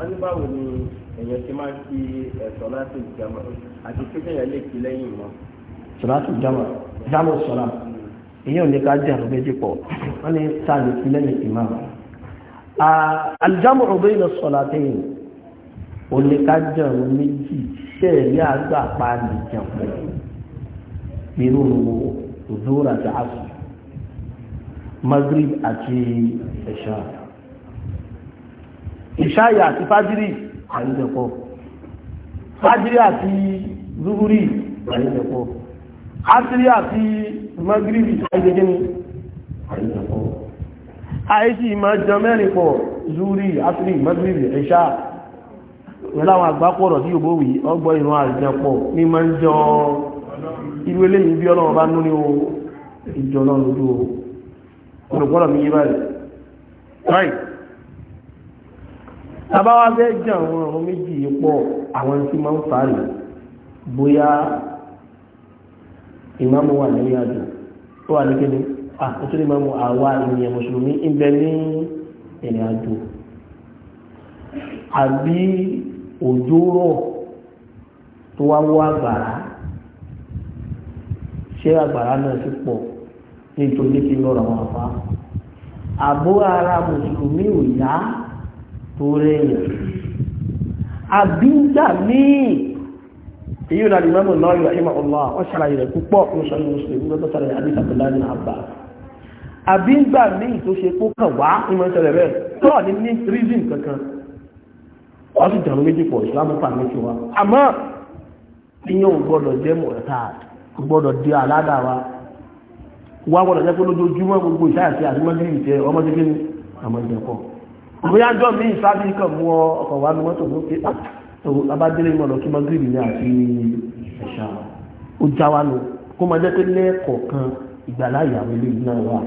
wọ́n ní báwo ni èèyàn ti máa fi ẹ̀sọ́ láti ìjàmọ̀ àti kékeré lè fi lẹ́yìn mọ́. sọláàtì ìjàmọ̀ ìjàmọ̀ sọlá èyí ò ní ká jẹ́ àrùn méjì pọ̀ wọ́n ní ta lè fi lẹ́yìn ìmọ̀. àlùjámọ̀ ọ̀bẹ́ ìlọ sọlá tẹ̀yìn ò ní ká jẹ́ àrùn méjì sẹ́ẹ̀rí àgbà pa àlùjàn pọ̀ irú òzúra àti àṣù magrib àti ẹ̀ṣọ́ ìṣáyà àti fájírì àyíjẹpọ̀ fájírì àti zúgúrì àyíjẹpọ̀ ásírí àti magírìbì àyíjẹgẹ́ni àyíjẹpọ̀ àìsí ìmọ̀ jẹ mẹ́rin pọ̀ zúgúrì ásírí magírìbì ẹ̀ṣá ìrẹ́láwọn àgbápọ̀rọ̀ tí yóò bó wí ọgbọ́ ìrún àyíjẹpọ̀ ní máa ń jọ irú eléyìí bí ọlọ́run bá nú ní o ìjọ náà lójú o mi yé báyìí tàbáwá fẹ́ jẹ́ àwọn ọ̀run méjì pọ̀ àwọn tí máa ń fàárì bóyá ìmáàmù wà ní àjò ó wà ní kéde àkótó ní ìmáàmù àwa ènìyàn mùsùlùmí ń bẹ ní ìrìn àjò àbí òjò rọ̀ tó wá wọ́ àgbàrá ṣé àgbàrá náà sì pọ̀ nítorí kí lọ́rọ̀ àwọn àfa àbó ara mùsùlùmí ò yá orí èèyàn abinja míì èyí ìrìnà ìmọ̀mù náà yóò ṣe ọlọ́ wọ́n ṣàlàyé rẹ̀ púpọ̀ ní sọ́yí mùsùlùmí lọ́tọ́ sọ́rọ̀ àbíṣàbílá ní àbá àbíjà míì tó ṣe kó kàn wá ìmọ̀ ìṣẹ̀lẹ̀ rẹ̀ tọ́ ní kankan wọ́n sì dànù méjì pọ̀ ìsìlámù pa méjì wa àmọ́ ìyẹn ò gbọ́dọ̀ jẹ́ mọ̀ọ́tà gbọ́dọ̀ di wa gbọ́dọ̀ jẹ́ pé lójoojúmọ́ gbogbo bóyájọ́ mi ìsáàbí kàn mú ọkọ̀ wà ní mọ́tò lókè àtò abájẹ́lẹ̀ ìmọ̀lọ̀ kí máa gírì ní àti ẹ̀ṣà ó já wá lọ kó máa jẹ́ pé lẹ́ẹ̀kọ̀ọ̀kan ìgbàlá ìyàwó ilé náà wà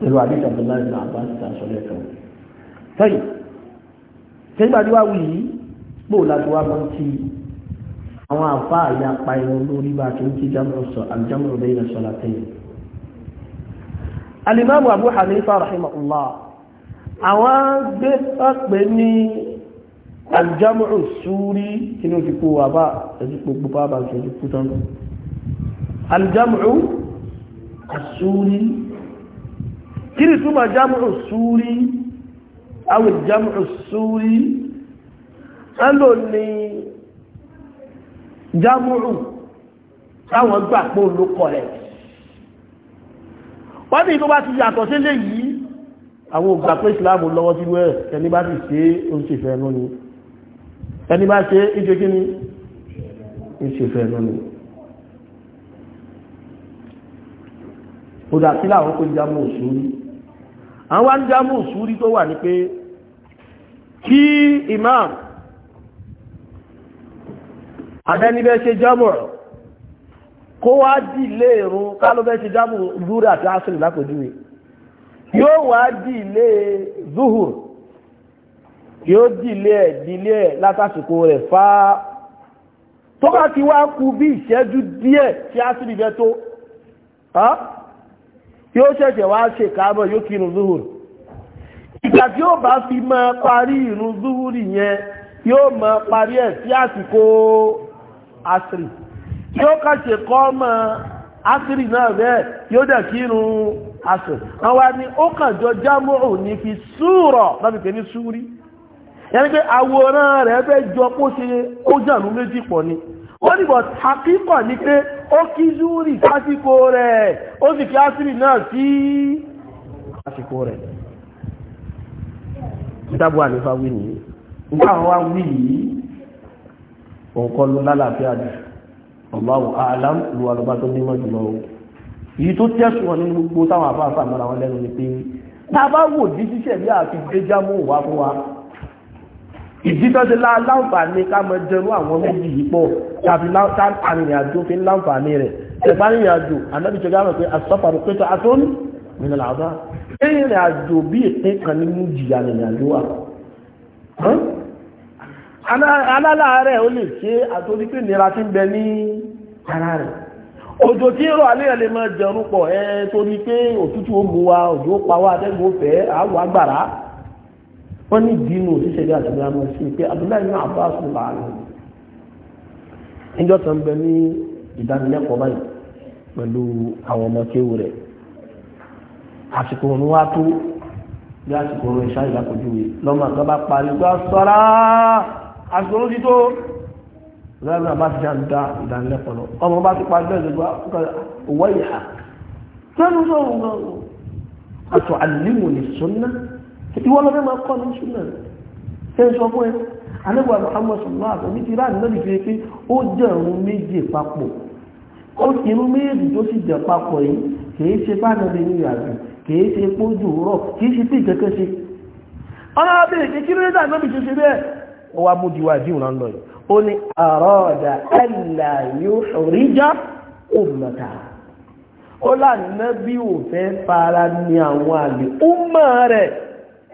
pẹ̀lú àdéjà tó láì náà bá ti sàṣọ lẹ́ẹ̀kan sẹ́yìn sẹ́yìn gbàdúrà wù yìí pò láti àwọn gbé ọ̀pẹ́ ní aljamu'u suri inú ti kó wà bá ẹ̀sìkò púpá bá ṣe kú tán lọ aljamu'u suri kí ni túnmà jamu'u suri aw aljamu'u suri ẹlò ní jamu'u táwọn gbà pé olókọ̀ rẹ̀ wọ́n àwọn ògbà pé ìsìláàmù lọ́wọ́ sí wẹ́ẹ̀ ẹni bá ti ṣe oúnṣẹ́fẹ́ ẹnu ni ẹni bá ṣe ìṣe kí ni oúnṣẹ́fẹ́ ẹnu ni kódà sí làwọn kó jámù òṣúrí àwọn wá ń jámù òṣúrí tó wà ní pé kí imam abẹ́nibẹ́ ṣe jámù ọ̀rọ̀ kó wá dìlé ìrún ká ló fẹ́ ṣe jámù lúrà àti asìlì lápòjúwe yóò wá di ilé zuhur yóò di ilé ẹ̀ di ilé ẹ̀ látàsìkò rẹ̀ fá tó bá ti wá kù bí ìṣẹ́jú díẹ̀ tí a sì bìbẹ́ tó yóò ṣẹ̀ṣẹ̀ wá ṣe káàbọ̀ yóò kírun zuhur ìgbà tí ó bá fi máa parí ìrun zuhur yẹn yóò máa parí ẹ̀ sí àsìkò asiri kà ṣe asiri náà bẹ́ẹ̀ yóò dẹ̀ kírun asiri wọ́n wá ní ó kàn jọ jámọ́rò ní fi súrọ̀ láti pé ní súrí yẹni pé àwòrán rẹ̀ fẹ́ jọ kó ṣe ó jànú méjì pọ̀ ni ó níbọ̀ takíkọ̀ ní pé ó kí súrí sásìkò rẹ̀ ó sì kí asiri náà sí sásìkò rẹ̀ nìyí nígbà wọn wá wí yìí ló lálàáfíà jù Allahu a'lam lu alọ́bá tó nímọ̀ jùlọ o èyí tó tẹ̀sùn wọn nínú gbogbo táwọn afáfà mọ́ra wọn lẹ́nu ni pé tá a bá wò ní ṣíṣẹ̀ bí àti gbéjámù wá fún wa ìdítọ́sí láǹfààní ká mọ jẹrú àwọn méjì yìí pọ̀ tàbí arìnrìnàjò fi ń láǹfààní rẹ̀ ẹ̀fà arìnrìnàjò anábìtì ọgá rẹ̀ pé àsọ́fàrò pétọ́ atún nínú làbá arìnrìnàjò bí ìpín kan nínú jìyà arìnrìnàjò wà alálàárẹ̀ ó lè ṣe àtorí pé nira tí ń bẹ ní ara rẹ̀ òjò tí rọ̀ alẹ́ ẹ̀ lè máa jẹun pọ̀ ẹ torí pé òtútù ó mú wa òjò ó pa wá atẹ́gùn ó fẹ́ àwọ̀ agbára wọ́n ní ìdínú òṣìṣẹ́ àti ìgbàmọ̀ sí pé Abdullahi náà bá sùn láàrin níjọ́ tó ń bẹ ní ìdánilẹ́kọ̀ọ́ báyìí pẹ̀lú àwọn ọmọ kéwù rẹ̀ àsìkò òun wá tó bí àsìkò òun ìṣáyìí lápòjúwe lọ́mọ àgbà bá parí gbọ́ sọ́ra àsìkò ti tó lẹ́nu àbá ti dáńdá ìdánilẹ́kọ̀ọ́ lọ ọmọ bá ti parí bẹ́ẹ̀ lọ́gbà owó ìhà tẹ́nu sọ̀rọ̀ náà àtọ̀ àlìmù ní sunna ìwọ lọ́fẹ́ máa kọ́ ní sunna ṣe ń sọ fún ẹ alẹ́gbà Muhammad sallallahu alaihi wasallam ti rá nílẹ̀ fi pé ó jẹ́ ìrun méjì papọ̀ ó ìrun méjì tó sì jẹ́ papọ̀ yìí kìí ṣe bá nàbẹ ní ìyàgbé kìí ṣe pójú rọ kìí ṣe tí ìjẹ́kẹ́ ṣe ọlọ́wọ́ bèèrè kí kí ló dé dà náà bìí ṣe ṣe bẹ́ẹ̀ ó wá mú diwa jíù náà lọ yìí ó ní àrọ́ọ̀dà ẹ̀là yóò ríjá òmùnàtà ó láàánú bí ò fẹ́ fara ní àwọn àlè ó mọ̀ rẹ̀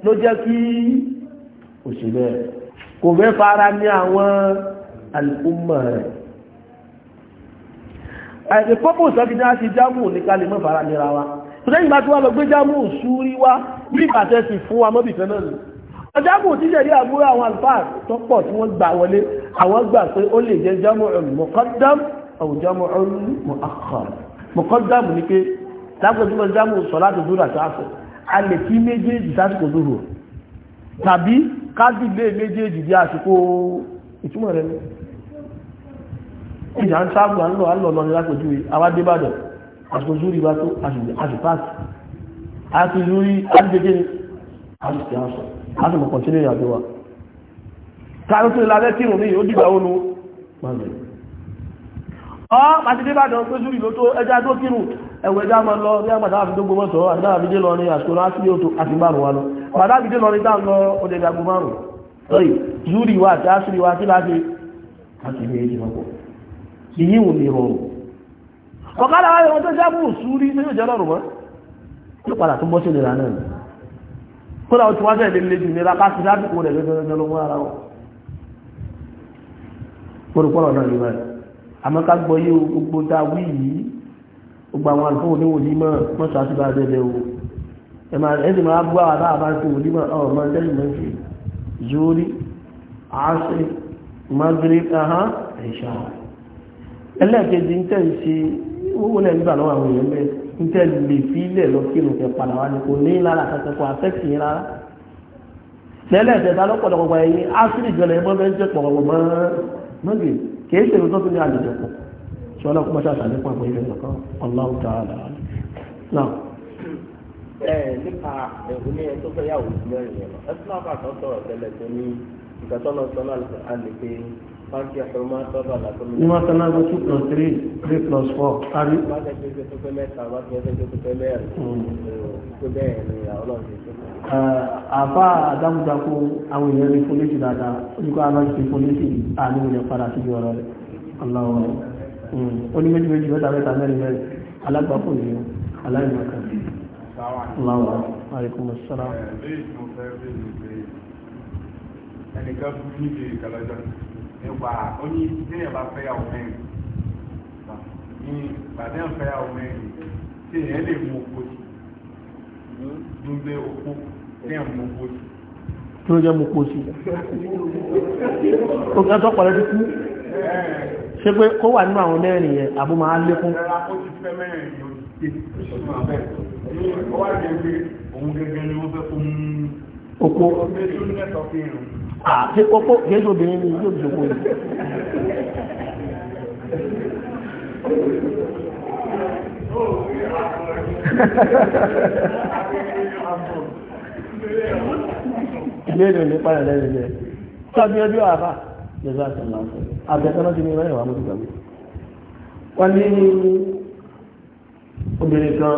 ló jẹ́ kí òṣèlú ẹ̀ kò fẹ́ fara ní àwọn àlè ti jámù ní kalẹ̀ mọ́ fara nira wa tó bá tí wọ́n lọ gbé jámù sùúrí wá bí ìpàtẹ́ sì fún wa mọ́bìtẹ́ náà ọjọ́kùn tí ṣẹ̀rí àbúrò àwọn alfáà tó pọ̀ tí wọ́n gbà wọlé àwọn gbà pé ó lè jẹ́ jam'un muqaddam aw jam'un mu'akhkhar muqaddam ní pé lápẹjúmọ́ jámù sọ̀láàtù dúró àti àfọ̀ a lè kí méjèèjì sásìkò dúró tàbí kádìlé méjèèjì bí àsìkò ìtumọ̀ rẹ̀ ìjà ń sáàbù àńlọ àńlọ lọ ní lápẹjúwe awádébàdàn àsìkò láti mọ̀ kọ̀tínú ìrìnàjò wa káàkiri tó lálẹ́ tí ìrùn ní yóò dìgbà ó nu pàṣẹ ọ́ pàṣẹ dé bàdàn pé sórí ló tó ẹja tó kírun ẹ̀wọ̀ ẹja máa lọ bí àgbàdá àfi tó gbogbo sọ àgbàdá àfi dé lọ ní àsìkò náà sí yóò tó àti márùn wa lọ àgbàdá àfi dé lọ ní táwọn lọ ọdẹ ìdàgbò márùn sọyì zúrì wa àti àṣírí wa sí láti àti ilé ìjì lọ́pọ̀ ìyí wò ní rọrùn ọ̀kadà wa yóò tó sábù sùúrí tó yóò jẹ́ kódà ó ti wá bẹ́ẹ̀ lé jù nira káàkiri ládùúgbò rẹ̀ lọ́jọ́ lọ́wọ́ ara wọn kórìkọ́rọ̀ náà lóra rẹ̀ àmọ́ gbọ́ yé gbogbo tá a wí yìí gbogbo àwọn àlùfáà oníwò ní mọ́ mọ́sá sí bá a bẹ́ẹ̀ o ẹ máa ẹ sì máa gbọ́ àwọn àbá sí òní mọ́ ọ máa tẹ́lẹ̀ mọ́ sí zori asiri magre ahan ẹ̀ṣà ẹlẹ́ẹ̀kejì ń tẹ̀ ń ṣe owó lẹ́yìn gbà lọ́wọ́ àwọn èèyàn bẹ́ẹ̀ níta lè fi ilẹ̀ lọ kí ló fẹ́ padà wá ní kò ní lára kankan kò àfẹ́kì yín rárá tẹ́lẹ̀ ìjẹta lọ́pọ̀lọpọ̀ ẹ̀yìn áfírí ìjọba ẹ̀mọ́ bẹ́ẹ̀ ń jẹ́ pọ̀ ọ̀gbọ̀n mọ́gì kìí ṣe ìrùtọ́ tó ní àjẹjẹ pọ̀ ṣe nípa àwọn ìrìn ọ̀kan náà. ẹ nípa ní ní wọ́n tán lágbo two plus three three plus four kárí. àfa àdámùdákú àwọn èèyàn rí fúnlẹ́sì dáadáa oníkó aláṣẹ fúnlẹ́sì àánú ilẹ̀ padà síbi ọ̀rọ̀ rẹ̀ aláwọ̀ rẹ̀ hmm. ó ní méjì méjì mẹ́ta mẹ́ta mẹ́rin mẹ́rin alágbàfọ̀ yìí aláìmọ̀kà aláwọ̀ rẹ̀ alaikum assalam. Eh, ẹnìkan fún níbi ìkàlájà nípa oní téèyàn bá fẹ́yàwó mẹ́rin ní bàtẹ́ ń fẹ́yàwó mẹ́rin téèyàn lè mú oko sí dúgbé oko téèyàn mú oko sí. kí ló jẹ́ mú oko sí? ó kẹ́ tó pàdé tó kú ṣe pé kó wà nínú àwọn mẹ́rin yẹn àbú máa lékún. ó ti fẹ́ mẹ́rin yìí ó ti ṣe àti kókó jésù obìnrin ni yóò jòkó yìí ilé ìlú ní padà lẹ́yìn rẹ̀ tọ́bí ojú àbá jésù àti ọ̀nà ọ̀fẹ́ àbẹ̀tọ́nà ti ní ìwé ìwà mọ́tò wọ́n ní obìnrin kan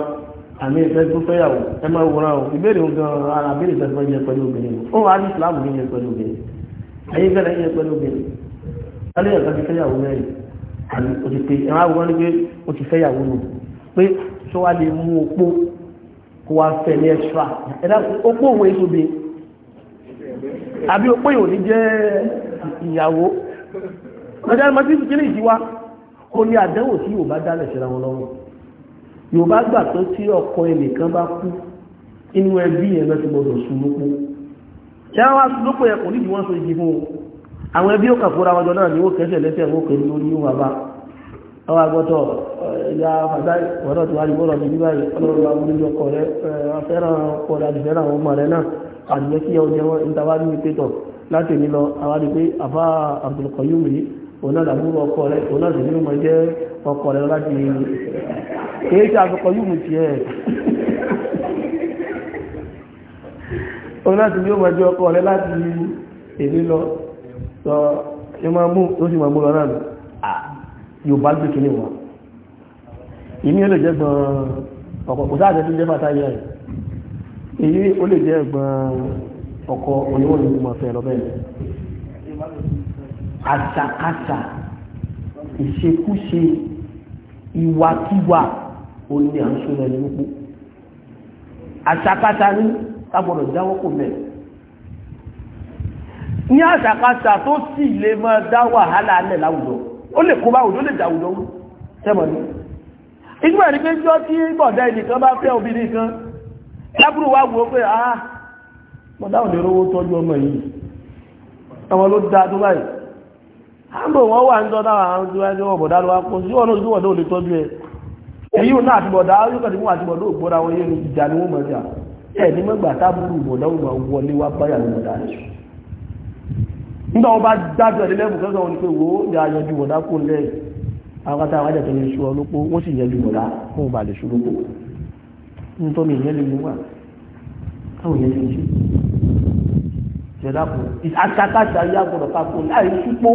àmì ìfẹ́ tó fẹ́yàwó ẹ máa wòran o ìbéèrè òun gan ara béèrè ìfẹ́ tó yẹ pẹ̀lú o ó wà ní ìsìláàmù ní yẹ pẹ̀lú obìnrin ẹ̀yin fẹ́rẹ̀ yẹ pẹ̀lú obìnrin alẹ́ ẹ̀ka ti fẹ́yàwó mẹ́rin àmì o ti pe ẹ máa wòran ni pé o ti fẹ́yàwó nù pé tó wá lè mú opó kó wá fẹ́ ní extra ẹ dákun opó òun èso bi àbí opó yìí ò ní jẹ́ ìyàwó ọjà ni mo ti fi kíní ìdíwá kò ní àdánwò tí yóò bá dálẹ̀ síra wọn lọ́wọ́ yorùbá gbà pé tí ọkọ ẹnìkan bá kú inú ẹbí yẹn lọ ti gbọdọ̀ sunúkú ṣé wọn sunúkú yẹn kò ní ìdíwọ́n so ìdí fún un àwọn ẹbí òkà fúnra wọn jọ náà ni ó kẹsẹ̀ lẹ́sẹ̀ wọn kẹrin lórí yóò wà bá ọwọ́ agbọ́tọ̀ ẹ̀yà fàdá ọ̀dọ́ tí wà ní bọ́ọ̀lù nígbà ọlọ́run àwọn olójú ọkọ̀ rẹ̀ fẹ́ràn ọkọ̀ ọ̀nà làbúrú ọkọ̀ rẹ̀ ọ̀nà sì nínú mọ̀ jẹ́ ọkọ̀ rẹ̀ láti èyí tí a fọ́kọ̀ yìí mú ti ẹ̀ ọ̀nà sì nínú mọ̀ jẹ́ ọkọ̀ rẹ̀ láti èdè lọ sọ ẹmọ mú tó sì mọ̀ mú lọ náà yóò bá gbé kí ní wọn ìní ó lè jẹ́ gbọ́n ọkọ̀ kò sáà jẹ́ tó jẹ́ bàtà yẹ èyí ó lè jẹ́ gbọ́n ọkọ̀ oníwọ̀n ní mọ̀ fẹ́ lọ bẹ́ẹ̀ àṣàkáṣà ìṣekúṣe ìwàkíwà òun ni à ń sọ lẹ́nu púpọ̀ àṣàkáṣà ní kábọ̀dọ̀ jáwọ́ kò mẹ́rin ní àṣàkáṣà tó sì lè máa dá wàhálà alẹ́ láwùjọ ó lè kó bá òjò lè dà àwùjọ rú tẹ́mọ̀ ní ìgbà ní pé jọ tí bọ̀dá ẹnìkan bá fẹ́ obìnrin kan lábúrò wá wò pé ah bọ̀dá ò lè rówó tọ́jú ọmọ yìí ọmọ ló dáa tó báyìí àmọ́ wọ́n wà ń tọ́ táwọn àwọn tí wọ́n wọ́n bọ̀dá ló wá kó sí ọ̀nà ìdíwọ̀n náà lè tọ́jú ẹ̀ èyí ò náà àti bọ̀dá yóò kàn ní wọn àti bọ̀dá ò gbọ́ra wọn yé ni ìjà ni wọ́n mọ̀ jà ẹ̀ ní mọ́gbà tábùrù bọ̀dá ò máa wọlé wá báyà ní bọ̀dá rẹ̀ nígbà wọn bá dájọ́ ilé lẹ́bù kẹ́kọ̀ọ́ wọn ni pé wo ìyá yanjú bọ̀dá kò lẹ̀ wọ́n sì yanjú bọ̀dá fún ìbà ìṣẹ̀dá kù àṣàkáṣà yá gbọ́dọ̀ ká láì ṣúpó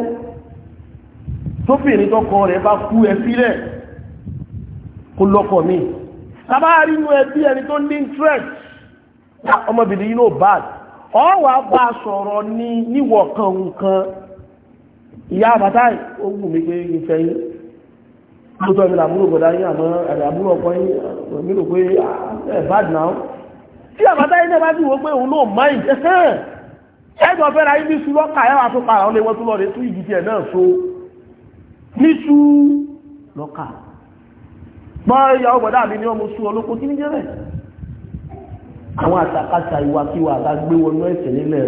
tóbìnrin tọ́kọ rẹ̀ bá kú ẹ sílẹ̀ kó lọ́kọ mi tàbá rínú ẹbí ẹni tó ní interest ọmọbìnrin yìí ló bad ọwà bá sọ̀rọ̀ ní níwọ̀ kan nǹkan ìyá àbátá ó wù mí pé ìfẹ́ yìí lóòtọ́ mi làmúrò bọ̀dá yìí àmọ́ àmúrò ọkọ yìí rò pé ẹ̀ bad now tí àbátá yìí náà bá sì wọ́n pé òun náà mind ẹ̀jọ̀ fẹ́ra yìí bí sulọ́kà ẹ̀ wà tó para ọ so níṣú lọ́kà gbọ́ ìyàwó bọ̀dá mi ní ọmọ sú olóko tí ní jẹ́rẹ̀ àwọn àtàkàtà ìwàkiwà àtàgbé wọnú ẹ̀sẹ̀ nílẹ̀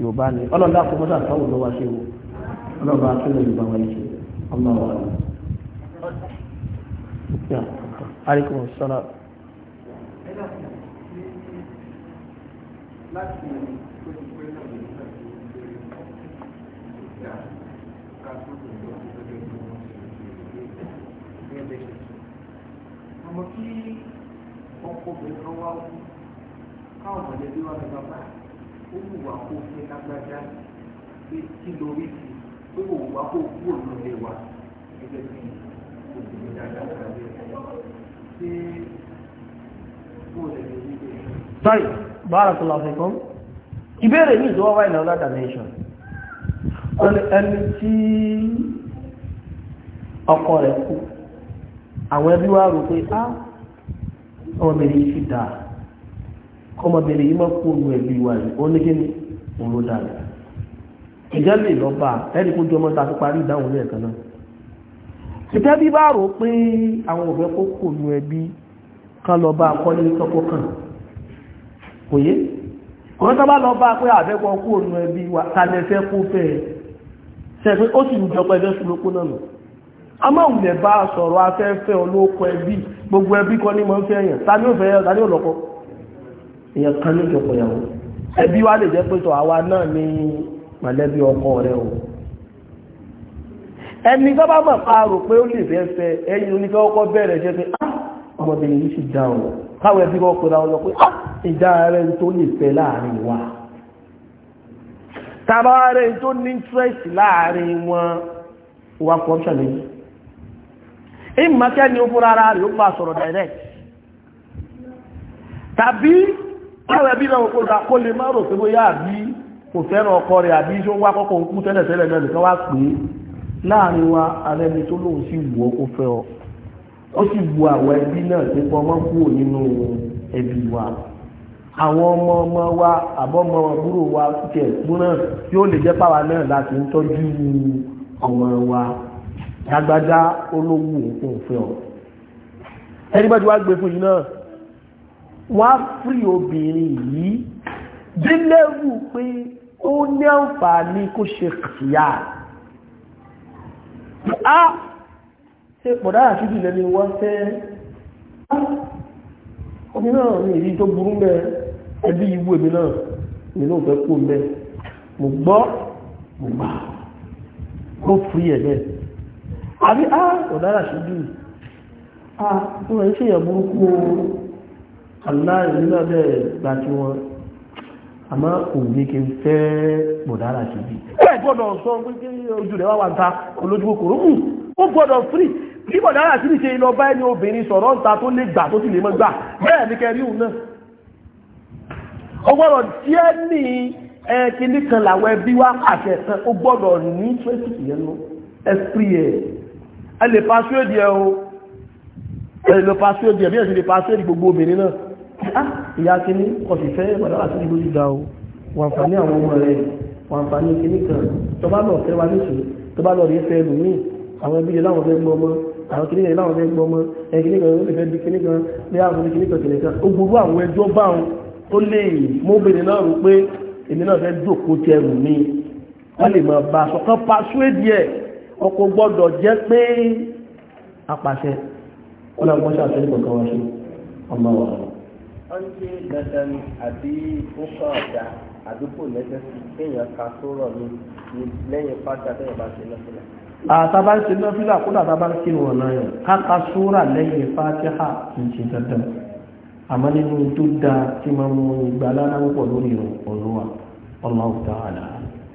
Yorùbá ni ọlọ́dà kò mọ́tà sáwọ́ lọ́wọ́ ṣe wò ọmọ kí ọkọ obìnrin kan wá wú káwọn mọ̀lẹ́bí wá ní bàbá ó wù wá kó fẹ́ lágbájá pé kí lórí sí ó wù wá kó kú òun lè wá gẹ́gẹ́ bí obìnrin dáadáa kàwé ṣé kó lè lè rí bẹ́ẹ̀. sorry barakallahu fikum ìbéèrè mi ìjọba wáyé náà ládàá nation wọ́n ní ẹni tí ọkọ rẹ̀ kú àwọn ẹbí wa rò pé á ọmọbìnrin yìí fi dáa kọmọbìnrin yìí máa kú òun ẹbí wa yìí ó ní kí ni òun ló dáa rẹ̀ ìjẹ́ lè lọ bá ẹni kó jọmọ́ ta fi parí ìdáhùn ní ẹ̀kan náà ìtẹ́bí bá rò pé àwọn òfẹ́ kó kò ní ẹbí kan lọ bá akọ́lé kọ́kọ́ kan kò yé kò ń sábà lọ bá pé àfẹ́kọ́ kò ní ẹbí wa ta lẹ́fẹ́ kó fẹ́ tẹ̀fẹ́ ó sì jọ pẹ̀lú sí lókún náà a máa wùlẹ̀ bá sọ̀rọ̀ afẹ́fẹ́ olóko ẹbí gbogbo ẹbí kọ́ ní mọ́fẹ́ èèyàn tani ò fẹ́ tani ò lọ́kọ èèyàn kan ní ìjọpọ̀ ìyàwó ẹbí wa lè jẹ́ pé tọ̀ àwa náà ní mọ̀lẹ́bí ọkọ rẹ o ẹni tó bá mọ̀ pa rò pé ó lè fẹ́ fẹ́ ẹyin oníkẹ́ ọkọ bẹ̀rẹ̀ jẹ́ pé ah, ọmọbìnrin yìí sì dáhùn káwọn ẹbí kọ́ pẹ̀lú àwọn ọlọ́pẹ́ ah, ìdá rẹ̀ tó lè fẹ́ láàrin wa tàbáwárẹ́ tó ní interest láàrin wọn wà corruption méjì ìmọ̀kẹ́ ni ó fúnra ara rẹ̀ ó gbà sọ̀rọ̀ direct tàbí àwọn ẹbí náà kó ra kó lè má rò pé bóyá àbí kò fẹ́ràn ọkọ rẹ̀ àbí tó wá kọ́kọ́ àwọn ọmọ ọmọ wa àbọ̀mọ àbúrò wa tẹ̀ gbóná yóò lè jẹ́ pàwa náà láti ń tọ́jú ọmọ wa lágbájá olówó òkun òfin ọ̀ ẹni bá ti wá gbé fún yìí náà wọ́n á fírí obìnrin yìí dé lẹ́rù pé ó ní àǹfààní kó ṣe kìíyà a ṣe pọ̀dára ṣíjú lẹ́ni wọ́n fẹ́ obìnrin náà ní èyí tó burú mẹ́rin ẹbí ìwú èmi náà nínú ìfẹ́ kó mẹ́ mo gbọ́ mo gbà ó fi ẹ̀ bẹ́ẹ̀ àbí á ọ̀dára ṣojú à ìwọ̀n ń ṣèyàn burúkú aláìní náà bẹ́ẹ̀ gba tí wọn àmọ́ òye kí n fẹ́ ọ̀dára ṣojú bẹ́ẹ̀ gbọ́dọ̀ sọ pé ojú rẹ̀ wá wà ń ta olójú kòkòrò mù ó gbọ́dọ̀ free bí ọ̀dára ṣojú ṣe lọ bá ẹni obìnrin sọ̀rọ̀ ń ta tó lè gbà tó sì lè mọ́ gbà bẹ́ẹ̀ ní kẹrí òun náà ó gbọ́dọ̀ díẹ̀ ní ẹ̀ẹ́kìní kan làwọn ẹbí wá àṣẹ kan ó gbọ́dọ̀ ní twenty yẹn lọ ẹ̀sìrì ẹ̀ ẹ lè paṣọ èdè ẹ o ẹ lè paṣọ èdè ẹ bí ẹ sì lè paṣọ èdè gbogbo obìnrin náà ah, ìyá kìíní ọ̀sìfẹ́ padà wà sí ìlú ìgbà o wọ́n fà ní àwọn ọmọ rẹ̀ wọ́n fà ní kìíní kan tó bá lọ fẹ́ wa níṣòro tó bá lọ rí fẹ́ lòmíì àwọn ẹbí yẹn láwọn fẹ́ gbọ́ ọmọ àwọn kìnìkan láwọn fẹ́ gbọ́ ọmọ ẹ̀kìnìkan ló lè fẹ́ di kìnìkan bí àwọn kìnìkan kìnìkan ó gbogbo àwọn ẹjọ́ báwọn tó lè móbìnrin náà rò pé èmi náà fẹ́ jòkó ti ẹrù mi wọ́n lè máa bá aṣọ kan pa suwédì ẹ̀ ọkọ̀ gbọ́dọ̀ jẹ́ pé apàṣẹ ọ̀nà àgbọ̀nṣẹ́ àṣẹ ìkọ̀kan wá sí ọmọ wa. wọ́n ṣe dandan àbí ó kọ́ ọ̀dà àdúgbò lẹ́sẹ̀sì kéèyàn ka sórọ̀ mi ní lẹ́yìn pátá tẹ́yìn bá ṣe lọ́sílẹ̀. àtàbá ń ṣe lọ́sílẹ̀ àkúdà àtàbá ń ṣe wọ̀nà yẹn ká ka sórà lẹ́yìn fátíhà kì í ṣe dandan àmọ́ nínú tó dáa tí máa mú ìgbà lára púpọ̀ lórí ọ̀rọ̀ wa Allahu ta'ala.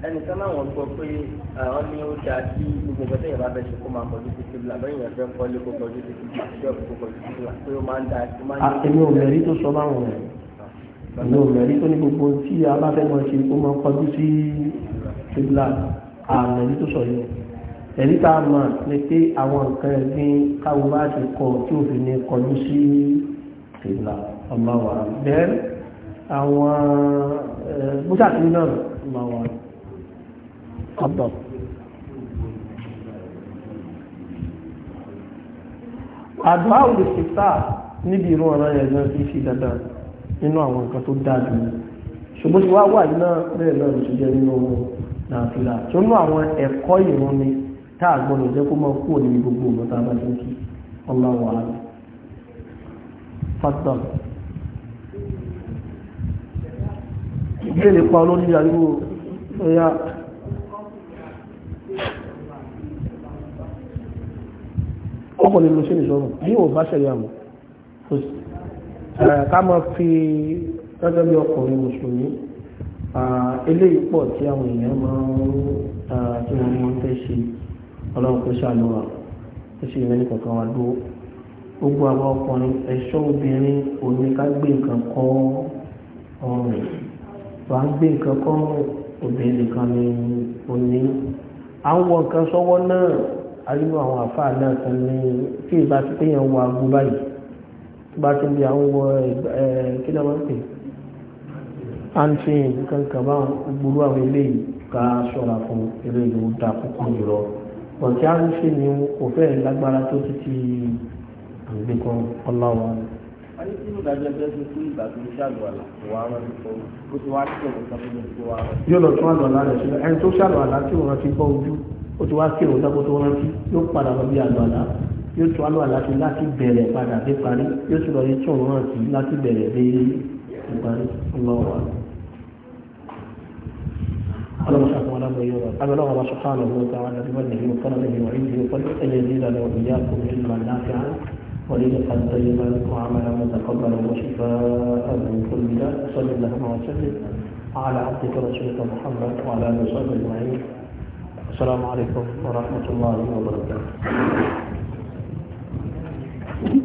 ẹnì kan náà wọ́n gbọ́ pé àwọn ní ó dáa tí gbogbo nǹkan tẹ̀yẹ̀ bá bẹ̀ ṣe kó máa kọjú sí kíbla lọ́yìn rẹ̀ fẹ́ kọ́lé kó kọjú sí kíbla ṣọ́ọ̀bù kó kọjú sí kíbla pé ó máa ń dáa tó máa ń dáa. èmi ò mẹ̀rí tó sọ báwọn rẹ̀ èmi ò mẹ̀rí tó ní gbogbo tí a bá ṣe kó àtìlá ọláwà then àwọn eh, mọ́sàtì náà ọláwà ọ̀dọ̀ àdúrà òdìsíta níbi irun ọ̀rọ̀ yẹn náà ti fi dandan nínú àwọn nǹkan tó dáa jù ṣùgbọ́n tí wàá wà náà bẹ́ẹ̀ náà ló ti jẹ́ nínú nàfìlà tó nú àwọn ẹ̀kọ́ ìrún ni tá a gbọ́dọ̀ jẹ́ kó máa kúrò ní gbogbo ọ̀nà tá a bá ti kí ọláwà àti fàtàl ìbéèrè pa olóníjà ríro ẹ̀yà ọkọ̀ nínú sí ìṣọ́rọ̀ bí ò bá ṣẹ̀rẹ̀ àmọ́ ká máa fi gẹ́gẹ́ bí ọkùnrin mùsùlùmí eléyìí pọ̀ tí àwọn èèyàn máa ń tí wọ́n máa ń fẹ́ ṣe ọlọ́run kó ṣàlùwà ó sì rẹ́ ní kọ̀ọ̀kan wá dúró gbogbo àwọn ọkùnrin ẹ̀ṣọ́ obìnrin òní ká gbé nǹkan kọ́ ọrùn wà á gbé nǹkan kọ́ obìnrin nìkan ni òní à ń wọ nǹkan sọ́wọ́ náà arínú àwọn àfáà náà kan ní tí ìbá ti pé yẹn wọ agbó báyìí tó bá ti di à ń wọ ẹ kí ló máa pè antrin kankan bá gbogbo àwọn eléyìí ká ṣọ́ra fún eléyìí ó dáa púpọ̀ jùlọ ọ̀tí à ṣe ni kò fẹ́ẹ̀ lágbára tó ti ti bíkọ́ ọláwà. wọ́n ní kí ló dájọ́ ẹgbẹ́ tó kú ìgbà tó ń ṣàlùwàlà wà á rántí fọ́ ó ti wá kírun sábẹ́ ní kó wá rántí. yóò lọ tún àlùwàlà rẹ̀ sílẹ̀ ẹni tó ṣàlùwàlà tí òun rántí bọ́ ojú ó ti wá kírun sábẹ́ tó rántí yóò padà lọ bí àlùwàlà yóò tún àlùwàlà ti láti bẹ̀rẹ̀ padà dé parí yóò tún lọ rí tí òun rántí láti bẹ̀rẹ̀ dé ìparí ọlọ́wà. على مصحف ولا بيوضا قبل الله سبحانه وتعالى بمنه وكرمه وعزه وفضله أن يزيدنا وإياكم علما نافعا ورزقا طيبا وعملا متقبلا وشفاء من كل داء صلى الله وسلم على عبدك رسولك محمد وعلى اله وصحبه اجمعين السلام عليكم ورحمه الله وبركاته